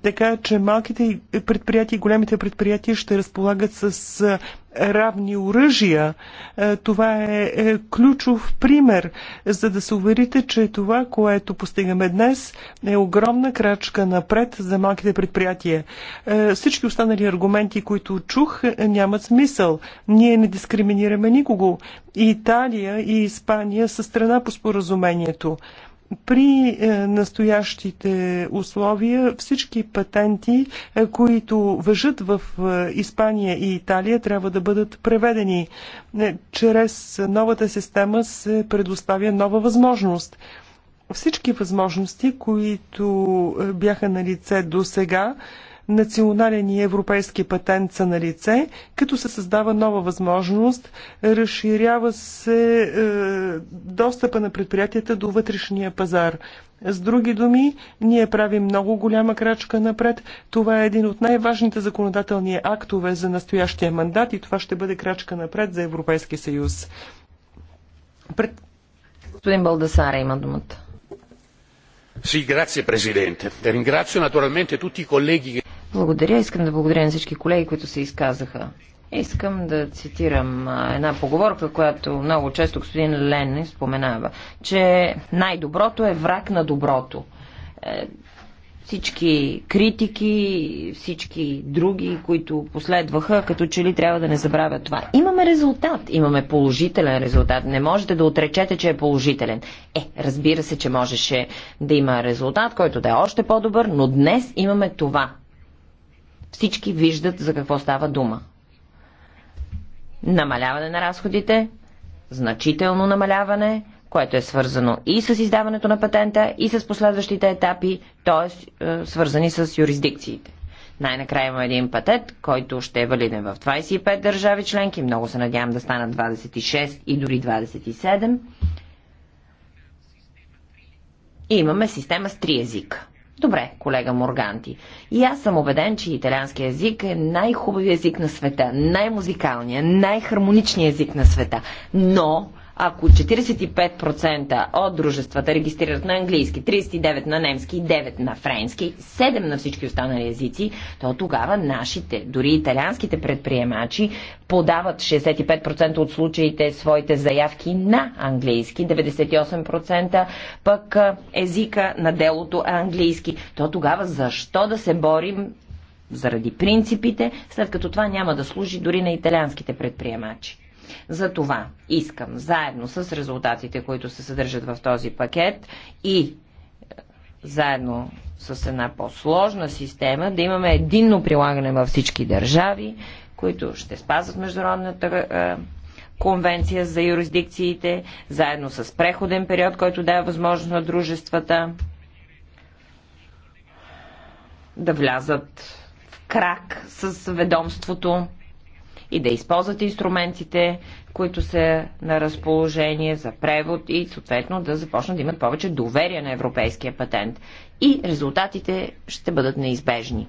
така че малките предприятия и големите предприятия ще разполагат с е, равни оръжия. Е, това е, е ключов пример, за да се уверите, че това, което постигаме днес, е огромна крачка напред за малките предприятия. Е, всички останали аргументи, които чух, нямат смисъл. Ние не дискриминираме никого. И Италия и Испания са страна по споразумението. При е, настоящите условия всички патенти, е, които въжат в е, Испания и Италия, трябва да бъдат преведени. Чрез новата система се предоставя нова възможност всички възможности, които бяха на лице до сега, национален и европейски патент са на лице, като се създава нова възможност, разширява се е, достъпа на предприятията до вътрешния пазар. С други думи, ние правим много голяма крачка напред. Това е един от най-важните законодателни актове за настоящия мандат и това ще бъде крачка напред за Европейския съюз. Пред... Господин Балдасара има думата. Sì, grazie Presidente. Ringrazio naturalmente tutti i colleghi che... Благодаря. Искам да благодаря на всички колеги, които се изказаха. Искам да цитирам една поговорка, която много често господин Лен споменава, че най-доброто е враг на доброто. Е, всички критики, всички други, които последваха, като че ли трябва да не забравят това. Имаме резултат, имаме положителен резултат. Не можете да отречете, че е положителен. Е, разбира се, че можеше да има резултат, който да е още по-добър, но днес имаме това всички виждат за какво става дума. Намаляване на разходите, значително намаляване, което е свързано и с издаването на патента, и с последващите етапи, т.е. Е, свързани с юрисдикциите. Най-накрая има един патент, който ще е валиден в 25 държави членки. Много се надявам да станат 26 и дори 27. И имаме система с три езика. Добре, колега Морганти. И аз съм убеден, че италианският език е най-хубавият език на света, най-музикалният, най-хармоничният език на света. Но ако 45% от дружествата регистрират на английски, 39% на немски, 9% на френски, 7% на всички останали езици, то тогава нашите, дори италианските предприемачи, подават 65% от случаите своите заявки на английски, 98% пък езика на делото е английски. То тогава защо да се борим заради принципите, след като това няма да служи дори на италианските предприемачи. За това искам, заедно с резултатите, които се съдържат в този пакет и е, заедно с една по-сложна система, да имаме единно прилагане във всички държави, които ще спазват международната е, конвенция за юрисдикциите, заедно с преходен период, който дава възможност на дружествата да влязат в крак с ведомството и да използват инструментите, които са на разположение за превод и съответно да започнат да имат повече доверие на европейския патент. И резултатите ще бъдат неизбежни.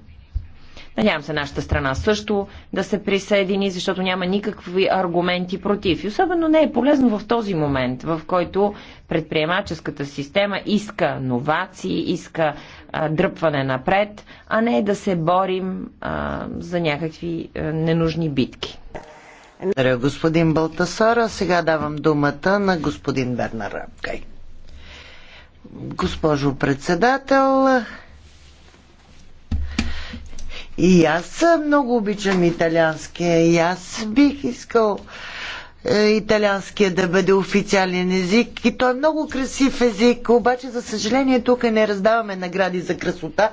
Надявам се нашата страна също да се присъедини, защото няма никакви аргументи против. И особено не е полезно в този момент, в който предприемаческата система иска новации, иска а, дръпване напред, а не да се борим а, за някакви а, ненужни битки. Благодаря, господин Балтасара. Сега давам думата на господин Бернар Рапкай. Госпожо председател, и аз много обичам италианския. И аз бих искал е, италианския да бъде официален език. И той е много красив език, обаче за съжаление тук не раздаваме награди за красота,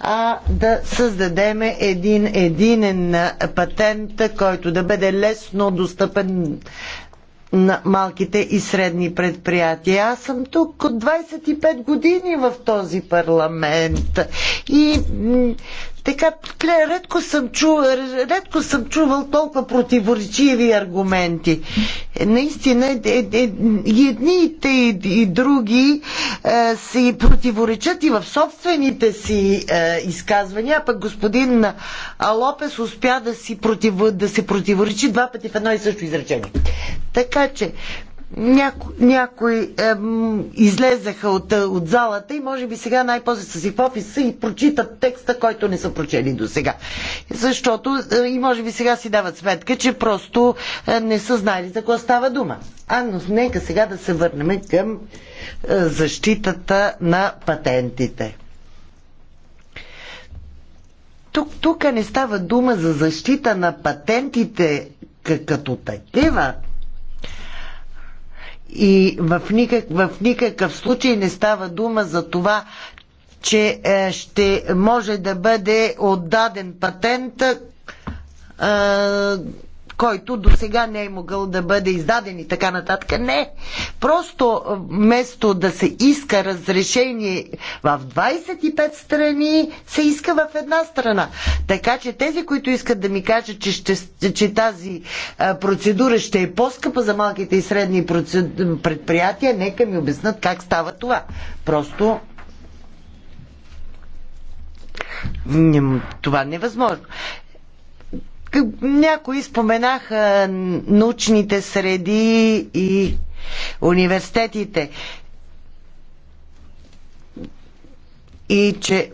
а да създадем един единен патент, който да бъде лесно достъпен на малките и средни предприятия. Аз съм тук от 25 години в този парламент и така, редко съм, чу, редко съм чувал толкова противоречиви аргументи. Наистина, е, е, е, едните и, и други е, противоречат и в собствените си е, изказвания, а пък господин Лопес успя да си против, да се противоречи два пъти в едно и също изречение. Така че, Няко, някои ем, излезаха от, от залата и може би сега най-после са си в офиса и прочитат текста, който не са прочели до сега. Защото е, и може би сега си дават сметка, че просто е, не са знали за какво става дума. А, но нека сега да се върнем към е, защитата на патентите. Тук, тук не става дума за защита на патентите като такива, и в никакъв, в никакъв случай не става дума за това, че е, ще може да бъде отдаден патент е, който до сега не е могъл да бъде издаден и така нататък. Не. Просто вместо да се иска разрешение в 25 страни, се иска в една страна. Така че тези, които искат да ми кажат, че, ще, че тази процедура ще е по-скъпа за малките и средни предприятия, нека ми обяснат как става това. Просто това невъзможно. Е някои споменаха научните среди и университетите. И че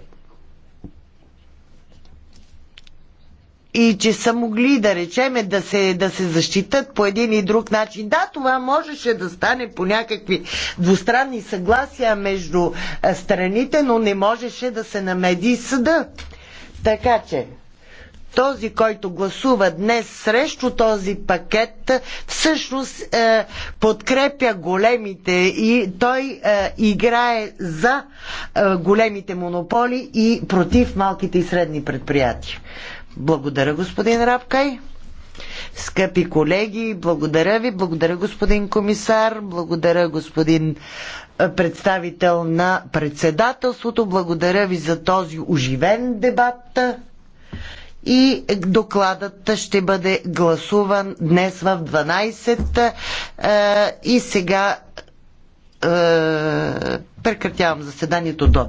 и че са могли, да речеме, да се, да се защитат по един и друг начин. Да, това можеше да стане по някакви двустранни съгласия между страните, но не можеше да се намеди съда. Така че, този, който гласува днес срещу този пакет, всъщност е, подкрепя големите и той е, играе за е, големите монополи и против малките и средни предприятия. Благодаря, господин Рапкай. Скъпи колеги, благодаря ви, благодаря господин комисар, благодаря господин е, представител на председателството, благодаря ви за този оживен дебат и докладът ще бъде гласуван днес в 12 е, и сега е, прекратявам заседанието до